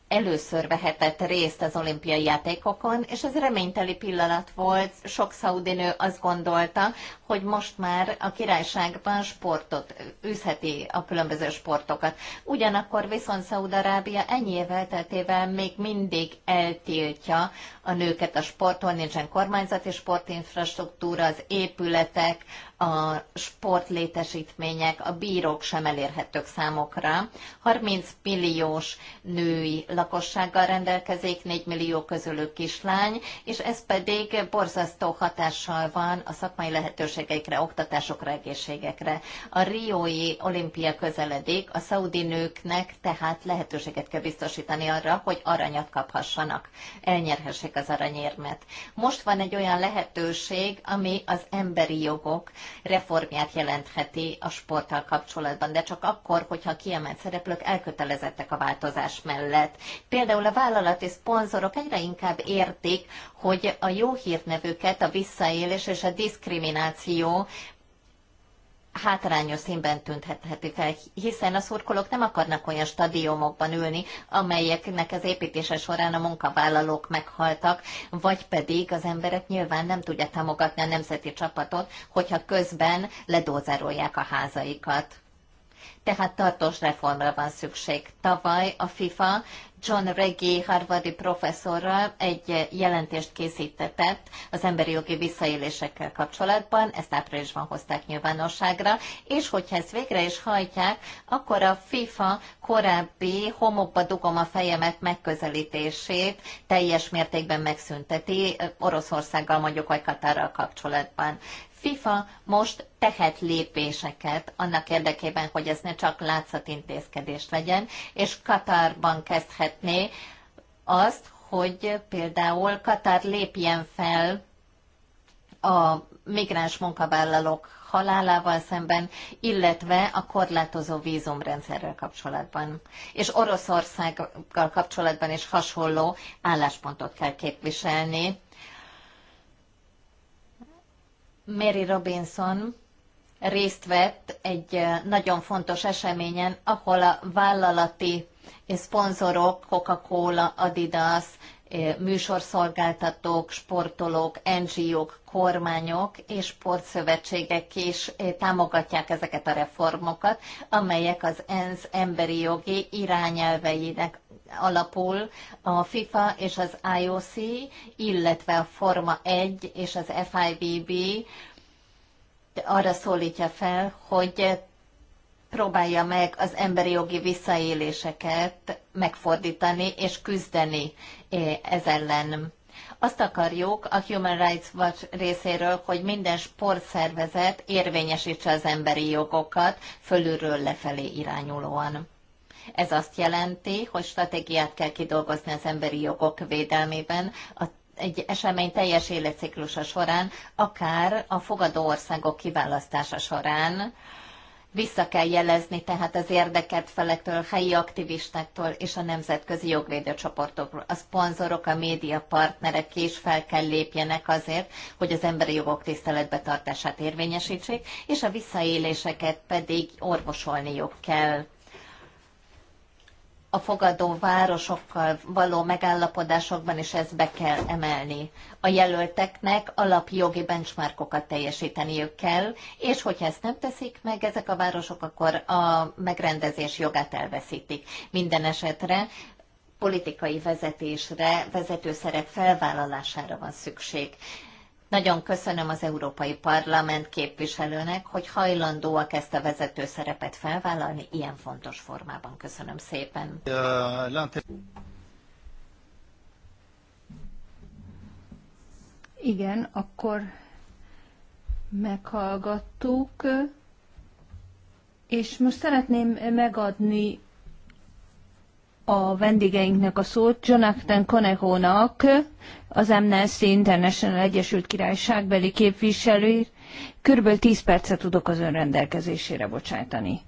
először vehetett részt az olimpiai játékokon, és ez reményteli pillanat volt. Sok nő azt gondolta, hogy most már a királyságban sportot üzheti a különböző sportokat. Ugyanakkor viszont Szaudarábia ennyi év elteltével még mindig eltiltja a nőket a sporton nincsen kormányzati sportinfrastruktúra, az épületek, a sportlétesítmények, a bírók sem elérhetők számokra. 30 milliós női lakossággal rendelkezik, 4 millió közülük kislány, és ez pedig borzasztó hatással van a szakmai lehetőség tevékenységeikre, oktatásokra, egészségekre. A Riói olimpia közeledik, a szaudi nőknek tehát lehetőséget kell biztosítani arra, hogy aranyat kaphassanak, elnyerhessék az aranyérmet. Most van egy olyan lehetőség, ami az emberi jogok reformját jelentheti a sporttal kapcsolatban, de csak akkor, hogyha a kiemelt szereplők elkötelezettek a változás mellett. Például a vállalati szponzorok egyre inkább értik, hogy a jó hírnevüket a visszaélés és a diszkrimináció hátrányos színben tüntetheti fel, hiszen a szurkolók nem akarnak olyan stadionokban ülni, amelyeknek az építése során a munkavállalók meghaltak, vagy pedig az emberek nyilván nem tudják támogatni a nemzeti csapatot, hogyha közben ledózerolják a házaikat. Tehát tartós reformra van szükség. Tavaly a FIFA John Reggie Harvardi professzorral egy jelentést készítetett az emberi jogi visszaélésekkel kapcsolatban, ezt áprilisban hozták nyilvánosságra, és hogyha ezt végre is hajtják, akkor a FIFA korábbi homokba dugom a fejemet megközelítését teljes mértékben megszünteti Oroszországgal mondjuk vagy Katarral kapcsolatban. FIFA most tehet lépéseket annak érdekében, hogy ez ne csak látszatintézkedés legyen, és Katarban kezdhetné azt, hogy például Katar lépjen fel a migráns munkavállalók halálával szemben, illetve a korlátozó vízumrendszerrel kapcsolatban. És Oroszországgal kapcsolatban is hasonló álláspontot kell képviselni, Mary Robinson részt vett egy eh, nagyon fontos eseményen, ahol a vállalati eh, szponzorok, Coca-Cola, Adidas műsorszolgáltatók, sportolók, NGO-k, kormányok és sportszövetségek is támogatják ezeket a reformokat, amelyek az ENSZ emberi jogi irányelveinek alapul a FIFA és az IOC, illetve a Forma 1 és az FIVB arra szólítja fel, hogy próbálja meg az emberi jogi visszaéléseket megfordítani és küzdeni eh, ez ellen. Azt akarjuk a Human Rights Watch részéről, hogy minden sportszervezet érvényesítse az emberi jogokat fölülről lefelé irányulóan. Ez azt jelenti, hogy stratégiát kell kidolgozni az emberi jogok védelmében, a egy esemény teljes életciklusa során, akár a fogadó országok kiválasztása során, vissza kell jelezni tehát az érdekelt felektől, helyi aktivistáktól és a nemzetközi jogvédő A szponzorok, a médiapartnerek is fel kell lépjenek azért, hogy az emberi jogok tiszteletbe tartását érvényesítsék, és a visszaéléseket pedig orvosolniuk kell a fogadó városokkal való megállapodásokban is ezt be kell emelni. A jelölteknek alapjogi benchmarkokat teljesíteniük kell, és hogyha ezt nem teszik meg ezek a városok, akkor a megrendezés jogát elveszítik. Minden esetre politikai vezetésre, vezető szerep felvállalására van szükség. Nagyon köszönöm az Európai Parlament képviselőnek, hogy hajlandóak ezt a vezető szerepet felvállalni ilyen fontos formában. Köszönöm szépen. Igen, akkor meghallgattuk, és most szeretném megadni a vendégeinknek a szót Jonathan Conehónak, az Amnesty International Egyesült Királyságbeli képviselő. Körülbelül 10 percet tudok az önrendelkezésére bocsájtani.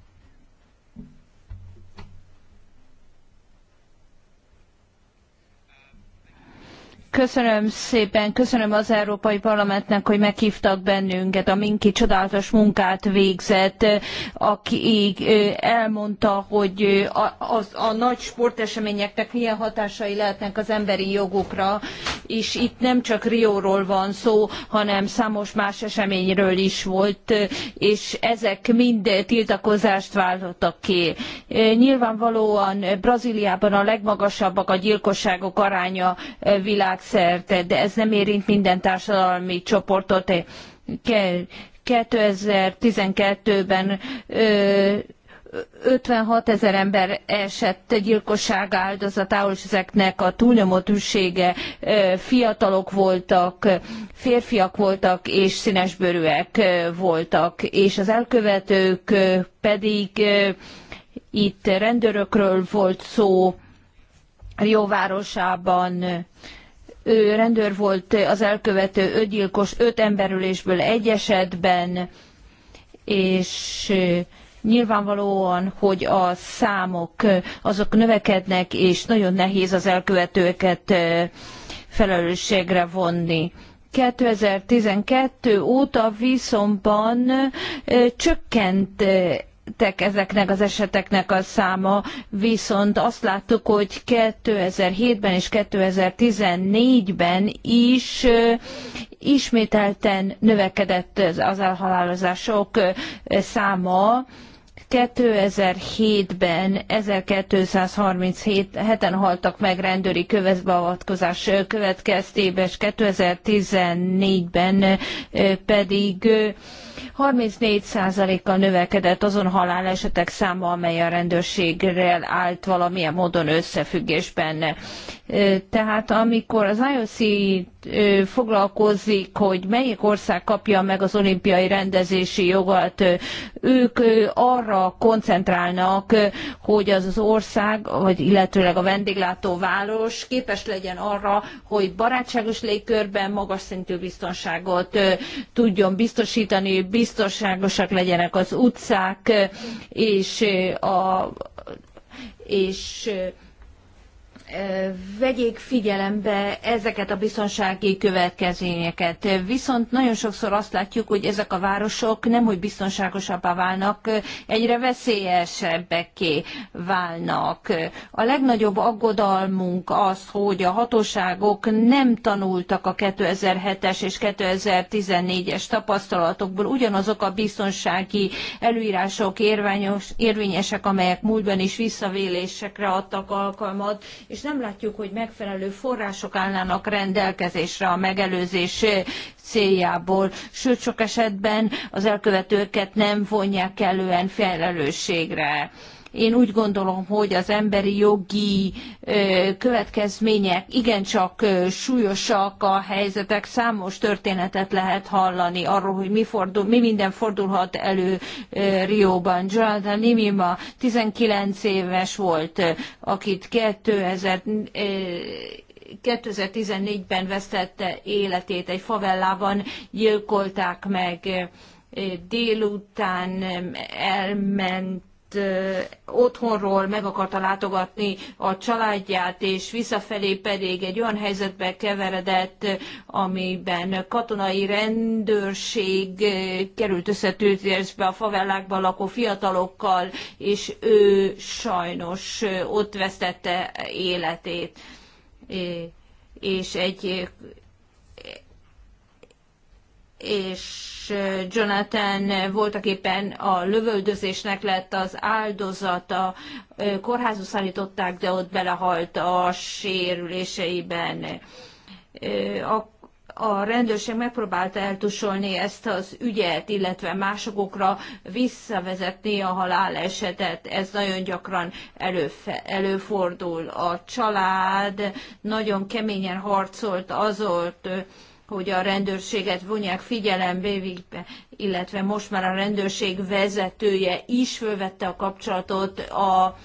Köszönöm szépen, köszönöm az Európai Parlamentnek, hogy meghívtak bennünket, a Minki csodálatos munkát végzett, aki elmondta, hogy a, a nagy sporteseményeknek milyen hatásai lehetnek az emberi jogokra, és itt nem csak Rióról van szó, hanem számos más eseményről is volt, és ezek mind tiltakozást váltottak ki. Nyilvánvalóan Brazíliában a legmagasabbak a gyilkosságok aránya világ világszerte, de ez nem érint minden társadalmi csoportot. 2012-ben 56 ezer ember esett gyilkosság áldozatául, és ezeknek a túlnyomó többsége fiatalok voltak, férfiak voltak és színesbőrűek voltak, és az elkövetők pedig itt rendőrökről volt szó, Rio városában ő rendőr volt az elkövető öt öt emberülésből egy esetben, és nyilvánvalóan, hogy a számok azok növekednek, és nagyon nehéz az elkövetőket felelősségre vonni. 2012 óta viszonyban csökkent tek ezeknek az eseteknek a száma, viszont azt láttuk, hogy 2007-ben és 2014-ben is ismételten növekedett az elhalálozások száma. 2007-ben 1237-en haltak meg rendőri kövezbeavatkozás következtében, és 2014-ben pedig 34%-kal növekedett azon halálesetek száma, amely a rendőrségrel állt valamilyen módon összefüggésben. Tehát amikor az IOC foglalkozik, hogy melyik ország kapja meg az olimpiai rendezési jogat, ők arra koncentrálnak, hogy az az ország, vagy illetőleg a vendéglátóváros képes legyen arra, hogy barátságos légkörben magas szintű biztonságot tudjon biztosítani, hogy biztonságosak legyenek az utcák, és eh, a és eh, vegyék figyelembe ezeket a biztonsági következményeket. Viszont nagyon sokszor azt látjuk, hogy ezek a városok nem hogy biztonságosabbá válnak, egyre veszélyesebbeké válnak. A legnagyobb aggodalmunk az, hogy a hatóságok nem tanultak a 2007-es és 2014-es tapasztalatokból ugyanazok a biztonsági előírások érvényesek, amelyek múltban is visszavélésekre adtak alkalmat, és nem látjuk, hogy megfelelő források állnának rendelkezésre a megelőzés céljából, sőt sok esetben az elkövetőket nem vonják kellően felelősségre. Én úgy gondolom, hogy az emberi jogi következmények igencsak súlyosak a helyzetek. Számos történetet lehet hallani arról, hogy mi, fordul, mi minden fordulhat elő Rióban. Jonathan Nimima 19 éves volt, akit 2000 2014-ben vesztette életét, egy favellában gyilkolták meg, délután elment otthonról meg akarta látogatni a családját, és visszafelé pedig egy olyan helyzetbe keveredett, amiben katonai rendőrség került összetűzésbe a favellákban lakó fiatalokkal, és ő sajnos ott vesztette életét és egy és Jonathan voltak éppen a lövöldözésnek lett az áldozata, kórházba szállították, de ott belehalt a sérüléseiben. A a rendőrség megpróbálta eltusolni ezt az ügyet, illetve másokokra visszavezetni a halálesetet. Ez nagyon gyakran előfe, előfordul. A család nagyon keményen harcolt azot, hogy a rendőrséget vonják figyelembe, illetve most már a rendőrség vezetője is fölvette a kapcsolatot a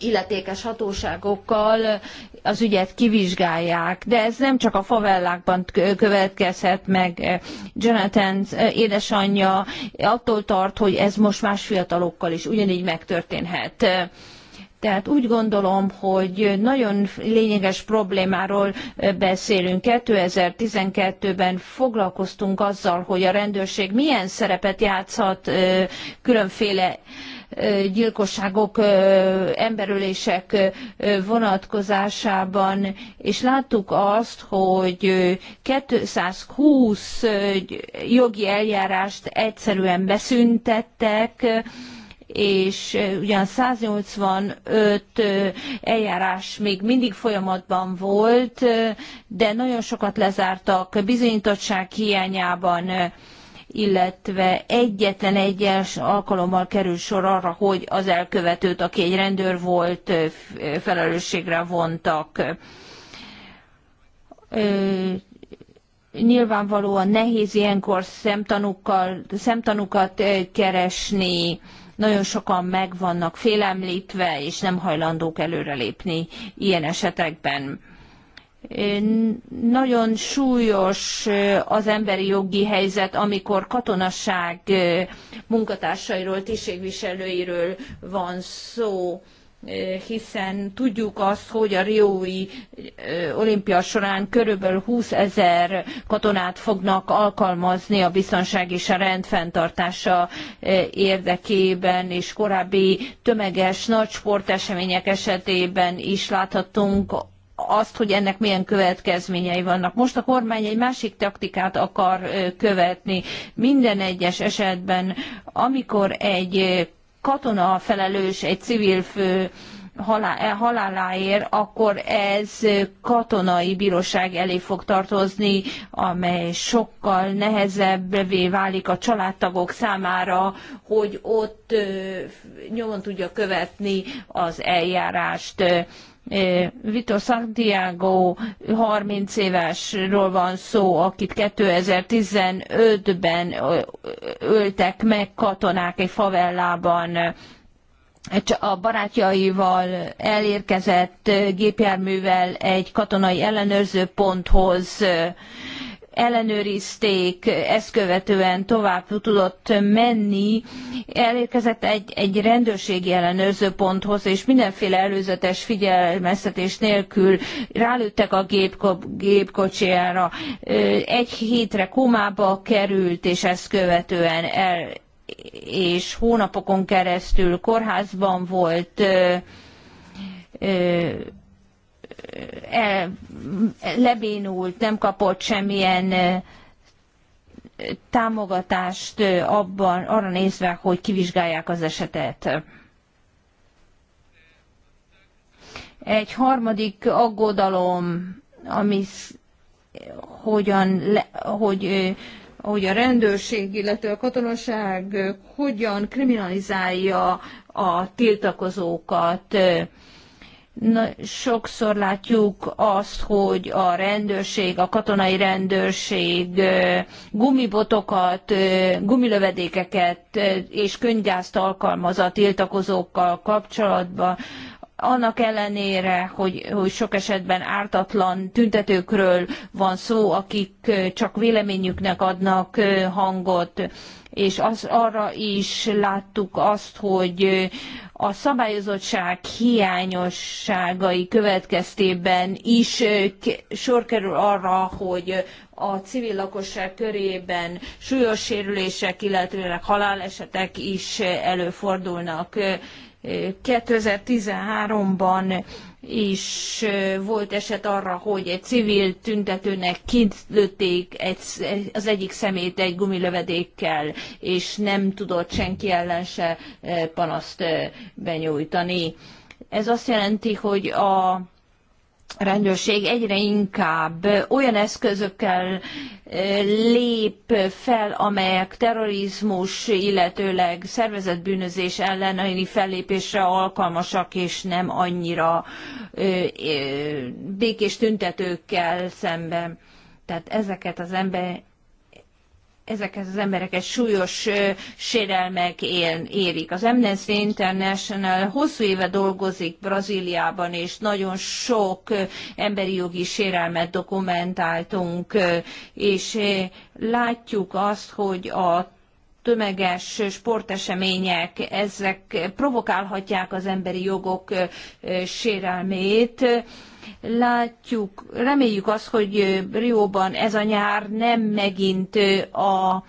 illetékes hatóságokkal az ügyet kivizsgálják. De ez nem csak a favellákban következhet meg. Eh, Jonathan eh, édesanyja attól tart, hogy ez most más fiatalokkal is ugyanígy megtörténhet tehát úgy gondolom, hogy nagyon lényeges problémáról beszélünk. 2012-ben foglalkoztunk azzal, hogy a rendőrség milyen szerepet játszhat különféle gyilkosságok, emberölések vonatkozásában, és láttuk azt, hogy 220 jogi eljárást egyszerűen beszüntettek, és ugyan 185 eljárás még mindig folyamatban volt, de nagyon sokat lezártak bizonyítottság hiányában illetve egyetlen egyes alkalommal kerül sor arra, hogy az elkövetőt, aki egy rendőr volt, felelősségre vontak. Nyilvánvalóan nehéz ilyenkor szemtanúkkal, szemtanúkat keresni, nagyon sokan meg vannak félemlítve, és nem hajlandók előrelépni ilyen esetekben. Nagyon súlyos az emberi jogi helyzet, amikor katonaság munkatársairól, tisztségviselőiről van szó Eh, hiszen tudjuk azt, hogy a Riói eh, olimpia során körülbelül 20 ezer katonát fognak alkalmazni a biztonság és a rend fenntartása eh, érdekében, és korábbi tömeges nagy sportesemények esetében is láthatunk azt, hogy ennek milyen következményei vannak. Most a kormány egy másik taktikát akar követni. Minden egyes esetben, amikor egy katona felelős egy civil fő E, haláláért, akkor ez katonai bíróság elé fog tartozni, amely sokkal nehezebbé válik a családtagok számára, hogy ott nyomon tudja követni az eljárást. Vito Santiago 30 évesről van szó, akit 2015-ben öltek meg katonák egy favellában a barátjaival elérkezett gépjárművel egy katonai ellenőrző ponthoz, ellenőrizték, ezt követően tovább tudott menni, elérkezett egy, egy rendőrségi ellenőrző ponthoz, és mindenféle előzetes figyelmeztetés nélkül rálőttek a gépko, gépkocsijára, egy hétre kómába került, és ezt követően el, és hónapokon keresztül kórházban volt, e, lebénult, nem kapott semmilyen támogatást abban, arra nézve, hogy kivizsgálják az esetet. Egy harmadik aggodalom, ami hogyan, le, hogy hogy a rendőrség, illetve a katonaság eh, hogyan kriminalizálja a tiltakozókat. Eh, na, sokszor látjuk azt, hogy a rendőrség, a katonai rendőrség eh, gumibotokat, gumilövedékeket és könyvgázt alkalmaz a tiltakozókkal kapcsolatban annak ellenére, hogy, hogy sok esetben ártatlan tüntetőkről van szó, akik csak véleményüknek adnak hangot, és az, arra is láttuk azt, hogy a szabályozottság hiányosságai következtében is sor kerül arra, hogy a civil lakosság körében súlyos sérülések, illetőleg halálesetek is előfordulnak 2013-ban is volt eset arra, hogy egy civil tüntetőnek kintlőtték egy, az egyik szemét egy gumilövedékkel, és nem tudott senki ellen se panaszt benyújtani. Ez azt jelenti, hogy a rendőrség egyre inkább olyan eszközökkel lép fel, amelyek terrorizmus, illetőleg szervezetbűnözés elleni fellépésre alkalmasak, és nem annyira békés tüntetőkkel szemben. Tehát ezeket az ember ezeket az embereket súlyos sérelmek érik. Az Amnesty International hosszú éve dolgozik Brazíliában, és nagyon sok emberi jogi sérelmet dokumentáltunk, és látjuk azt, hogy a tömeges sportesemények, ezek provokálhatják az emberi jogok sérelmét, Látjuk, reméljük azt, hogy Rióban ez a nyár nem megint a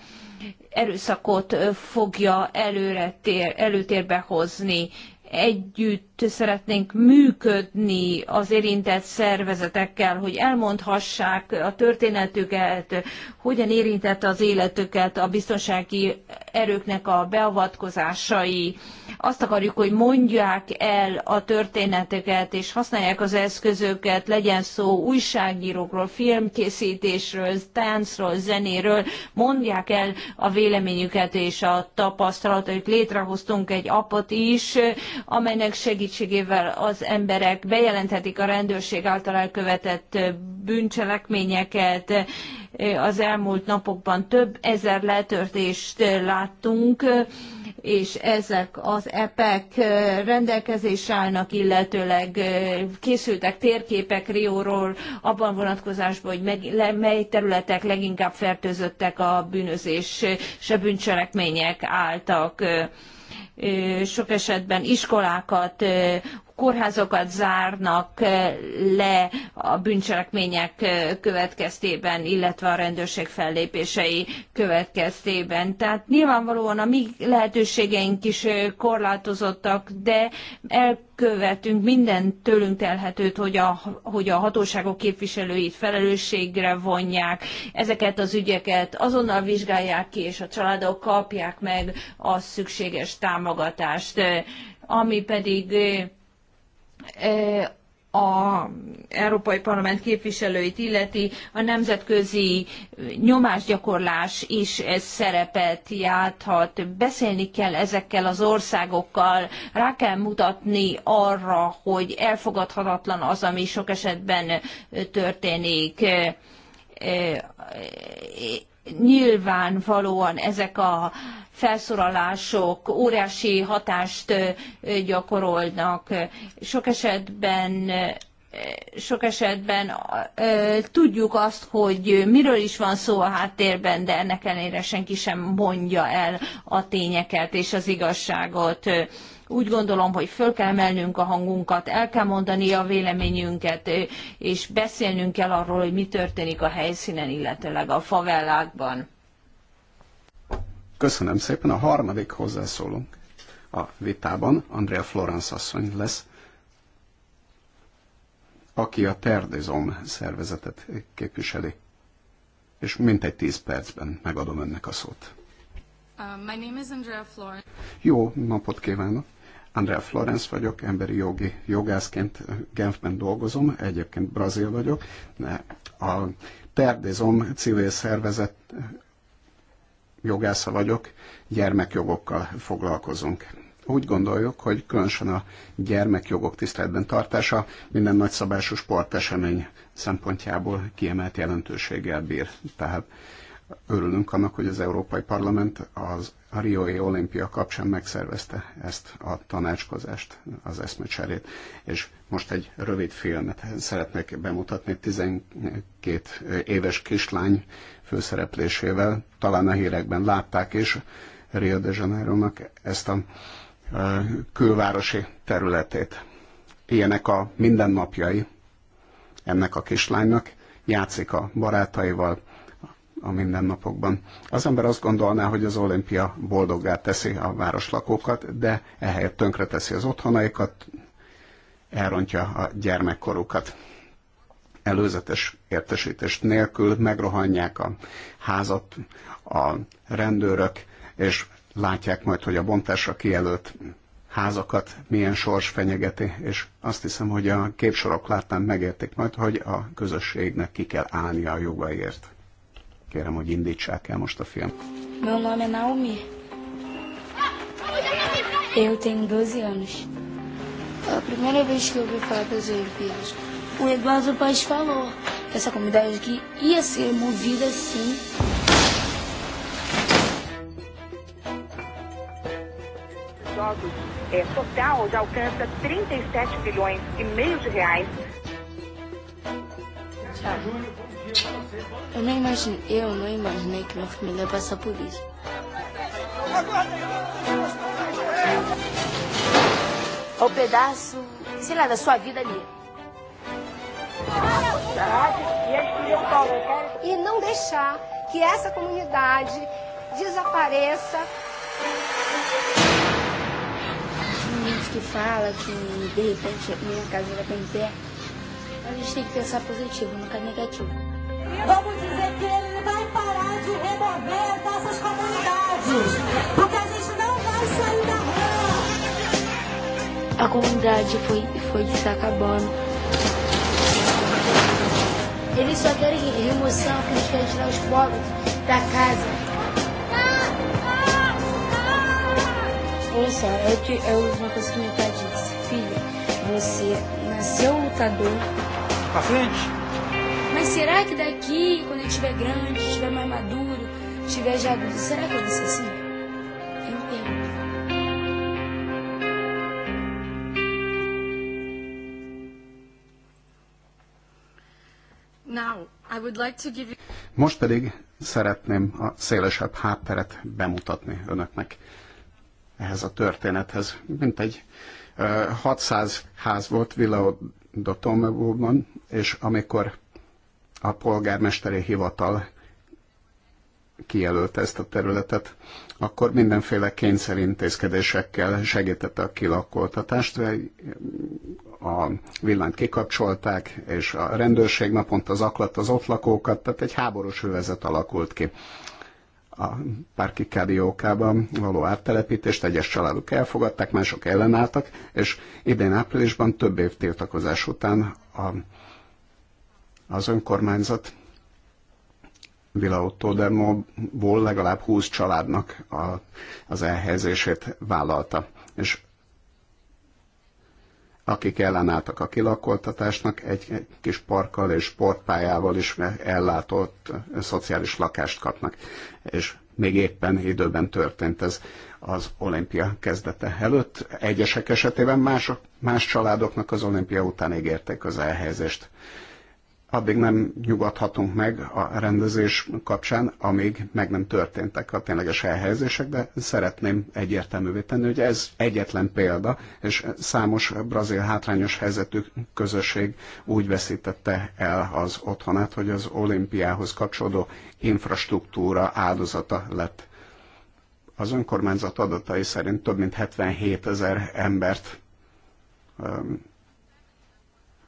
erőszakot fogja előre tér, előtérbe hozni együtt szeretnénk működni az érintett szervezetekkel, hogy elmondhassák a történetüket, hogyan érintett az életüket a biztonsági erőknek a beavatkozásai. Azt akarjuk, hogy mondják el a történeteket, és használják az eszközöket, legyen szó újságírókról, filmkészítésről, táncról, zenéről, mondják el a véleményüket és a tapasztalatot. Létrehoztunk egy apot is, amelynek segítségével az emberek bejelenthetik a rendőrség által elkövetett bűncselekményeket. Az elmúlt napokban több ezer letörtést láttunk, és ezek az epek rendelkezésre állnak, illetőleg készültek térképek Rióról abban vonatkozásban, hogy meg, le, mely területek leginkább fertőzöttek a bűnözés és a bűncselekmények által sok esetben iskolákat, kórházokat zárnak eh, le a bűncselekmények eh, következtében, illetve a rendőrség fellépései következtében. Tehát nyilvánvalóan a mi lehetőségeink is eh, korlátozottak, de elkövetünk minden tőlünk telhetőt, hogy a, hogy a hatóságok képviselőit felelősségre vonják, ezeket az ügyeket azonnal vizsgálják ki, és a családok kapják meg a szükséges támogatást. Ami pedig a Európai Parlament képviselőit illeti, a nemzetközi nyomásgyakorlás is ez szerepet játhat. Beszélni kell ezekkel az országokkal, rá kell mutatni arra, hogy elfogadhatatlan az, ami sok esetben történik nyilvánvalóan ezek a felszólalások óriási hatást gyakorolnak. Sok esetben sok esetben tudjuk azt, hogy miről is van szó a háttérben, de ennek ellenére senki sem mondja el a tényeket és az igazságot. Úgy gondolom, hogy föl kell emelnünk a hangunkat, el kell mondani a véleményünket, és beszélnünk kell arról, hogy mi történik a helyszínen, illetőleg a favellákban. Köszönöm szépen. A harmadik hozzászólunk a vitában, Andrea Florence asszony lesz, aki a Terdezom szervezetet képviseli. És mintegy tíz percben megadom önnek a szót. Uh, my name is Andrea Florence. Jó napot kívánok! Andrea Florence vagyok, emberi jogi jogászként Genfben dolgozom, egyébként brazil vagyok. A Terdizom civil szervezet jogásza vagyok, gyermekjogokkal foglalkozunk. Úgy gondoljuk, hogy különösen a gyermekjogok tiszteletben tartása minden nagyszabású sportesemény szempontjából kiemelt jelentőséggel bír. Tehát örülünk annak, hogy az Európai Parlament az a Rioi olimpia kapcsán megszervezte ezt a tanácskozást, az eszmecserét, és most egy rövid filmet szeretnék bemutatni, 12 éves kislány főszereplésével, talán a hírekben látták is Rio de janeiro ezt a e, külvárosi területét. Ilyenek a mindennapjai ennek a kislánynak, játszik a barátaival, a mindennapokban. Az ember azt gondolná, hogy az olimpia boldoggá teszi a városlakókat, de ehelyett tönkre teszi az otthonaikat, elrontja a gyermekkorukat. Előzetes értesítést nélkül megrohanják a házat a rendőrök, és látják majd, hogy a bontásra kijelölt házakat milyen sors fenyegeti, és azt hiszem, hogy a képsorok láttán megértik majd, hogy a közösségnek ki kell állnia a jogaiért. Kérem, hogy indítsák el most a film. Meu nome é Naomi. Eu tenho 12 anos. É A primeira vez que eu ouvi falar das Olimpíadas, o Eduardo Paz falou que essa comunidade aqui ia ser movida assim é, total já alcança 37 e bilhões e meio de reais. Tchau. Eu não imaginei, eu não imaginei que minha família ia passar por isso. É um pedaço, sei lá, da sua vida ali. E não deixar que essa comunidade desapareça. Tem gente que fala que de repente minha casa vai bem pé. A gente tem que pensar positivo, nunca negativo. Vamos dizer que ele vai parar de remover nossas comunidades, porque a gente não vai sair da rua. A comunidade foi, foi se acabando. Eles só querem remoção, que gente quer tirar os pobres da casa. Olha só, é te, eu uma coisa que meu pai disse. Filha, você nasceu lutador. Pra frente. Mas será que daqui, quando eu estiver grande, estiver mais maduro, estiver já adulto, será que eu vou ser assim? Tem um tempo. Most pedig szeretném a szélesebb hátteret bemutatni önöknek ehhez a történethez. Mint egy 600 ház volt Villa do és amikor a polgármesteri hivatal kijelölte ezt a területet, akkor mindenféle kényszerintézkedésekkel segítette a kilakoltatást. Mm, a villanyt kikapcsolták, és a rendőrség naponta zaklat az ott lakókat, tehát egy háborús övezet alakult ki. A Parki Kádiókában való áttelepítést egyes családok elfogadták, mások ellenálltak, és idén áprilisban több év tiltakozás után a az önkormányzat Villautó Demóból legalább 20 családnak a, az elhelyezését vállalta. És akik ellenálltak a kilakoltatásnak, egy, egy kis parkkal és sportpályával is ellátott szociális lakást kapnak. És még éppen időben történt ez az olimpia kezdete előtt. Egyesek esetében más, más családoknak az olimpia után ígérték az elhelyezést addig nem nyugodhatunk meg a rendezés kapcsán, amíg meg nem történtek a tényleges elhelyezések, de szeretném egyértelművé tenni, hogy ez egyetlen példa, és számos brazil hátrányos helyzetű közösség úgy veszítette el az otthonát, hogy az olimpiához kapcsolódó infrastruktúra áldozata lett. Az önkormányzat adatai szerint több mint 77 ezer embert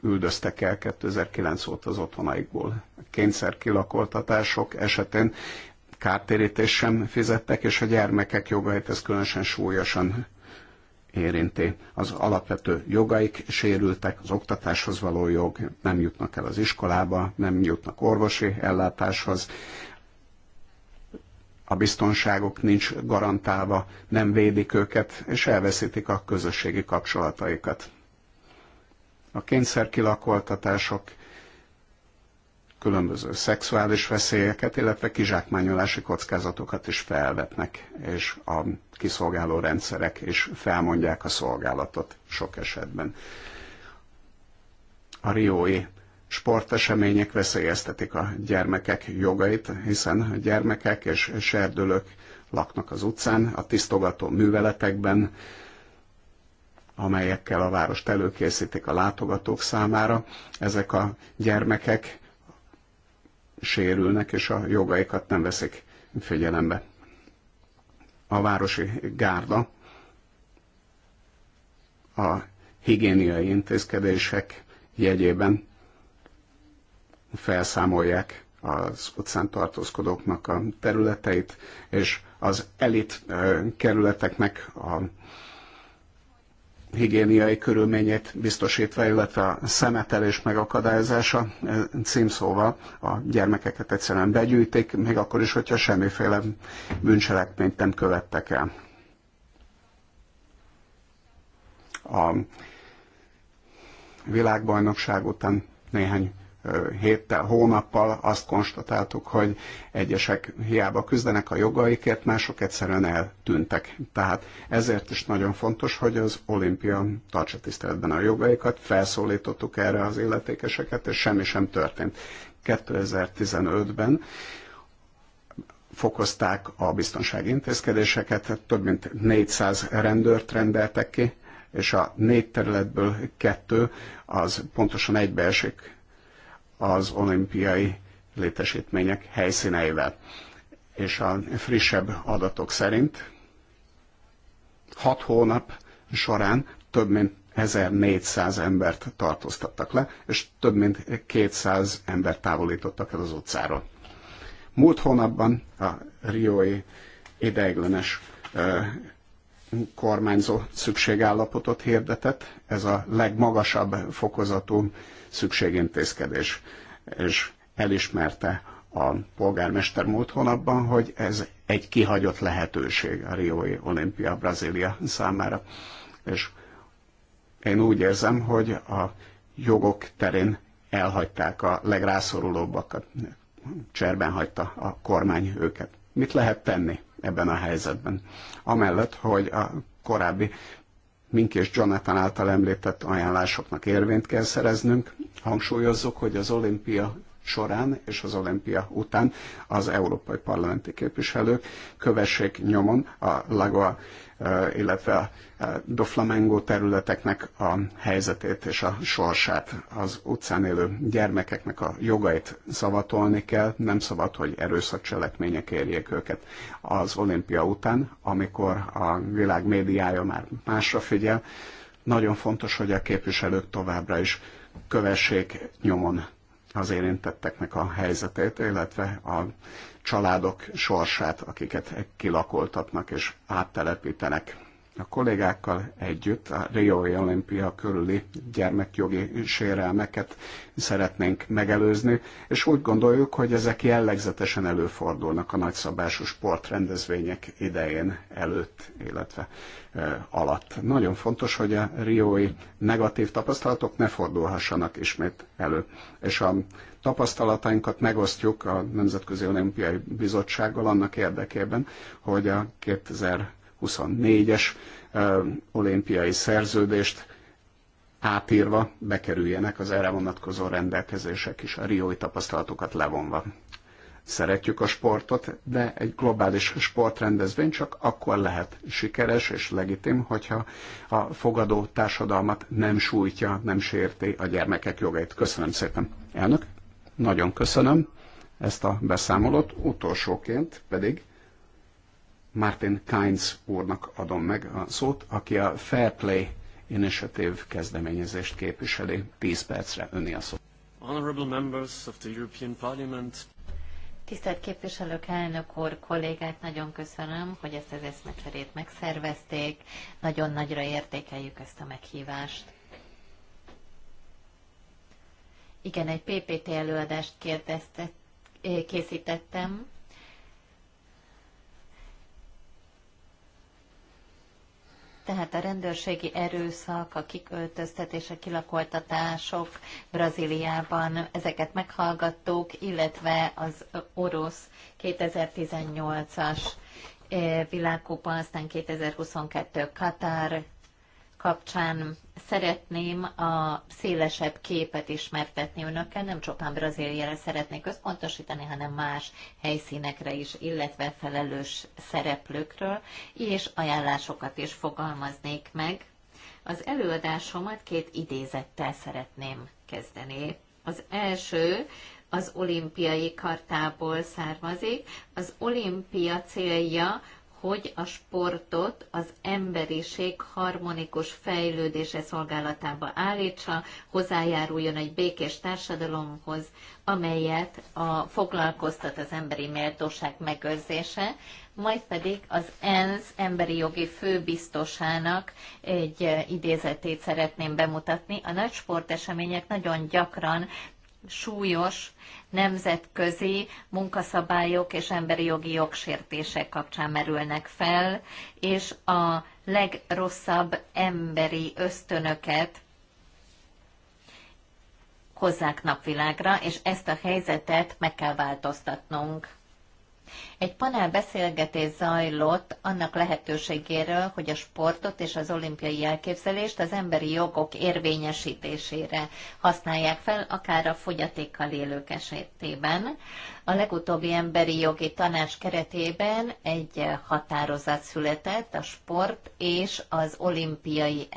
üldöztek el 2009 óta az otthonaikból. Kényszer kilakoltatások esetén kártérítést sem fizettek, és a gyermekek jogait ez különösen súlyosan érinti. Az alapvető jogaik sérültek, az oktatáshoz való jog, nem jutnak el az iskolába, nem jutnak orvosi ellátáshoz, a biztonságok nincs garantálva, nem védik őket, és elveszítik a közösségi kapcsolataikat a kényszerkilakoltatások, különböző szexuális veszélyeket, illetve kizsákmányolási kockázatokat is felvetnek, és a kiszolgáló rendszerek is felmondják a szolgálatot sok esetben. A riói sportesemények veszélyeztetik a gyermekek jogait, hiszen a gyermekek és serdülők laknak az utcán, a tisztogató műveletekben, amelyekkel a várost előkészítik a látogatók számára. Ezek a gyermekek sérülnek, és a jogaikat nem veszik figyelembe. A városi gárda a higiéniai intézkedések jegyében felszámolják az utcán tartózkodóknak a területeit, és az elit kerületeknek a higiéniai körülményét biztosítva, illetve a szemetelés megakadályozása eh, címszóval a gyermekeket egyszerűen begyűjtik, még akkor is, hogyha semmiféle bűncselekményt nem követtek el. A világbajnokság után néhány héttel, hónappal azt konstatáltuk, hogy egyesek hiába küzdenek a jogaikért, mások egyszerűen eltűntek. Tehát ezért is nagyon fontos, hogy az olimpia tartsa tiszteletben a jogaikat, felszólítottuk erre az illetékeseket, és semmi sem történt. 2015-ben fokozták a biztonsági intézkedéseket, több mint 400 rendőrt rendeltek ki, és a négy területből kettő az pontosan egybeesik az olimpiai létesítmények helyszíneivel. És a frissebb adatok szerint 6 hónap során több mint 1400 embert tartóztattak le, és több mint 200 embert távolítottak el az utcáról. Múlt hónapban a riói ideiglenes kormányzó szükségállapotot hirdetett. Ez a legmagasabb fokozatú szükségintézkedés, és elismerte a polgármester múlt hónapban, hogy ez egy kihagyott lehetőség a Riói Olimpia Brazília számára. És én úgy érzem, hogy a jogok terén elhagyták a legrászorulóbbakat, cserben hagyta a kormány őket. Mit lehet tenni ebben a helyzetben? Amellett, hogy a korábbi Mink és Jonathan által említett ajánlásoknak érvényt kell szereznünk. Hangsúlyozzuk, hogy az olimpia során és az olimpia után az európai parlamenti képviselők kövessék nyomon a Lagoa, illetve a Do Flamengo területeknek a helyzetét és a sorsát. Az utcán élő gyermekeknek a jogait szavatolni kell, nem szabad, hogy erőszakcselekmények érjék őket. Az olimpia után, amikor a világ médiája már másra figyel, nagyon fontos, hogy a képviselők továbbra is kövessék nyomon az érintetteknek a helyzetét, illetve a családok sorsát, akiket kilakoltatnak és áttelepítenek a kollégákkal együtt a Rioi olimpia körüli gyermekjogi sérelmeket szeretnénk megelőzni, és úgy gondoljuk, hogy ezek jellegzetesen előfordulnak a nagyszabású sportrendezvények idején előtt, illetve e, alatt. Nagyon fontos, hogy a Riói negatív tapasztalatok ne fordulhassanak ismét elő, és a tapasztalatainkat megosztjuk a Nemzetközi Olimpiai Bizottsággal annak érdekében, hogy a 2000 24-es olimpiai szerződést átírva bekerüljenek az erre vonatkozó rendelkezések is, a riói tapasztalatokat levonva. Szeretjük a sportot, de egy globális sportrendezvény csak akkor lehet sikeres és legitim, hogyha a fogadó társadalmat nem sújtja, nem sérti a gyermekek jogait. Köszönöm szépen. Elnök, nagyon köszönöm ezt a beszámolót. Utolsóként pedig Martin Kainz úrnak adom meg a szót, aki a Fair Play Initiative kezdeményezést képviseli. 10 percre önni a szó. Honorable members of the European Parliament. Tisztelt képviselők, elnök úr, kollégák, nagyon köszönöm, hogy ezt az eszmecserét megszervezték. Nagyon nagyra értékeljük ezt a meghívást. Igen, egy PPT előadást kérdeztet, eh, készítettem, tehát a rendőrségi erőszak, a a kilakoltatások Brazíliában, ezeket meghallgattuk, illetve az orosz 2018-as eh, világkupa, aztán 2022 Katár, kapcsán szeretném a szélesebb képet ismertetni önökkel, nem csupán Brazíliára szeretnék összpontosítani, hanem más helyszínekre is, illetve felelős szereplőkről, és ajánlásokat is fogalmaznék meg. Az előadásomat két idézettel szeretném kezdeni. Az első az olimpiai kartából származik. Az olimpia célja hogy a sportot az emberiség harmonikus fejlődése szolgálatába állítsa, hozzájáruljon egy békés társadalomhoz, amelyet a foglalkoztat az emberi méltóság megőrzése, majd pedig az ENSZ emberi jogi főbiztosának egy idézetét szeretném bemutatni. A nagy sportesemények nagyon gyakran súlyos nemzetközi munkaszabályok és emberi jogi jogsértések kapcsán merülnek fel, és a legrosszabb emberi ösztönöket hozzák napvilágra, és ezt a helyzetet meg kell változtatnunk. Egy panel beszélgetés zajlott annak lehetőségéről, hogy a sportot és az olimpiai elképzelést az emberi jogok érvényesítésére használják fel, akár a fogyatékkal élők esetében. A legutóbbi emberi jogi tanács keretében egy határozat született a sport és az olimpiai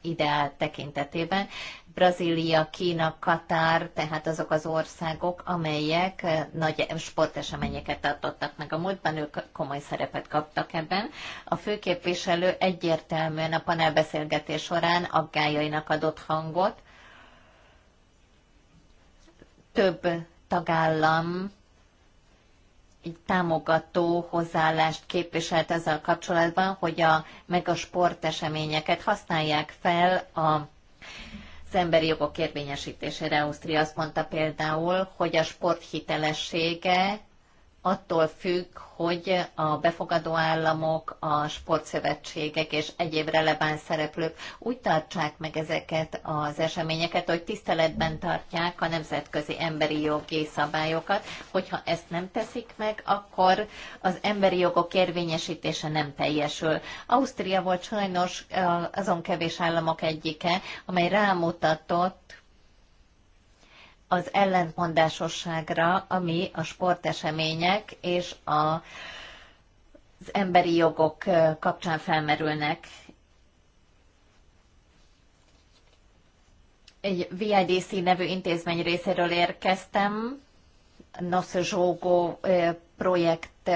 ideál tekintetében. Brazília, Kína, Katár, tehát azok az országok, amelyek eh, nagy sporteseményeket tartottak meg a múltban, ők komoly szerepet kaptak ebben. A főképviselő egyértelműen a panelbeszélgetés során aggájainak adott hangot. Több tagállam egy támogató hozzáállást képviselt ezzel kapcsolatban, hogy a, meg a sporteseményeket használják fel a az emberi jogok érvényesítésére. Ausztria azt mondta például, hogy a sport hitelessége attól függ, hogy a befogadó államok, a sportszövetségek és egyéb releváns szereplők úgy tartsák meg ezeket az eseményeket, hogy tiszteletben tartják a nemzetközi emberi jogi szabályokat. Hogyha ezt nem teszik meg, akkor az emberi jogok érvényesítése nem teljesül. Ausztria volt sajnos azon kevés államok egyike, amely rámutatott az ellentmondásosságra, ami a sportesemények és a, az emberi jogok kapcsán felmerülnek. Egy VIDC nevű intézmény részéről érkeztem, Nosz Zsógó projekt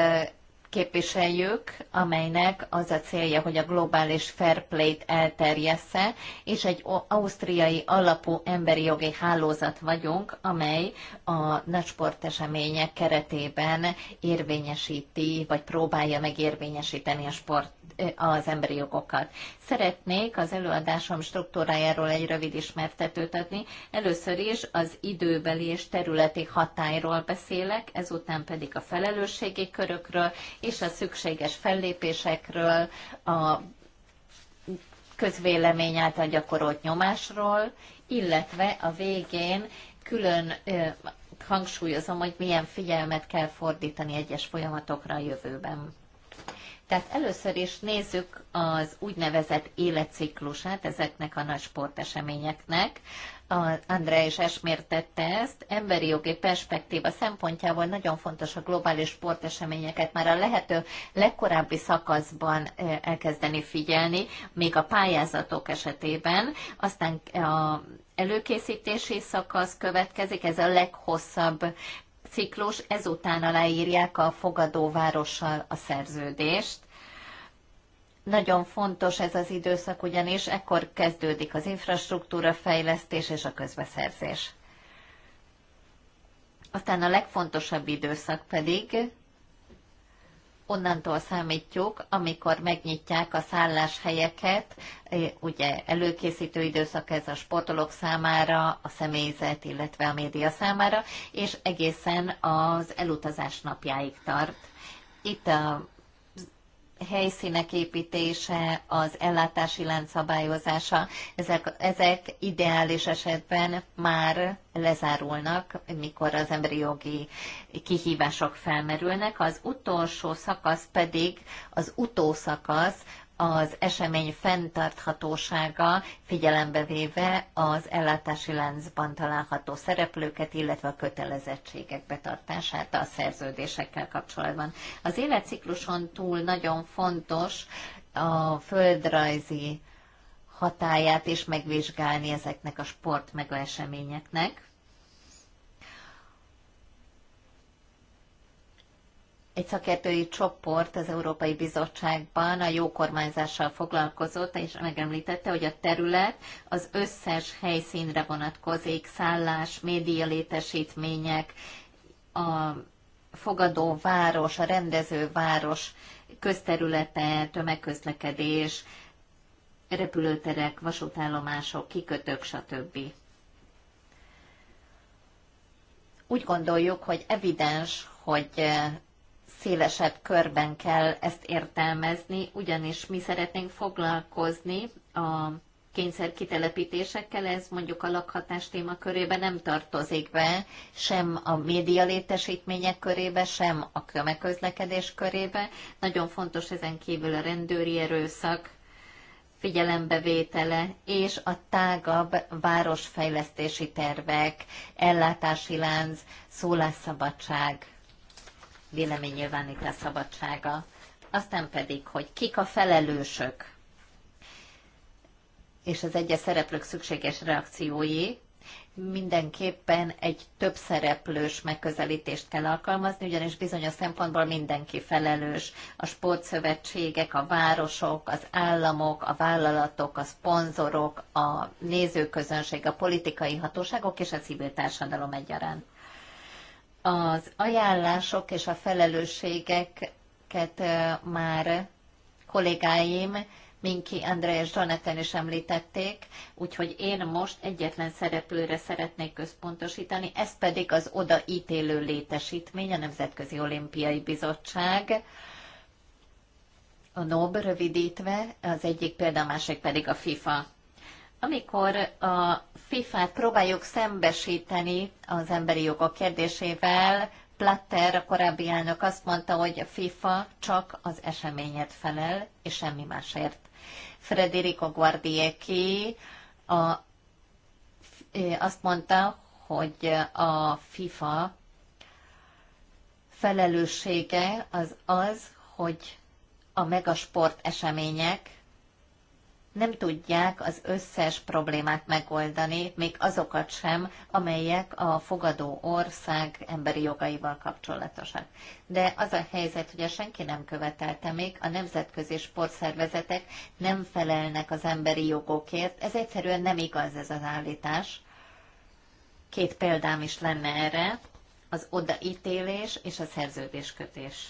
képviseljük, amelynek az a célja, hogy a globális fair play-t elterjessze, és egy ausztriai alapú emberi jogi hálózat vagyunk, amely a nagy sportesemények keretében érvényesíti, vagy próbálja meg érvényesíteni a sport, eh, az emberi jogokat. Szeretnék az előadásom struktúrájáról egy rövid ismertetőt adni. Először is az időbeli és területi hatályról beszélek, ezután pedig a felelősségi körökről, és a szükséges fellépésekről, a közvélemény által gyakorolt nyomásról, illetve a végén külön hangsúlyozom, hogy milyen figyelmet kell fordítani egyes folyamatokra a jövőben. Tehát először is nézzük az úgynevezett életciklusát ezeknek a nagy sporteseményeknek. A Andrea is esmértette ezt. Emberi jogi perspektíva szempontjából nagyon fontos a globális sporteseményeket már a lehető legkorábbi szakaszban eh, elkezdeni figyelni, még a pályázatok esetében. Aztán a előkészítési szakasz következik, ez a leghosszabb ciklus, ezután aláírják a fogadóvárossal a szerződést. Nagyon fontos ez az időszak, ugyanis ekkor kezdődik az infrastruktúra fejlesztés és a közbeszerzés. Aztán a legfontosabb időszak pedig onnantól számítjuk, amikor megnyitják a szálláshelyeket, ugye előkészítő időszak ez a sportolók számára, a személyzet, illetve a média számára, és egészen az elutazás napjáig tart. Itt a helyszínek építése, az ellátási lánc szabályozása, ezek, ezek ideális esetben már lezárulnak, mikor az emberi jogi kihívások felmerülnek. Az utolsó szakasz pedig az utószakasz, az esemény fenntarthatósága figyelembe véve az ellátási láncban található szereplőket, illetve a kötelezettségek betartását a szerződésekkel kapcsolatban. Az életcikluson túl nagyon fontos a földrajzi hatáját is megvizsgálni ezeknek a sport meg a eseményeknek. egy szakértői csoport az Európai Bizottságban a jó kormányzással foglalkozott, és megemlítette, hogy a terület az összes helyszínre vonatkozik, szállás, média létesítmények, a fogadó város, a rendező város közterülete, tömegközlekedés, repülőterek, vasútállomások, kikötők, stb. Úgy gondoljuk, hogy evidens, hogy szélesebb körben kell ezt értelmezni, ugyanis mi szeretnénk foglalkozni a kényszer kitelepítésekkel, ez mondjuk a lakhatás témakörébe nem tartozik be, sem a média létesítmények körébe, sem a kömeközlekedés körébe. Nagyon fontos ezen kívül a rendőri erőszak figyelembevétele és a tágabb városfejlesztési tervek, ellátási lánc, szólásszabadság véleménynyilvánítás szabadsága, aztán pedig, hogy kik a felelősök, és az egyes szereplők szükséges reakciói, mindenképpen egy több szereplős megközelítést kell alkalmazni, ugyanis bizonyos szempontból mindenki felelős. A sportszövetségek, a városok, az államok, a vállalatok, a szponzorok, a nézőközönség, a politikai hatóságok és a civil társadalom egyaránt. Az ajánlások és a felelősségeket már kollégáim Minki Andrea és Jonathan is említették, úgyhogy én most egyetlen szereplőre szeretnék központosítani, ez pedig az odaítélő létesítmény, a Nemzetközi Olimpiai Bizottság, a NOB rövidítve, az egyik példa, a másik pedig a FIFA. Amikor a FIFA-t próbáljuk szembesíteni az emberi jogok kérdésével, Platter, a korábbi elnök azt mondta, hogy a FIFA csak az eseményet felel, és semmi másért. Frederico Guardieki a, azt mondta, hogy a FIFA felelőssége az az, hogy a megasport események nem tudják az összes problémát megoldani, még azokat sem, amelyek a fogadó ország emberi jogaival kapcsolatosak. De az a helyzet, hogy a senki nem követelte még, a nemzetközi sportszervezetek nem felelnek az emberi jogokért. Ez egyszerűen nem igaz ez az állítás. Két példám is lenne erre, az odaítélés és a szerződéskötés.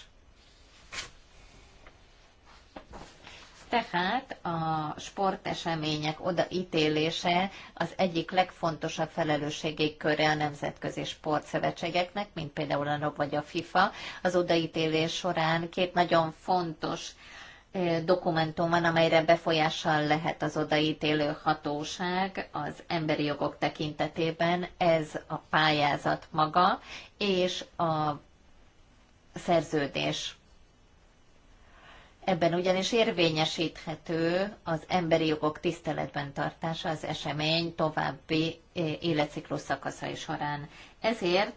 Tehát a sportesemények odaítélése az egyik legfontosabb felelősségi köre a nemzetközi sportszövetségeknek, mint például a NOB vagy a FIFA. Az odaítélés során két nagyon fontos dokumentum van, amelyre befolyással lehet az odaítélő hatóság az emberi jogok tekintetében. Ez a pályázat maga és a szerződés Ebben ugyanis érvényesíthető az emberi jogok tiszteletben tartása az esemény további eh, életciklus szakaszai során. Ezért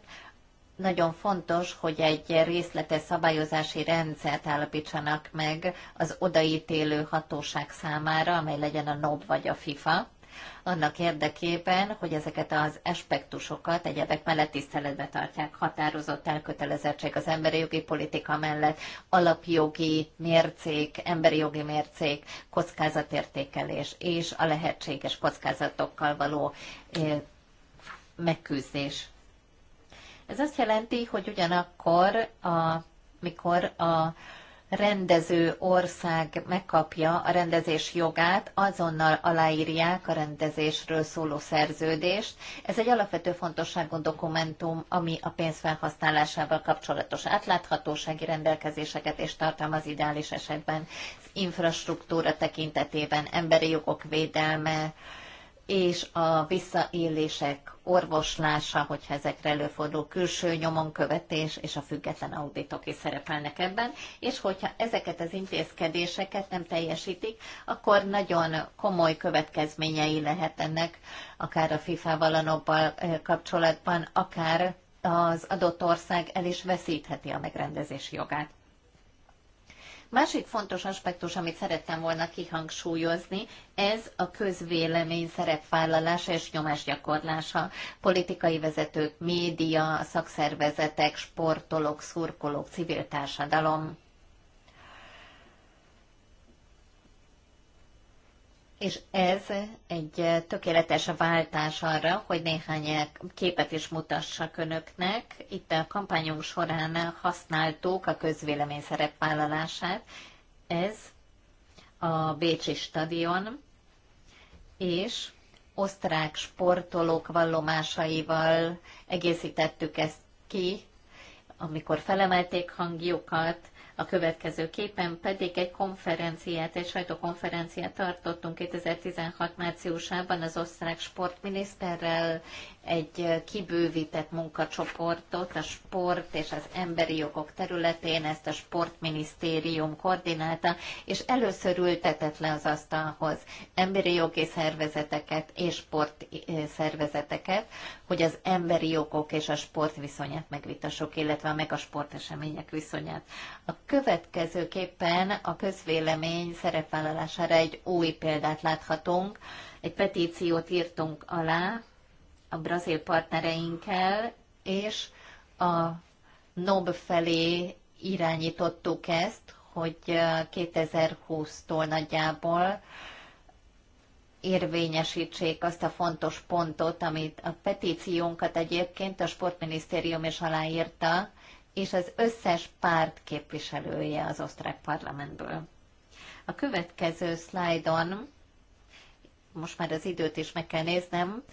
nagyon fontos, hogy egy részletes szabályozási rendszert állapítsanak meg az odaítélő hatóság számára, amely legyen a NOB vagy a FIFA, annak érdekében, hogy ezeket az aspektusokat egyebek mellett tiszteletbe tartják. Határozott elkötelezettség az emberi jogi politika mellett, alapjogi mércék, emberi jogi mércék, kockázatértékelés és a lehetséges kockázatokkal való megküzdés. Ez azt jelenti, hogy ugyanakkor, a, mikor a rendező ország megkapja a rendezés jogát, azonnal aláírják a rendezésről szóló szerződést. Ez egy alapvető fontosságú dokumentum, ami a pénz felhasználásával kapcsolatos átláthatósági rendelkezéseket és tartalmaz ideális esetben infrastruktúra tekintetében, emberi jogok védelme, és a visszaélések orvoslása, hogyha ezekre előfordul külső nyomon követés, és a független auditok is szerepelnek ebben, és hogyha ezeket az intézkedéseket nem teljesítik, akkor nagyon komoly következményei lehet ennek, akár a FIFA-val, a nob kapcsolatban, akár az adott ország el is veszítheti a megrendezési jogát. Másik fontos aspektus, amit szerettem volna kihangsúlyozni, ez a közvélemény szerepvállalása és nyomásgyakorlása. Politikai vezetők, média, szakszervezetek, sportolók, szurkolók, civil társadalom. és ez egy tökéletes váltás arra, hogy néhány képet is mutassak önöknek. Itt a kampányunk során használtuk a közvélemény szerepvállalását. Ez a Bécsi stadion, és osztrák sportolók vallomásaival egészítettük ezt ki, amikor felemelték hangjukat, a következő képen pedig egy konferenciát, egy sajtókonferenciát tartottunk 2016 márciusában az osztrák sportminiszterrel egy kibővített munkacsoportot a sport és az emberi jogok területén, ezt a sportminisztérium koordinálta, és először ültetett le az asztalhoz emberi jogi szervezeteket és sportszervezeteket, hogy az emberi jogok és a sport viszonyát megvitassuk, illetve a meg a sportesemények viszonyát. A következőképpen a közvélemény szerepvállalására egy új példát láthatunk. Egy petíciót írtunk alá, a brazil partnereinkkel, és a NOB felé irányítottuk ezt, hogy 2020-tól nagyjából érvényesítsék azt a fontos pontot, amit a petíciónkat egyébként a sportminisztérium is aláírta, és az összes párt képviselője az osztrák parlamentből. A következő szlájdon, most már az időt is meg kell néznem,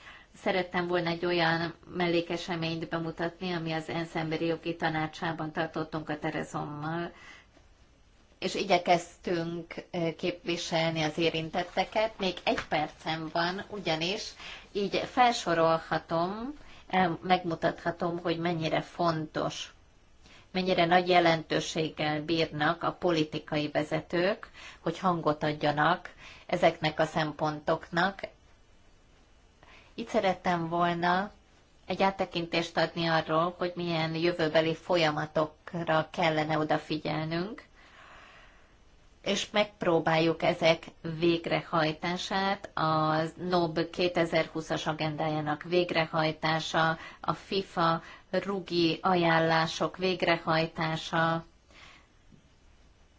szerettem volna egy olyan mellékeseményt bemutatni, ami az ENSZ emberi jogi tanácsában tartottunk a Terezommal, és igyekeztünk képviselni az érintetteket. Még egy percem van, ugyanis így felsorolhatom, megmutathatom, hogy mennyire fontos, mennyire nagy jelentőséggel bírnak a politikai vezetők, hogy hangot adjanak ezeknek a szempontoknak, itt szerettem volna egy áttekintést adni arról, hogy milyen jövőbeli folyamatokra kellene odafigyelnünk, és megpróbáljuk ezek végrehajtását, a NOB 2020-as agendájának végrehajtása, a FIFA rugi ajánlások végrehajtása,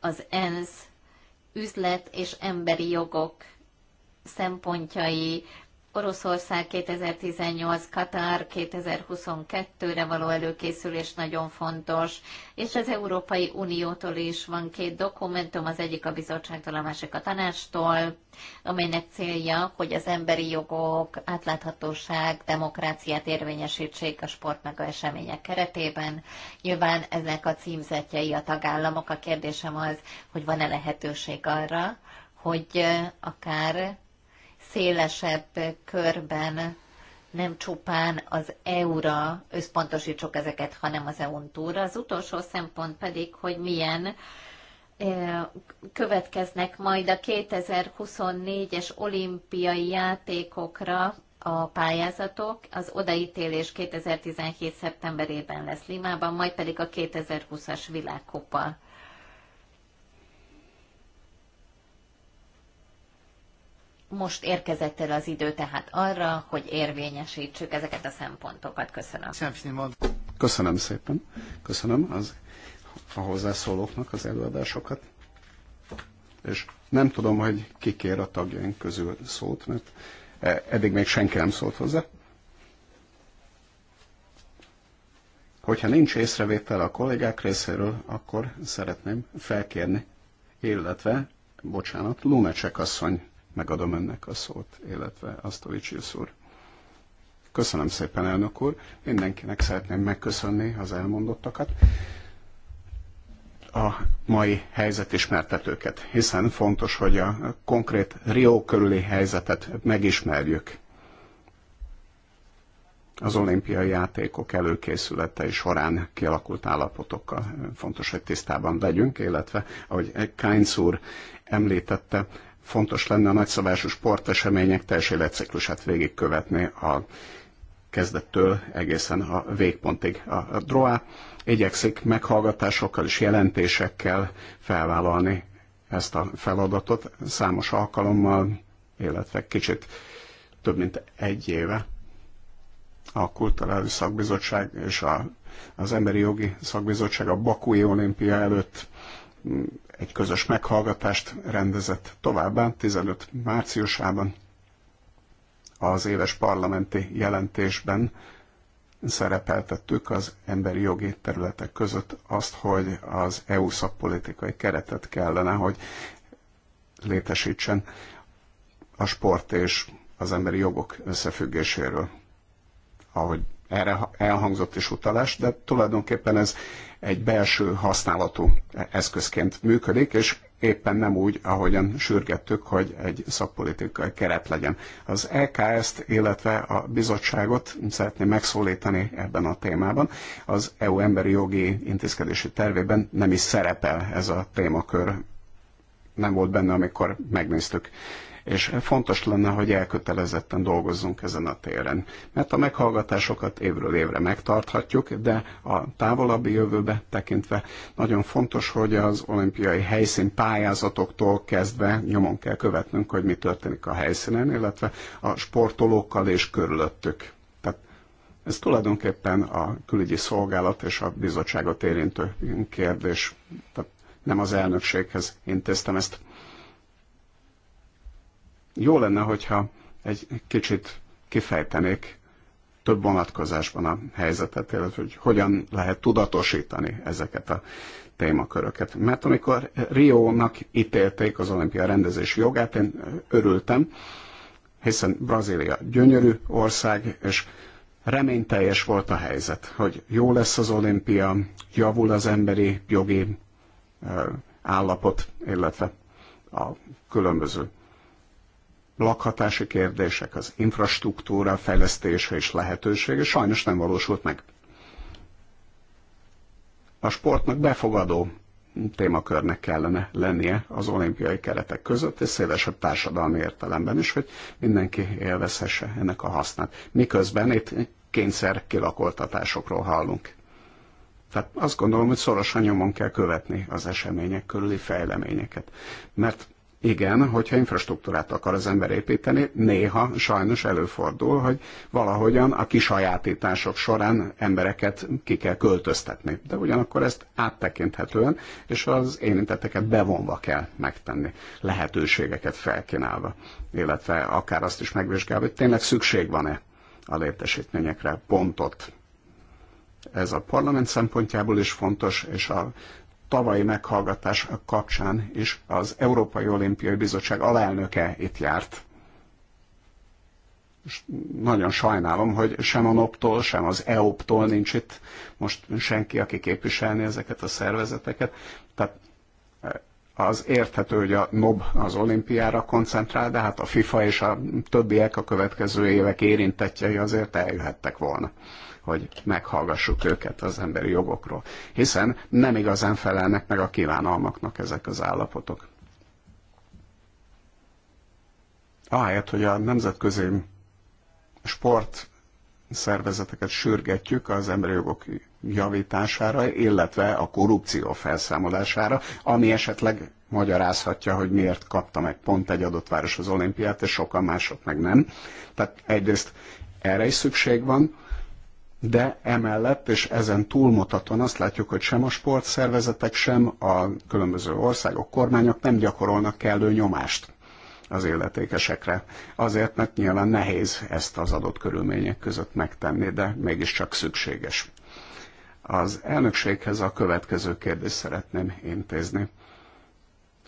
az ENSZ üzlet és emberi jogok szempontjai, Oroszország 2018, Katar 2022-re való előkészülés nagyon fontos, és az Európai Uniótól is van két dokumentum, az egyik a bizottságtól, a másik a tanástól, amelynek célja, hogy az emberi jogok, átláthatóság, demokráciát érvényesítsék a a események keretében. Nyilván ezek a címzetjei a tagállamok. A kérdésem az, hogy van-e lehetőség arra, hogy eh, akár szélesebb körben nem csupán az EU-ra összpontosítsuk ezeket, hanem az EU-n túlra. Az utolsó szempont pedig, hogy milyen e, következnek majd a 2024-es olimpiai játékokra a pályázatok. Az odaítélés 2017. szeptemberében lesz Limában, majd pedig a 2020-as világkupa. most érkezett el az idő tehát arra, hogy érvényesítsük ezeket a szempontokat. Köszönöm. Köszönöm szépen. Köszönöm az, a hozzászólóknak az előadásokat. És nem tudom, hogy ki kér a tagjaink közül szót, mert e, eddig még senki nem szólt hozzá. Hogyha nincs észrevétel a kollégák részéről, akkor szeretném felkérni, illetve, bocsánat, Lumecsek asszony megadom ennek a szót, illetve a úr. Köszönöm szépen, elnök úr. Mindenkinek szeretném megköszönni az elmondottakat a mai helyzet ismertetőket hiszen fontos, hogy a konkrét Rio körüli helyzetet megismerjük. Az olimpiai játékok és során kialakult állapotokkal fontos, hogy tisztában legyünk, illetve, ahogy Kainz úr említette, fontos lenne a nagyszabású sportesemények teljes életciklusát végigkövetni a kezdettől egészen a végpontig. A DROA igyekszik meghallgatásokkal és jelentésekkel felvállalni ezt a feladatot számos alkalommal, illetve kicsit több mint egy éve a Kulturális Szakbizottság és a, az Emberi Jogi Szakbizottság a Bakúi Olimpia előtt egy közös meghallgatást rendezett továbbá 15 márciusában az éves parlamenti jelentésben szerepeltettük az emberi jogi területek között azt, hogy az EU szakpolitikai keretet kellene, hogy létesítsen a sport és az emberi jogok összefüggéséről. Ahogy erre elhangzott is utalás, de tulajdonképpen ez egy belső használatú eszközként működik, és éppen nem úgy, ahogyan sürgettük, hogy egy szakpolitikai keret legyen. Az EKS-t, illetve a bizottságot szeretném megszólítani ebben a témában. Az EU emberi jogi intézkedési tervében nem is szerepel ez a témakör. Nem volt benne, amikor megnéztük és fontos lenne, hogy elkötelezetten dolgozzunk ezen a téren. Mert a meghallgatásokat évről évre megtarthatjuk, de a távolabbi jövőbe tekintve nagyon fontos, hogy az olimpiai helyszín pályázatoktól kezdve nyomon kell követnünk, hogy mi történik a helyszínen, illetve a sportolókkal és körülöttük. Ez tulajdonképpen a külügyi szolgálat és a bizottságot érintő kérdés. Tehát nem az elnökséghez intéztem ezt. Jó lenne, hogyha egy kicsit kifejtenék több vonatkozásban a helyzetet, illetve hogy hogyan lehet tudatosítani ezeket a témaköröket. Mert amikor Rio-nak Rio-nak ítélték az olimpia rendezési jogát, én örültem, hiszen Brazília gyönyörű ország, és reményteljes volt a helyzet, hogy jó lesz az olimpia, javul az emberi jogi állapot, illetve a különböző lakhatási kérdések, az infrastruktúra fejlesztése és lehetősége sajnos nem valósult meg. A sportnak befogadó témakörnek kellene lennie az olimpiai keretek között, és szélesebb társadalmi értelemben is, hogy mindenki élvezhesse ennek a hasznát. Miközben itt kényszer kilakoltatásokról hallunk. Tehát azt gondolom, hogy szorosan nyomon kell követni az események körüli fejleményeket. Mert igen, hogyha infrastruktúrát akar az ember építeni, néha sajnos előfordul, hogy valahogyan a kisajátítások során embereket ki kell költöztetni. De ugyanakkor ezt áttekinthetően és az érintetteket bevonva kell megtenni, lehetőségeket felkínálva, illetve akár azt is megvizsgálva, hogy tényleg szükség van-e a létesítményekre, pontot. Ez a parlament szempontjából is fontos, és a tavalyi meghallgatás kapcsán is az Európai Olimpiai Bizottság alelnöke itt járt. És nagyon sajnálom, hogy sem a NOP-tól, sem az EOP-tól nincs itt most senki, aki képviselni ezeket a szervezeteket. Tehát eh, az érthető, hogy a NOB az olimpiára koncentrál, de hát a FIFA és a többiek a következő évek érintettjei azért eljöhettek volna hogy meghallgassuk őket az emberi jogokról, hiszen nem igazán felelnek meg a kívánalmaknak ezek az állapotok. Ahelyett, hogy a nemzetközi sport szervezeteket sürgetjük az emberi jogok javítására, illetve a korrupció felszámolására, ami esetleg magyarázhatja, hogy miért kapta meg pont egy adott város az olimpiát, és sokan mások meg nem. Tehát egyrészt erre is szükség van, de emellett és ezen túlmutatóan azt látjuk, hogy sem a sportszervezetek, sem a különböző országok, kormányok nem gyakorolnak kellő nyomást az illetékesekre. Azért, mert nyilván nehéz ezt az adott körülmények között megtenni, de mégiscsak szükséges. Az elnökséghez a következő kérdést szeretném intézni.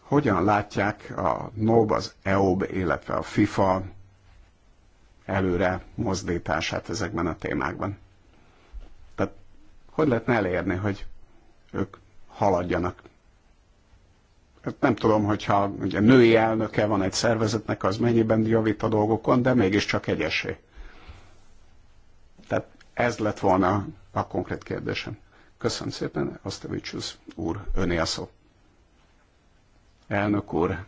Hogyan látják a NOB, az EOB, illetve a FIFA előre mozdítását ezekben a témákban? hogy lehetne elérni, hogy ők haladjanak. Hát nem tudom, hogyha ugye, női elnöke van egy szervezetnek, az mennyiben javít a dolgokon, de mégiscsak egyesé. Tehát ez lett volna a konkrét kérdésem. Köszönöm szépen, Asztevicsus úr, öné a szó. Elnök úr,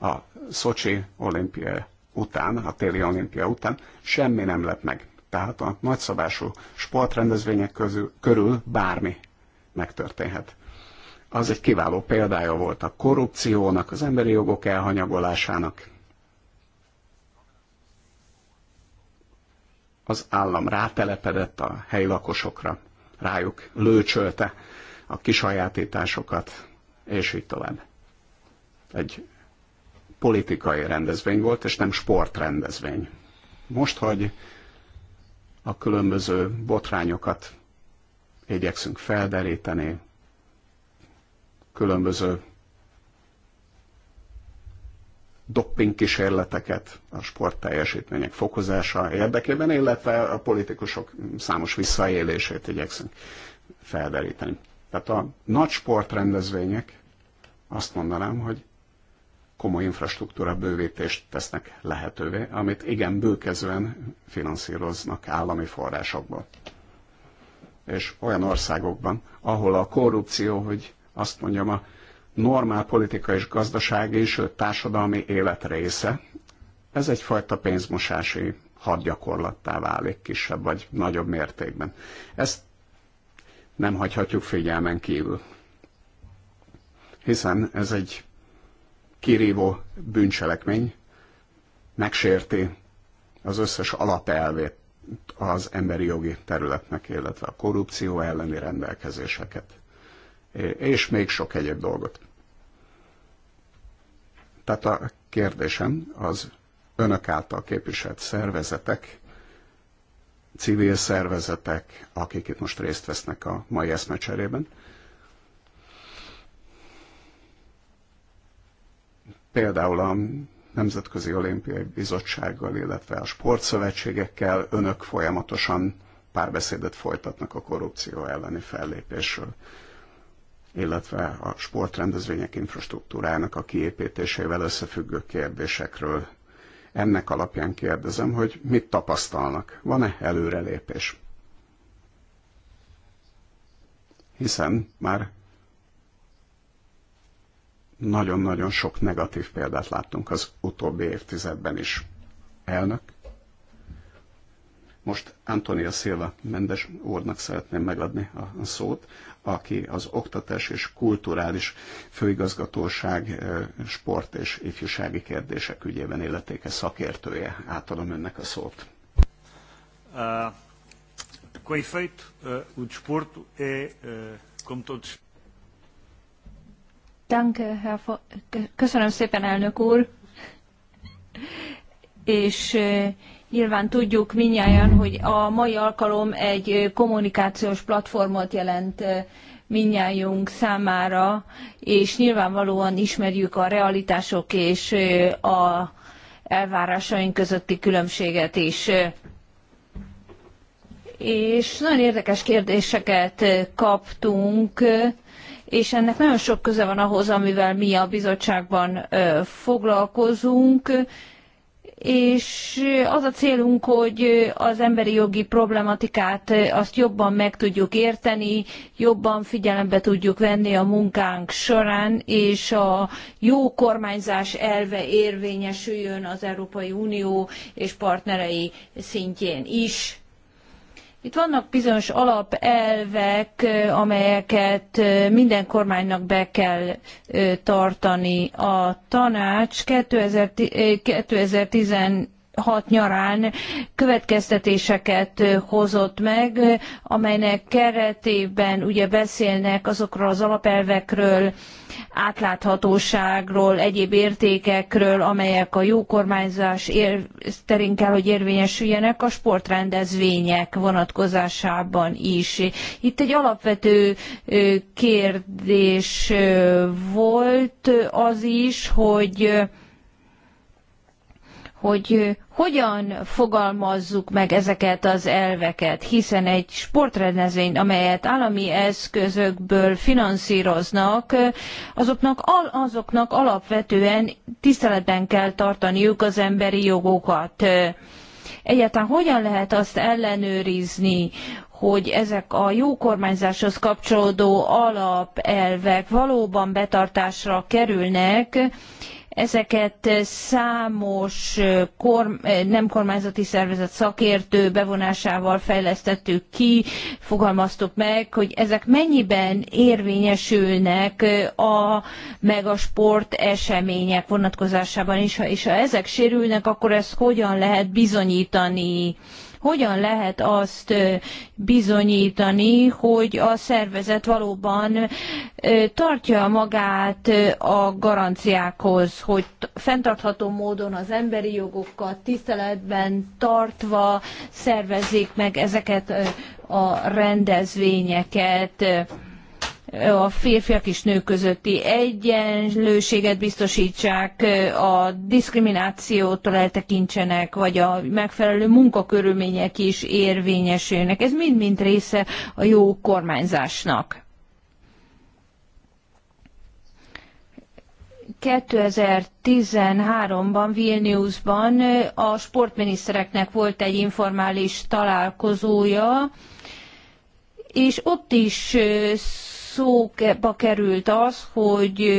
a Szocsi olimpia után, a téli olimpia után semmi nem lett meg. Tehát a nagyszabású sportrendezvények közül, körül bármi megtörténhet. Az egy kiváló példája volt a korrupciónak, az emberi jogok elhanyagolásának, az állam rátelepedett a helyi lakosokra, rájuk lőcsölte a kisajátításokat, és így tovább. Egy politikai rendezvény volt, és nem sportrendezvény. Most, hogy a különböző botrányokat igyekszünk felderíteni, különböző dopping kísérleteket a teljesítmények fokozása érdekében, illetve a politikusok számos visszaélését igyekszünk felderíteni. Tehát a nagy sportrendezvények azt mondanám, hogy komoly infrastruktúra bővítést tesznek lehetővé, amit igen bőkezően finanszíroznak állami forrásokból. És olyan országokban, ahol a korrupció, hogy azt mondjam, a normál politika és gazdasági, sőt társadalmi élet része, ez egyfajta pénzmosási hadgyakorlattá válik kisebb vagy nagyobb mértékben. Ezt nem hagyhatjuk figyelmen kívül, hiszen ez egy kirívó bűncselekmény megsérti az összes alapelvét az emberi jogi területnek, illetve a korrupció elleni rendelkezéseket, és még sok egyéb dolgot. Tehát a kérdésem az önök által képviselt szervezetek, civil szervezetek, akik itt most részt vesznek a mai eszmecserében, Például a Nemzetközi Olimpiai Bizottsággal, illetve a sportszövetségekkel önök folyamatosan párbeszédet folytatnak a korrupció elleni fellépésről, illetve a sportrendezvények infrastruktúrának a kiépítésével összefüggő kérdésekről. Ennek alapján kérdezem, hogy mit tapasztalnak? Van-e előrelépés? Hiszen már nagyon-nagyon sok negatív példát láttunk az utóbbi évtizedben is. Elnök. Most Antonia Silva Mendes úrnak szeretném megadni a szót, aki az Oktatás és Kulturális Főigazgatóság sport és ifjúsági kérdések ügyében életéke szakértője. Átadom önnek a szót. Uh, uh, o desporto é, e, uh, e, como todos Danke, Köszönöm szépen, elnök úr. És nyilván tudjuk minnyáján, hogy a mai alkalom egy kommunikációs platformot jelent minnyájunk számára, és nyilvánvalóan ismerjük a realitások és a elvárásaink közötti különbséget is. És nagyon érdekes kérdéseket kaptunk, és ennek nagyon sok köze van ahhoz, amivel mi a bizottságban foglalkozunk, és az a célunk, hogy az emberi jogi problematikát azt jobban meg tudjuk érteni, jobban figyelembe tudjuk venni a munkánk során, és a jó kormányzás elve érvényesüljön az Európai Unió és partnerei szintjén is itt vannak bizonyos alapelvek, amelyeket minden kormánynak be kell tartani. A tanács 2010 hat nyarán következtetéseket hozott meg, amelynek keretében ugye beszélnek azokról az alapelvekről, átláthatóságról, egyéb értékekről, amelyek a jó kormányzás terén kell, hogy érvényesüljenek a sportrendezvények vonatkozásában is. Itt egy alapvető kérdés volt az is, hogy hogy hogyan fogalmazzuk meg ezeket az elveket, hiszen egy sportrendezvényt, amelyet állami eszközökből finanszíroznak, azoknak, azoknak alapvetően tiszteletben kell tartaniuk az emberi jogokat. Egyáltalán hogyan lehet azt ellenőrizni, hogy ezek a jó kormányzáshoz kapcsolódó alapelvek valóban betartásra kerülnek, Ezeket számos eh, korm, eh, nem kormányzati szervezet szakértő bevonásával fejlesztettük ki, fogalmaztuk meg, hogy ezek mennyiben érvényesülnek eh, a meg a sport események vonatkozásában is, és ha ezek sérülnek, akkor ezt hogyan lehet bizonyítani? Hogyan lehet azt bizonyítani, hogy a szervezet valóban tartja magát a garanciákhoz, hogy fenntartható módon az emberi jogokat tiszteletben tartva szervezik meg ezeket a rendezvényeket? a férfiak és nők közötti egyenlőséget biztosítsák, a diszkriminációtól eltekintsenek, vagy a megfelelő munkakörülmények is érvényesülnek. Ez mind-mind része a jó kormányzásnak. 2013-ban Vilniusban a sportminisztereknek volt egy informális találkozója, és ott is szóba került az, hogy,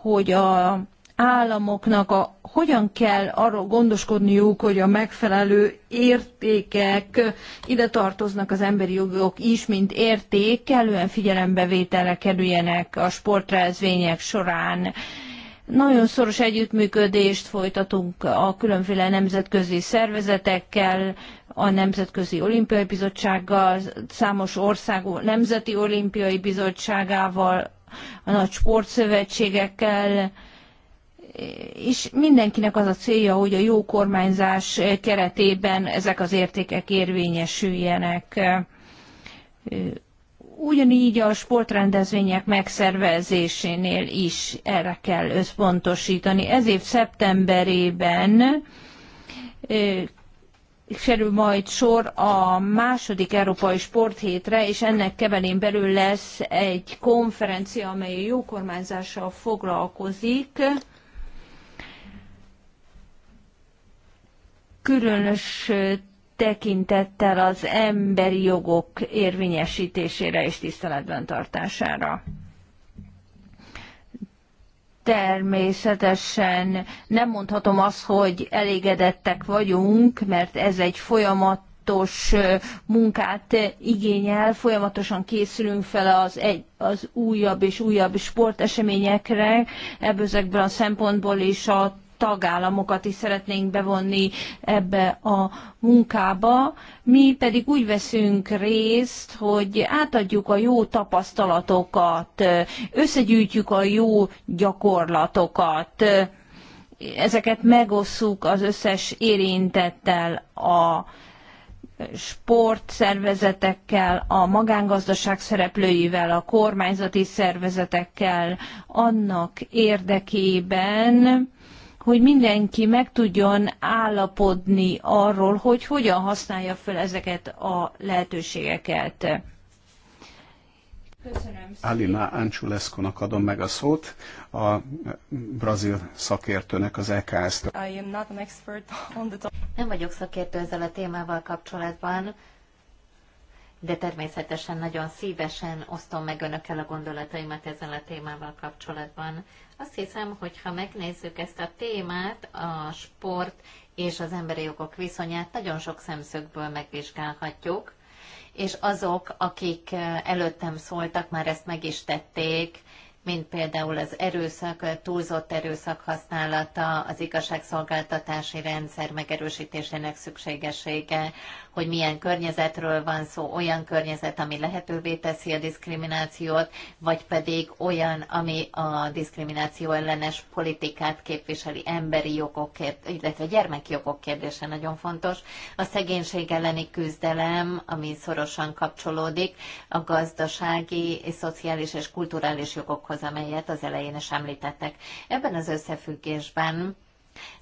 hogy a államoknak a, hogyan kell arról gondoskodniuk, hogy a megfelelő értékek, ide tartoznak az emberi jogok is, mint érték, kellően figyelembevételre kerüljenek a sportrezvények során. Nagyon szoros együttműködést folytatunk a különféle nemzetközi szervezetekkel, a Nemzetközi Olimpiai Bizottsággal, számos ország Nemzeti Olimpiai Bizottságával, a nagy sportszövetségekkel, és mindenkinek az a célja, hogy a jó kormányzás keretében ezek az értékek érvényesüljenek ugyanígy a sportrendezvények megszervezésénél is erre kell összpontosítani. Ez év szeptemberében kerül majd sor a második európai sporthétre, és ennek kevelén belül lesz egy konferencia, amely a jókormányzással foglalkozik. Különös tekintettel az emberi jogok érvényesítésére és tiszteletben tartására. Természetesen nem mondhatom azt, hogy elégedettek vagyunk, mert ez egy folyamat, folyamatos munkát igényel, folyamatosan készülünk fel az, egy, az újabb és újabb sporteseményekre, ebből ezekből a szempontból is a tagállamokat is szeretnénk bevonni ebbe a munkába. Mi pedig úgy veszünk részt, hogy átadjuk a jó tapasztalatokat, összegyűjtjük a jó gyakorlatokat, ezeket megosszuk az összes érintettel a sportszervezetekkel, a magángazdaság szereplőivel, a kormányzati szervezetekkel annak érdekében, hogy mindenki meg tudjon állapodni arról, hogy hogyan használja fel ezeket a lehetőségeket. Köszönöm Alina Anculescu-nak adom meg a szót, a brazil szakértőnek az eks t Nem vagyok szakértő ezzel a témával kapcsolatban, de természetesen nagyon szívesen osztom meg önökkel a gondolataimat ezzel a témával kapcsolatban. Azt hiszem, hogy ha megnézzük ezt a témát, a sport és az emberi jogok viszonyát nagyon sok szemszögből megvizsgálhatjuk, és azok, akik eh, előttem szóltak, már ezt meg is tették, mint például az erőszak, túlzott erőszak használata, az igazságszolgáltatási rendszer megerősítésének szükségessége, hogy milyen környezetről van szó, olyan környezet, ami lehetővé teszi a diszkriminációt, vagy pedig olyan, ami a diszkrimináció ellenes politikát képviseli, emberi jogok, illetve gyermekjogok kérdése nagyon fontos. A szegénység elleni küzdelem, ami szorosan kapcsolódik a gazdasági, és szociális és kulturális jogokhoz, amelyet az elején is említettek. Ebben az összefüggésben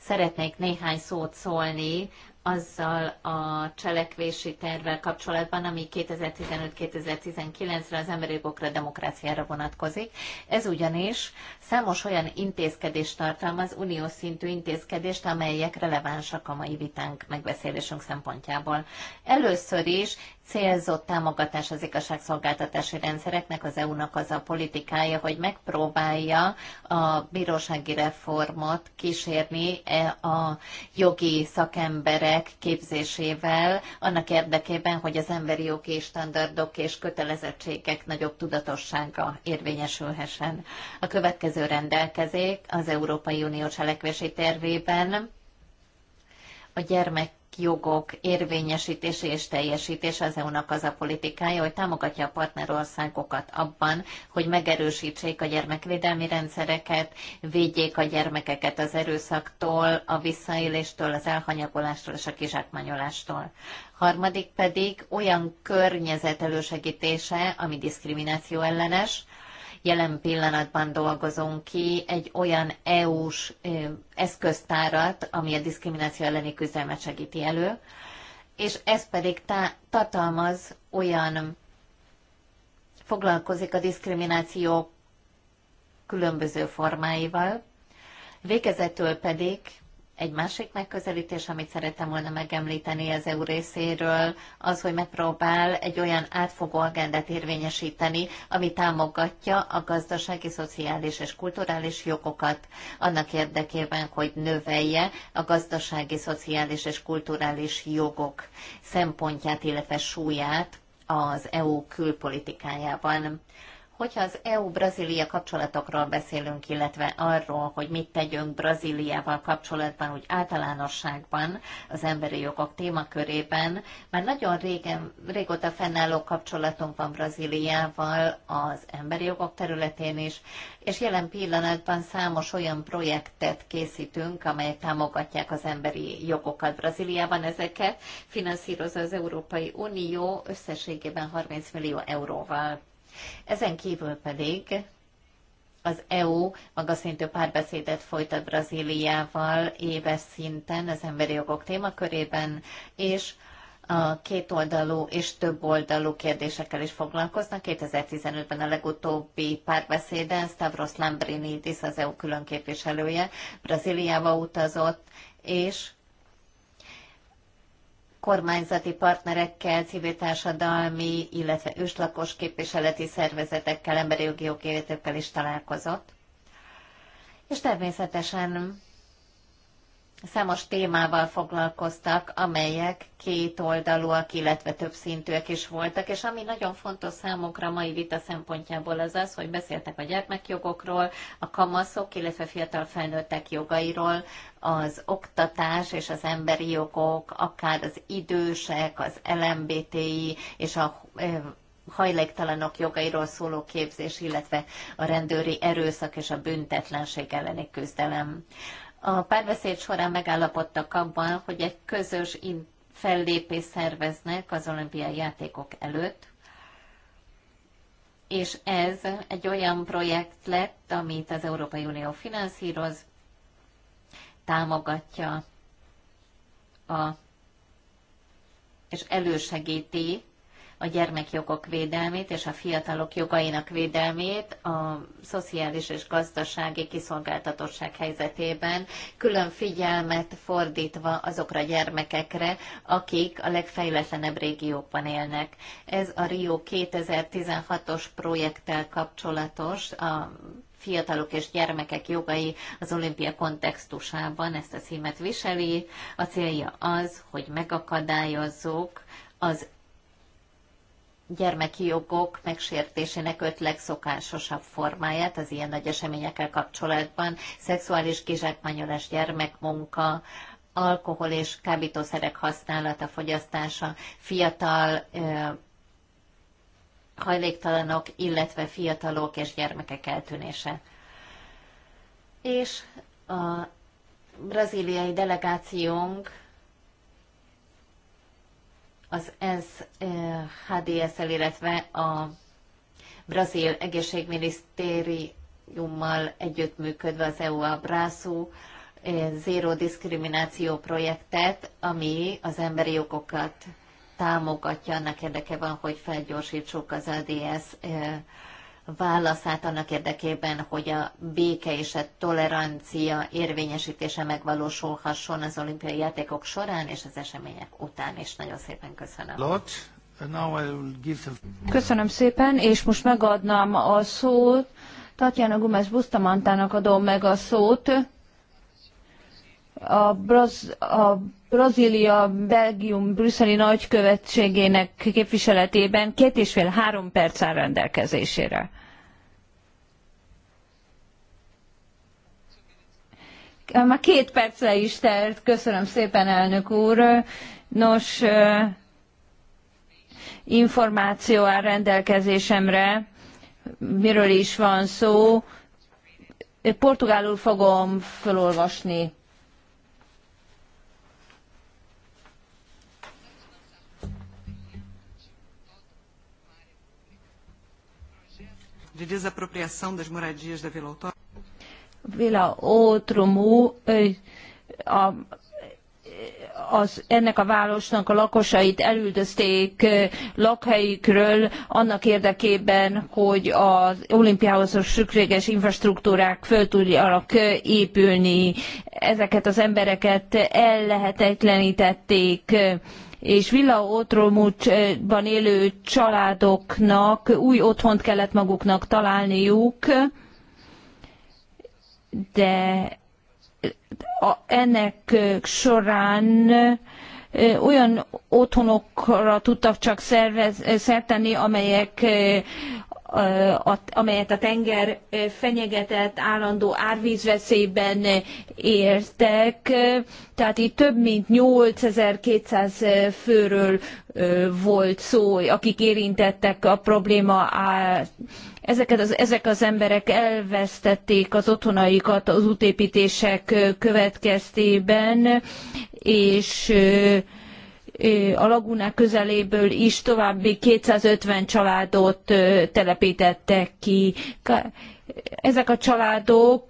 Szeretnék néhány szót szólni azzal a cselekvési tervvel kapcsolatban, ami 2015-2019-re az emberi jogokra, demokráciára vonatkozik. Ez ugyanis számos olyan intézkedést tartalmaz, uniós szintű intézkedést, amelyek relevánsak a mai vitánk megbeszélésünk szempontjából. Először is célzott támogatás az igazságszolgáltatási rendszereknek, az EU-nak az a politikája, hogy megpróbálja a bírósági reformot kísérni e a jogi szakemberek képzésével, annak érdekében, hogy az emberi jogi standardok és kötelezettségek nagyobb tudatossága érvényesülhessen. A következő rendelkezék az Európai Unió cselekvési tervében a gyermek jogok érvényesítése és teljesítése az EU-nak az a politikája, hogy támogatja a partnerországokat abban, hogy megerősítsék a gyermekvédelmi rendszereket, védjék a gyermekeket az erőszaktól, a visszaéléstől, az elhanyagolástól és a kizsákmányolástól. Harmadik pedig olyan környezet elősegítése, ami diszkrimináció ellenes, jelen pillanatban dolgozunk ki egy olyan EU-s eszköztárat, ami a diszkrimináció elleni küzdelmet segíti elő, és ez pedig tá- tartalmaz olyan, foglalkozik a diszkrimináció különböző formáival, végezetül pedig egy másik megközelítés, amit szerettem volna megemlíteni az EU részéről, az, hogy megpróbál egy olyan átfogó agendát érvényesíteni, ami támogatja a gazdasági, szociális és kulturális jogokat annak érdekében, hogy növelje a gazdasági, szociális és kulturális jogok szempontját, illetve súlyát az EU külpolitikájában. Hogyha az EU-Brazília kapcsolatokról beszélünk, illetve arról, hogy mit tegyünk Brazíliával kapcsolatban, úgy általánosságban az emberi jogok témakörében, már nagyon régen, régóta fennálló kapcsolatunk van Brazíliával az emberi jogok területén is, és jelen pillanatban számos olyan projektet készítünk, amelyek támogatják az emberi jogokat Brazíliában. Ezeket finanszírozza az Európai Unió összességében 30 millió euróval. Ezen kívül pedig az EU magaszintű párbeszédet folytat Brazíliával éves szinten az emberi jogok témakörében, és a kétoldalú és többoldalú kérdésekkel is foglalkoznak. 2015-ben a legutóbbi párbeszéden Stavros Lambrinidis, az EU külön képviselője, Brazíliába utazott, és kormányzati partnerekkel, civil társadalmi, illetve őslakos képviseleti szervezetekkel, emberi jogi jogértőkkel is találkozott. És természetesen számos témával foglalkoztak, amelyek kétoldalúak, illetve többszintűek is voltak, és ami nagyon fontos számokra a mai vita szempontjából az az, hogy beszéltek a gyermekjogokról, a kamaszok, illetve fiatal felnőttek jogairól, az oktatás és az emberi jogok, akár az idősek, az LMBTI és a hajléktalanok jogairól szóló képzés, illetve a rendőri erőszak és a büntetlenség elleni küzdelem. A párbeszéd során megállapodtak abban, hogy egy közös fellépés szerveznek az olimpiai játékok előtt, és ez egy olyan projekt lett, amit az Európai Unió finanszíroz, támogatja a, és elősegíti a gyermekjogok védelmét és a fiatalok jogainak védelmét a szociális és gazdasági kiszolgáltatottság helyzetében, külön figyelmet fordítva azokra a gyermekekre, akik a legfejletlenebb régióban élnek. Ez a Rio 2016-os projekttel kapcsolatos, a fiatalok és gyermekek jogai az olimpia kontextusában ezt a címet viseli. A célja az, hogy megakadályozzuk az gyermeki jogok megsértésének öt legszokásosabb formáját az ilyen nagy eseményekkel kapcsolatban, szexuális kizsákmányolás, gyermekmunka, alkohol és kábítószerek használata, fogyasztása, fiatal hajléktalanok, illetve fiatalok és gyermekek eltűnése. És a braziliai delegációnk az ENSZ HDS-el, eh, illetve a brazil egészségminisztériummal együttműködve az EU brászú eh, Zero Diszkrimináció projektet, ami az emberi jogokat támogatja annak van, hogy felgyorsítsuk az ADS válaszát annak érdekében, hogy a béke és a tolerancia érvényesítése megvalósulhasson az olimpiai játékok során és az események után és Nagyon szépen köszönöm. Lord, Köszönöm szépen, és most megadnám a szót. Tatjana Gomez Bustamantának adom meg a szót a, Braz, a Brazília, Belgium, brüsszeli nagykövetségének képviseletében két és fél három perc áll rendelkezésére. Már két perce is telt, köszönöm szépen, elnök úr. Nos, információ áll rendelkezésemre, miről is van szó. Portugálul fogom felolvasni de desapropriação das moradias da Vila Autónoma? Vila Ótromú eh, a az, ennek a városnak a lakosait elüldözték eh, lakhelyükről annak érdekében, hogy az olimpiához szükséges infrastruktúrák föl tudjanak eh, épülni. Ezeket az embereket ellehetetlenítették és villaotromúcsban élő családoknak új otthont kellett maguknak találniuk, de ennek során olyan otthonokra tudtak csak szert szerteni, amelyek amelyet a tenger fenyegetett állandó árvízveszélyben értek. Tehát itt több mint 8200 főről volt szó, akik érintettek a probléma Ezeket az, ezek az emberek elvesztették az otthonaikat az útépítések következtében, és a lagunák közeléből is további 250 családot telepítettek ki ezek a családok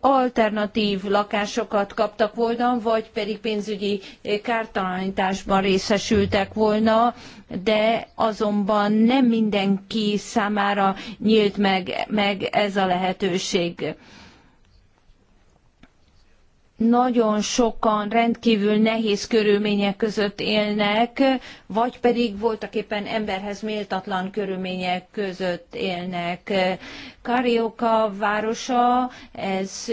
alternatív lakásokat kaptak volna, vagy pedig pénzügyi kártalanításban részesültek volna, de azonban nem mindenki számára nyílt meg, meg ez a lehetőség nagyon sokan rendkívül nehéz körülmények között élnek, vagy pedig voltak éppen emberhez méltatlan körülmények között élnek. Karioka városa, ez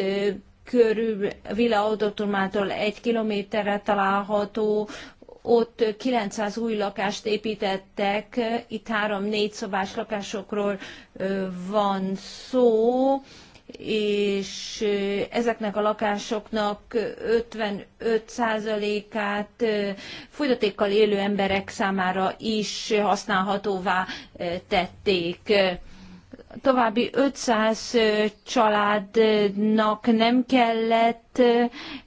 körül Villa Odotumától egy kilométerre található, ott 900 új lakást építettek, itt három-négy szobás lakásokról van szó, és ezeknek a lakásoknak 55%-át fogyatékkal élő emberek számára is használhatóvá tették. További 500 családnak nem kellett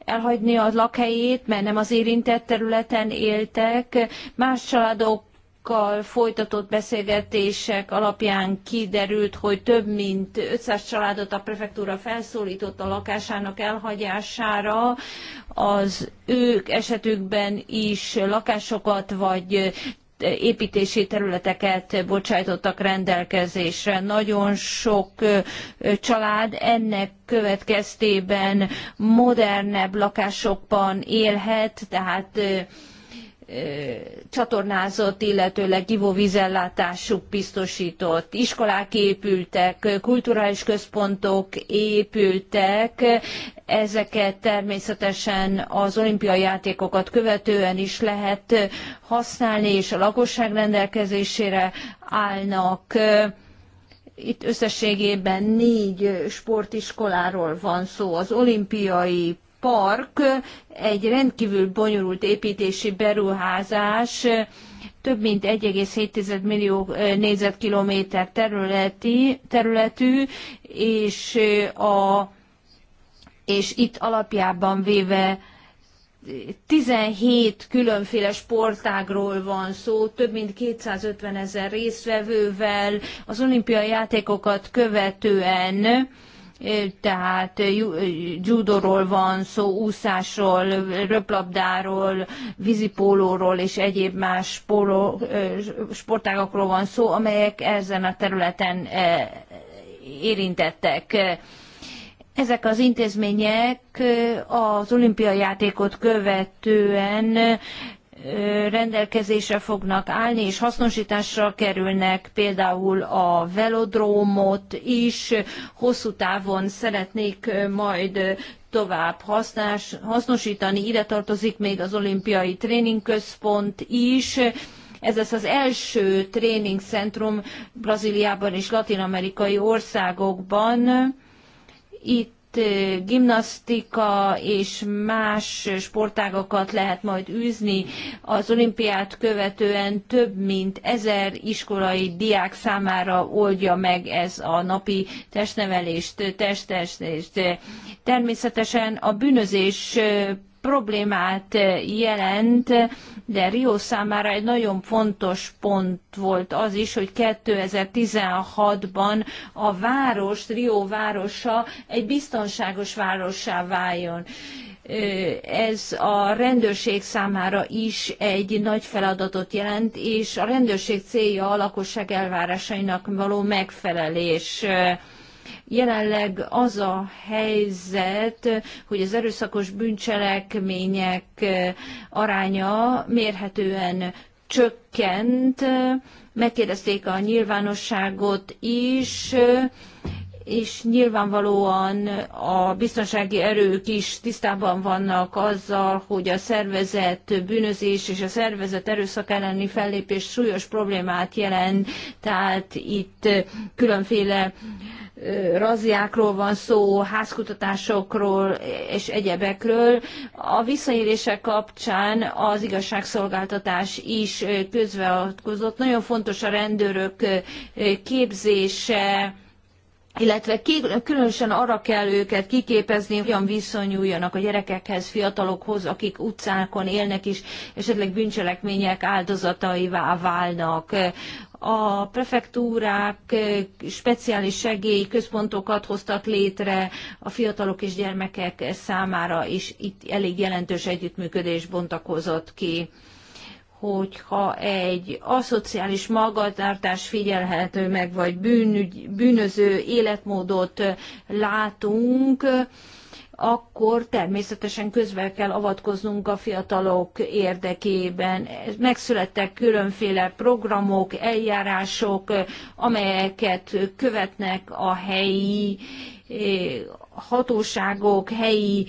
elhagyni a lakhelyét, mert nem az érintett területen éltek. Más családok családokkal folytatott beszélgetések alapján kiderült, hogy több mint 500 családot a prefektúra felszólított a lakásának elhagyására, az ők esetükben is lakásokat vagy építési területeket bocsájtottak rendelkezésre. Nagyon sok család ennek következtében modernebb lakásokban élhet, tehát csatornázott, illetőleg ivóvízellátásuk biztosított, iskolák épültek, kulturális központok épültek, ezeket természetesen az olimpiai játékokat követően is lehet használni, és a lakosság rendelkezésére állnak. Itt összességében négy sportiskoláról van szó, az olimpiai park egy rendkívül bonyolult építési beruházás, több mint 1,7 millió négyzetkilométer területi, területű, és, a, és itt alapjában véve 17 különféle sportágról van szó, több mint 250 ezer részvevővel, az olimpiai játékokat követően tehát judóról van szó, úszásról, röplabdáról, vízipólóról és egyéb más póló, sportágakról van szó, amelyek ezen a területen érintettek. Ezek az intézmények az olimpiai játékot követően rendelkezésre fognak állni, és hasznosításra kerülnek, például a velodrómot is hosszú távon szeretnék majd tovább hasznás, hasznosítani. Ide tartozik még az olimpiai tréningközpont is. Ez lesz az első tréningcentrum Brazíliában és latin-amerikai országokban. Itt gimnasztika és más sportágokat lehet majd űzni. Az olimpiát követően több mint ezer iskolai diák számára oldja meg ez a napi testnevelést, testestést. Természetesen a bűnözés problémát eh, jelent, de Rio számára egy nagyon fontos pont volt az is, hogy 2016-ban a város, Rio városa egy biztonságos várossá váljon eh, ez a rendőrség számára is egy nagy feladatot jelent, és a rendőrség célja a lakosság elvárásainak való megfelelés. Eh, Jelenleg az a helyzet, hogy az erőszakos bűncselekmények aránya mérhetően csökkent, megkérdezték a nyilvánosságot is, és nyilvánvalóan a biztonsági erők is tisztában vannak azzal, hogy a szervezet bűnözés és a szervezet erőszak elleni fellépés súlyos problémát jelent, tehát itt különféle uh, raziákról van szó, házkutatásokról és egyebekről. A visszaélések kapcsán az igazságszolgáltatás is közbeadkozott. Nagyon fontos a rendőrök képzése, illetve ki, különösen arra kell őket kiképezni, hogyan viszonyuljanak a gyerekekhez, fiatalokhoz, akik utcákon élnek is, esetleg bűncselekmények áldozataivá válnak a prefektúrák speciális segélyközpontokat hoztak létre a fiatalok és gyermekek számára, és itt elég jelentős együttműködés bontakozott ki hogyha egy aszociális magatartás figyelhető meg, vagy bűnügy, bűnöző életmódot látunk, akkor természetesen közvel kell avatkoznunk a fiatalok érdekében. Megszülettek különféle programok, eljárások, amelyeket követnek a helyi hatóságok, helyi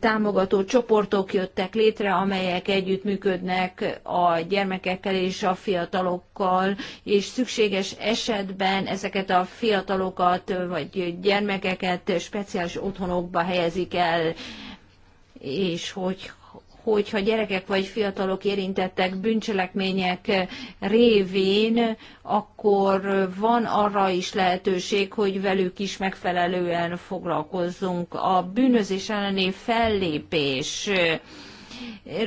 támogató csoportok jöttek létre, amelyek együttműködnek a gyermekekkel és a fiatalokkal, és szükséges esetben ezeket a fiatalokat vagy gyermekeket speciális otthonokba helyezik el, és hogy hogyha gyerekek vagy fiatalok érintettek bűncselekmények révén, akkor van arra is lehetőség, hogy velük is megfelelően foglalkozzunk. A bűnözés elleni fellépés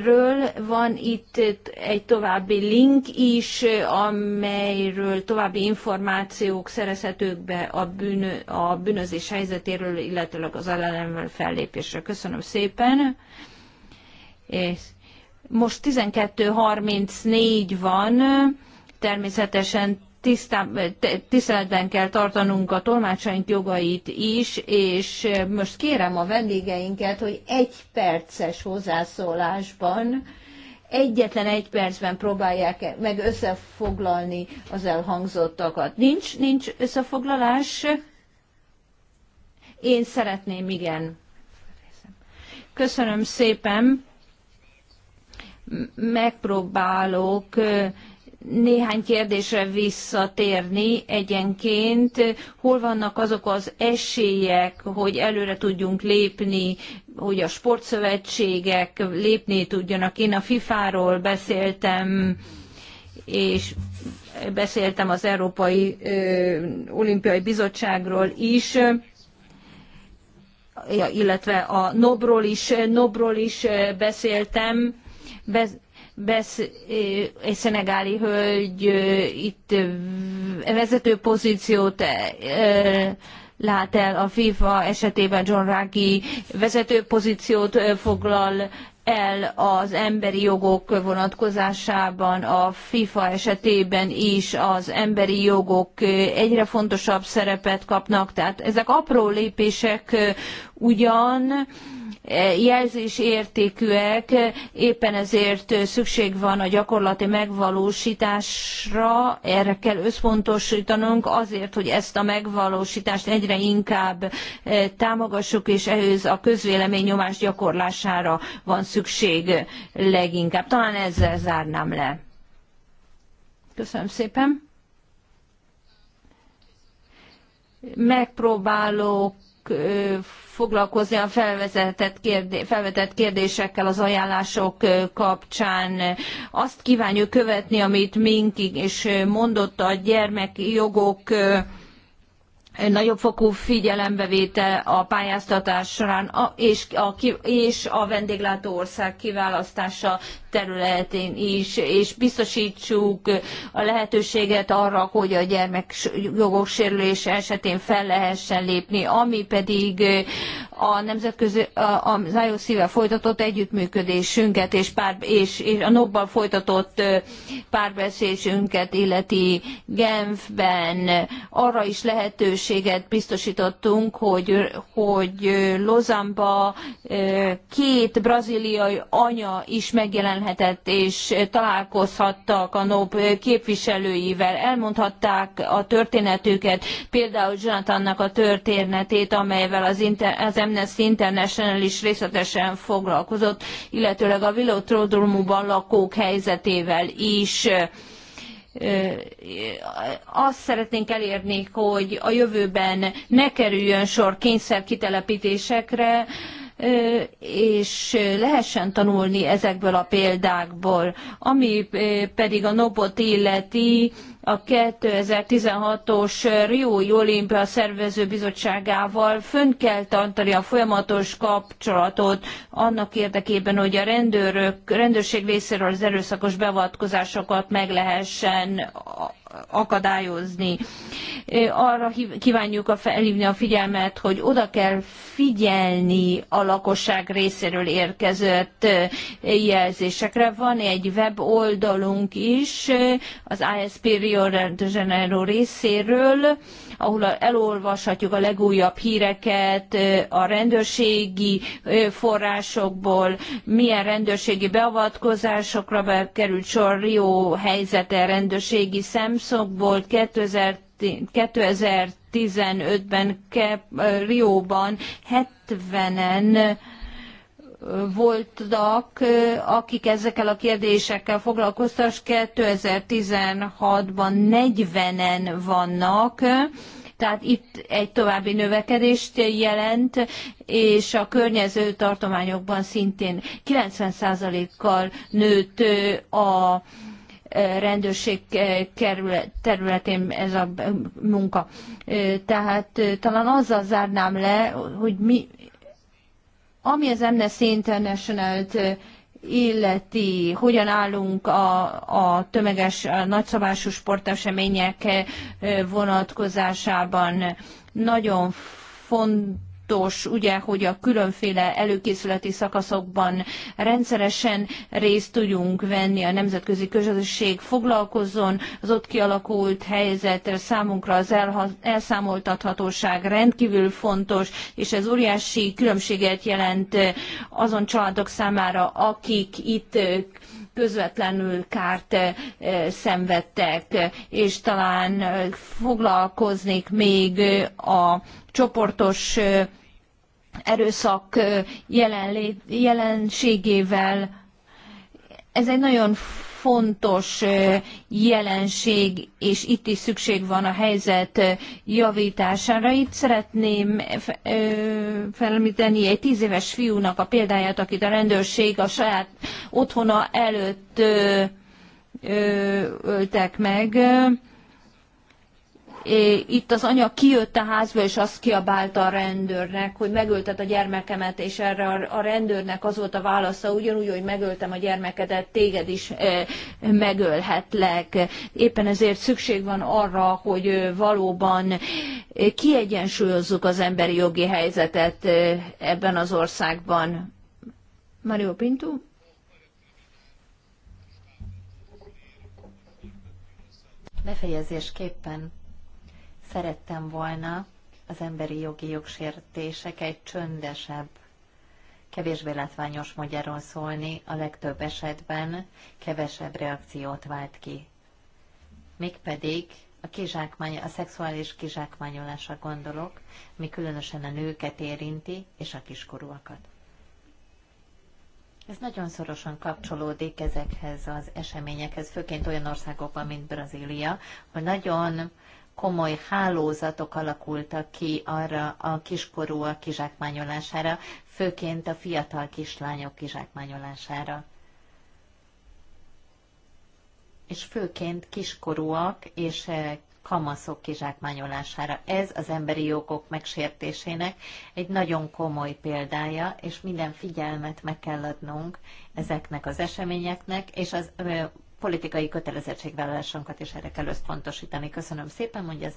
ről van itt egy további link is, amelyről további információk szerezhetők be a, bűn, a bűnözés helyzetéről, illetőleg az ellenemről fellépésre. Köszönöm szépen! és most 12.34 van, természetesen tiszteletben kell tartanunk a tolmácsaink jogait is, és most kérem a vendégeinket, hogy egy perces hozzászólásban, egyetlen egy percben próbálják meg összefoglalni az elhangzottakat. Nincs, nincs összefoglalás? Én szeretném, igen. Köszönöm szépen megpróbálok néhány kérdésre visszatérni egyenként. Hol vannak azok az esélyek, hogy előre tudjunk lépni, hogy a sportszövetségek lépni tudjanak? Én a FIFA-ról beszéltem, és beszéltem az Európai Olimpiai Bizottságról is, illetve a NOB-ról is, nob is beszéltem Bez, Besz, egy szenegáli hölgy itt vezető pozíciót lát el a FIFA esetében John Raki vezető pozíciót foglal el az emberi jogok vonatkozásában, a FIFA esetében is az emberi jogok egyre fontosabb szerepet kapnak, tehát ezek apró lépések ugyan, jelzésértékűek, éppen ezért szükség van a gyakorlati megvalósításra, erre kell összpontosítanunk azért, hogy ezt a megvalósítást egyre inkább eh, támogassuk, és ehhez a közvélemény nyomás gyakorlására van szükség leginkább. Talán ezzel zárnám le. Köszönöm szépen. Megpróbálok eh, foglalkozni a felvezetett kérdé, felvetett kérdésekkel az ajánlások kapcsán. Azt kívánjuk követni, amit Minkig is mondott a gyermekjogok nagyobb fokú figyelembevétel a pályáztatás során, és a, és a vendéglátó ország kiválasztása területén is, és biztosítsuk a lehetőséget arra, hogy a gyermek jogok sérülése esetén fel lehessen lépni, ami pedig a nemzetközi, a IOC-vel folytatott együttműködésünket és, pár, és, és a NOB-bal folytatott párbeszésünket illeti Genfben arra is lehetőséget biztosítottunk, hogy, hogy Lozamba két braziliai anya is megjelenhet elmenhetett és találkozhattak a NOB képviselőivel, elmondhatták a történetüket, például Jonathannak a történetét, amelyvel az, inter, az Amnesty International is részletesen foglalkozott, illetőleg a Vilotrodrumban lakók helyzetével is azt szeretnénk elérni, hogy a jövőben ne kerüljön sor kényszerkitelepítésekre, kitelepítésekre, és lehessen tanulni ezekből a példákból. Ami pedig a Nobot illeti, a 2016-os Riói Olimpia Szervező Bizottságával fönn kell tartani a folyamatos kapcsolatot annak érdekében, hogy a rendőrök, rendőrség részéről az erőszakos beavatkozásokat meg lehessen akadályozni. Arra kívánjuk felhívni a figyelmet, hogy oda kell figyelni a lakosság részéről érkezett jelzésekre. Van egy weboldalunk is az ISP Rio de Janeiro részéről, ahol elolvashatjuk a legújabb híreket a rendőrségi forrásokból, milyen rendőrségi beavatkozásokra került sor Rio helyzete rendőrségi szemszögből, Iszokból 2015-ben Rióban 70-en voltak, akik ezekkel a kérdésekkel foglalkoztak, 2016-ban 40-en vannak, tehát itt egy további növekedést jelent, és a környező tartományokban szintén 90%-kal nőtt a rendőrség eh, területén ez a munka. Eh, tehát eh, talán azzal zárnám le, hogy mi, ami az Amnesty International-t illeti, hogyan állunk a, a tömeges, a nagyszabású sportesemények vonatkozásában. Nagyon font, fontos, ugye, hogy a különféle előkészületi szakaszokban rendszeresen részt tudjunk venni, a nemzetközi közösség foglalkozzon, az ott kialakult helyzet számunkra az elszámoltathatóság rendkívül fontos, és ez óriási különbséget jelent azon családok számára, akik itt közvetlenül kárt eh, szenvedtek, és talán eh, foglalkoznék még eh, a csoportos erőszak jelenlét, jelenségével. Ez egy nagyon fontos jelenség, és itt is szükség van a helyzet javítására. Itt szeretném felmíteni egy tíz éves fiúnak a példáját, akit a rendőrség a saját otthona előtt öltek meg itt az anya kijött a házba, és azt kiabálta a rendőrnek, hogy megöltet a gyermekemet, és erre a rendőrnek az volt a válasza, ugyanúgy, hogy megöltem a gyermekedet, téged is e, megölhetlek. Éppen ezért szükség van arra, hogy valóban e, kiegyensúlyozzuk az emberi jogi helyzetet e, ebben az országban. Mario Pinto? Befejezésképpen Szerettem volna az emberi jogi jogsértések egy csöndesebb, kevésbé látványos magyaron szólni, a legtöbb esetben kevesebb reakciót vált ki. Mégpedig a, kizsákmány, a szexuális kizsákmányolásra gondolok, mi különösen a nőket érinti, és a kiskorúakat. Ez nagyon szorosan kapcsolódik ezekhez az eseményekhez, főként olyan országokban, mint Brazília, hogy nagyon komoly hálózatok alakultak ki arra a kiskorúak kizsákmányolására, főként a fiatal kislányok kizsákmányolására. És főként kiskorúak és eh, kamaszok kizsákmányolására. Ez az emberi jogok megsértésének egy nagyon komoly példája, és minden figyelmet meg kell adnunk ezeknek az eseményeknek, és az politikai kötelezettségvállalásunkat és erre kell összpontosítani. Köszönöm szépen, mondja az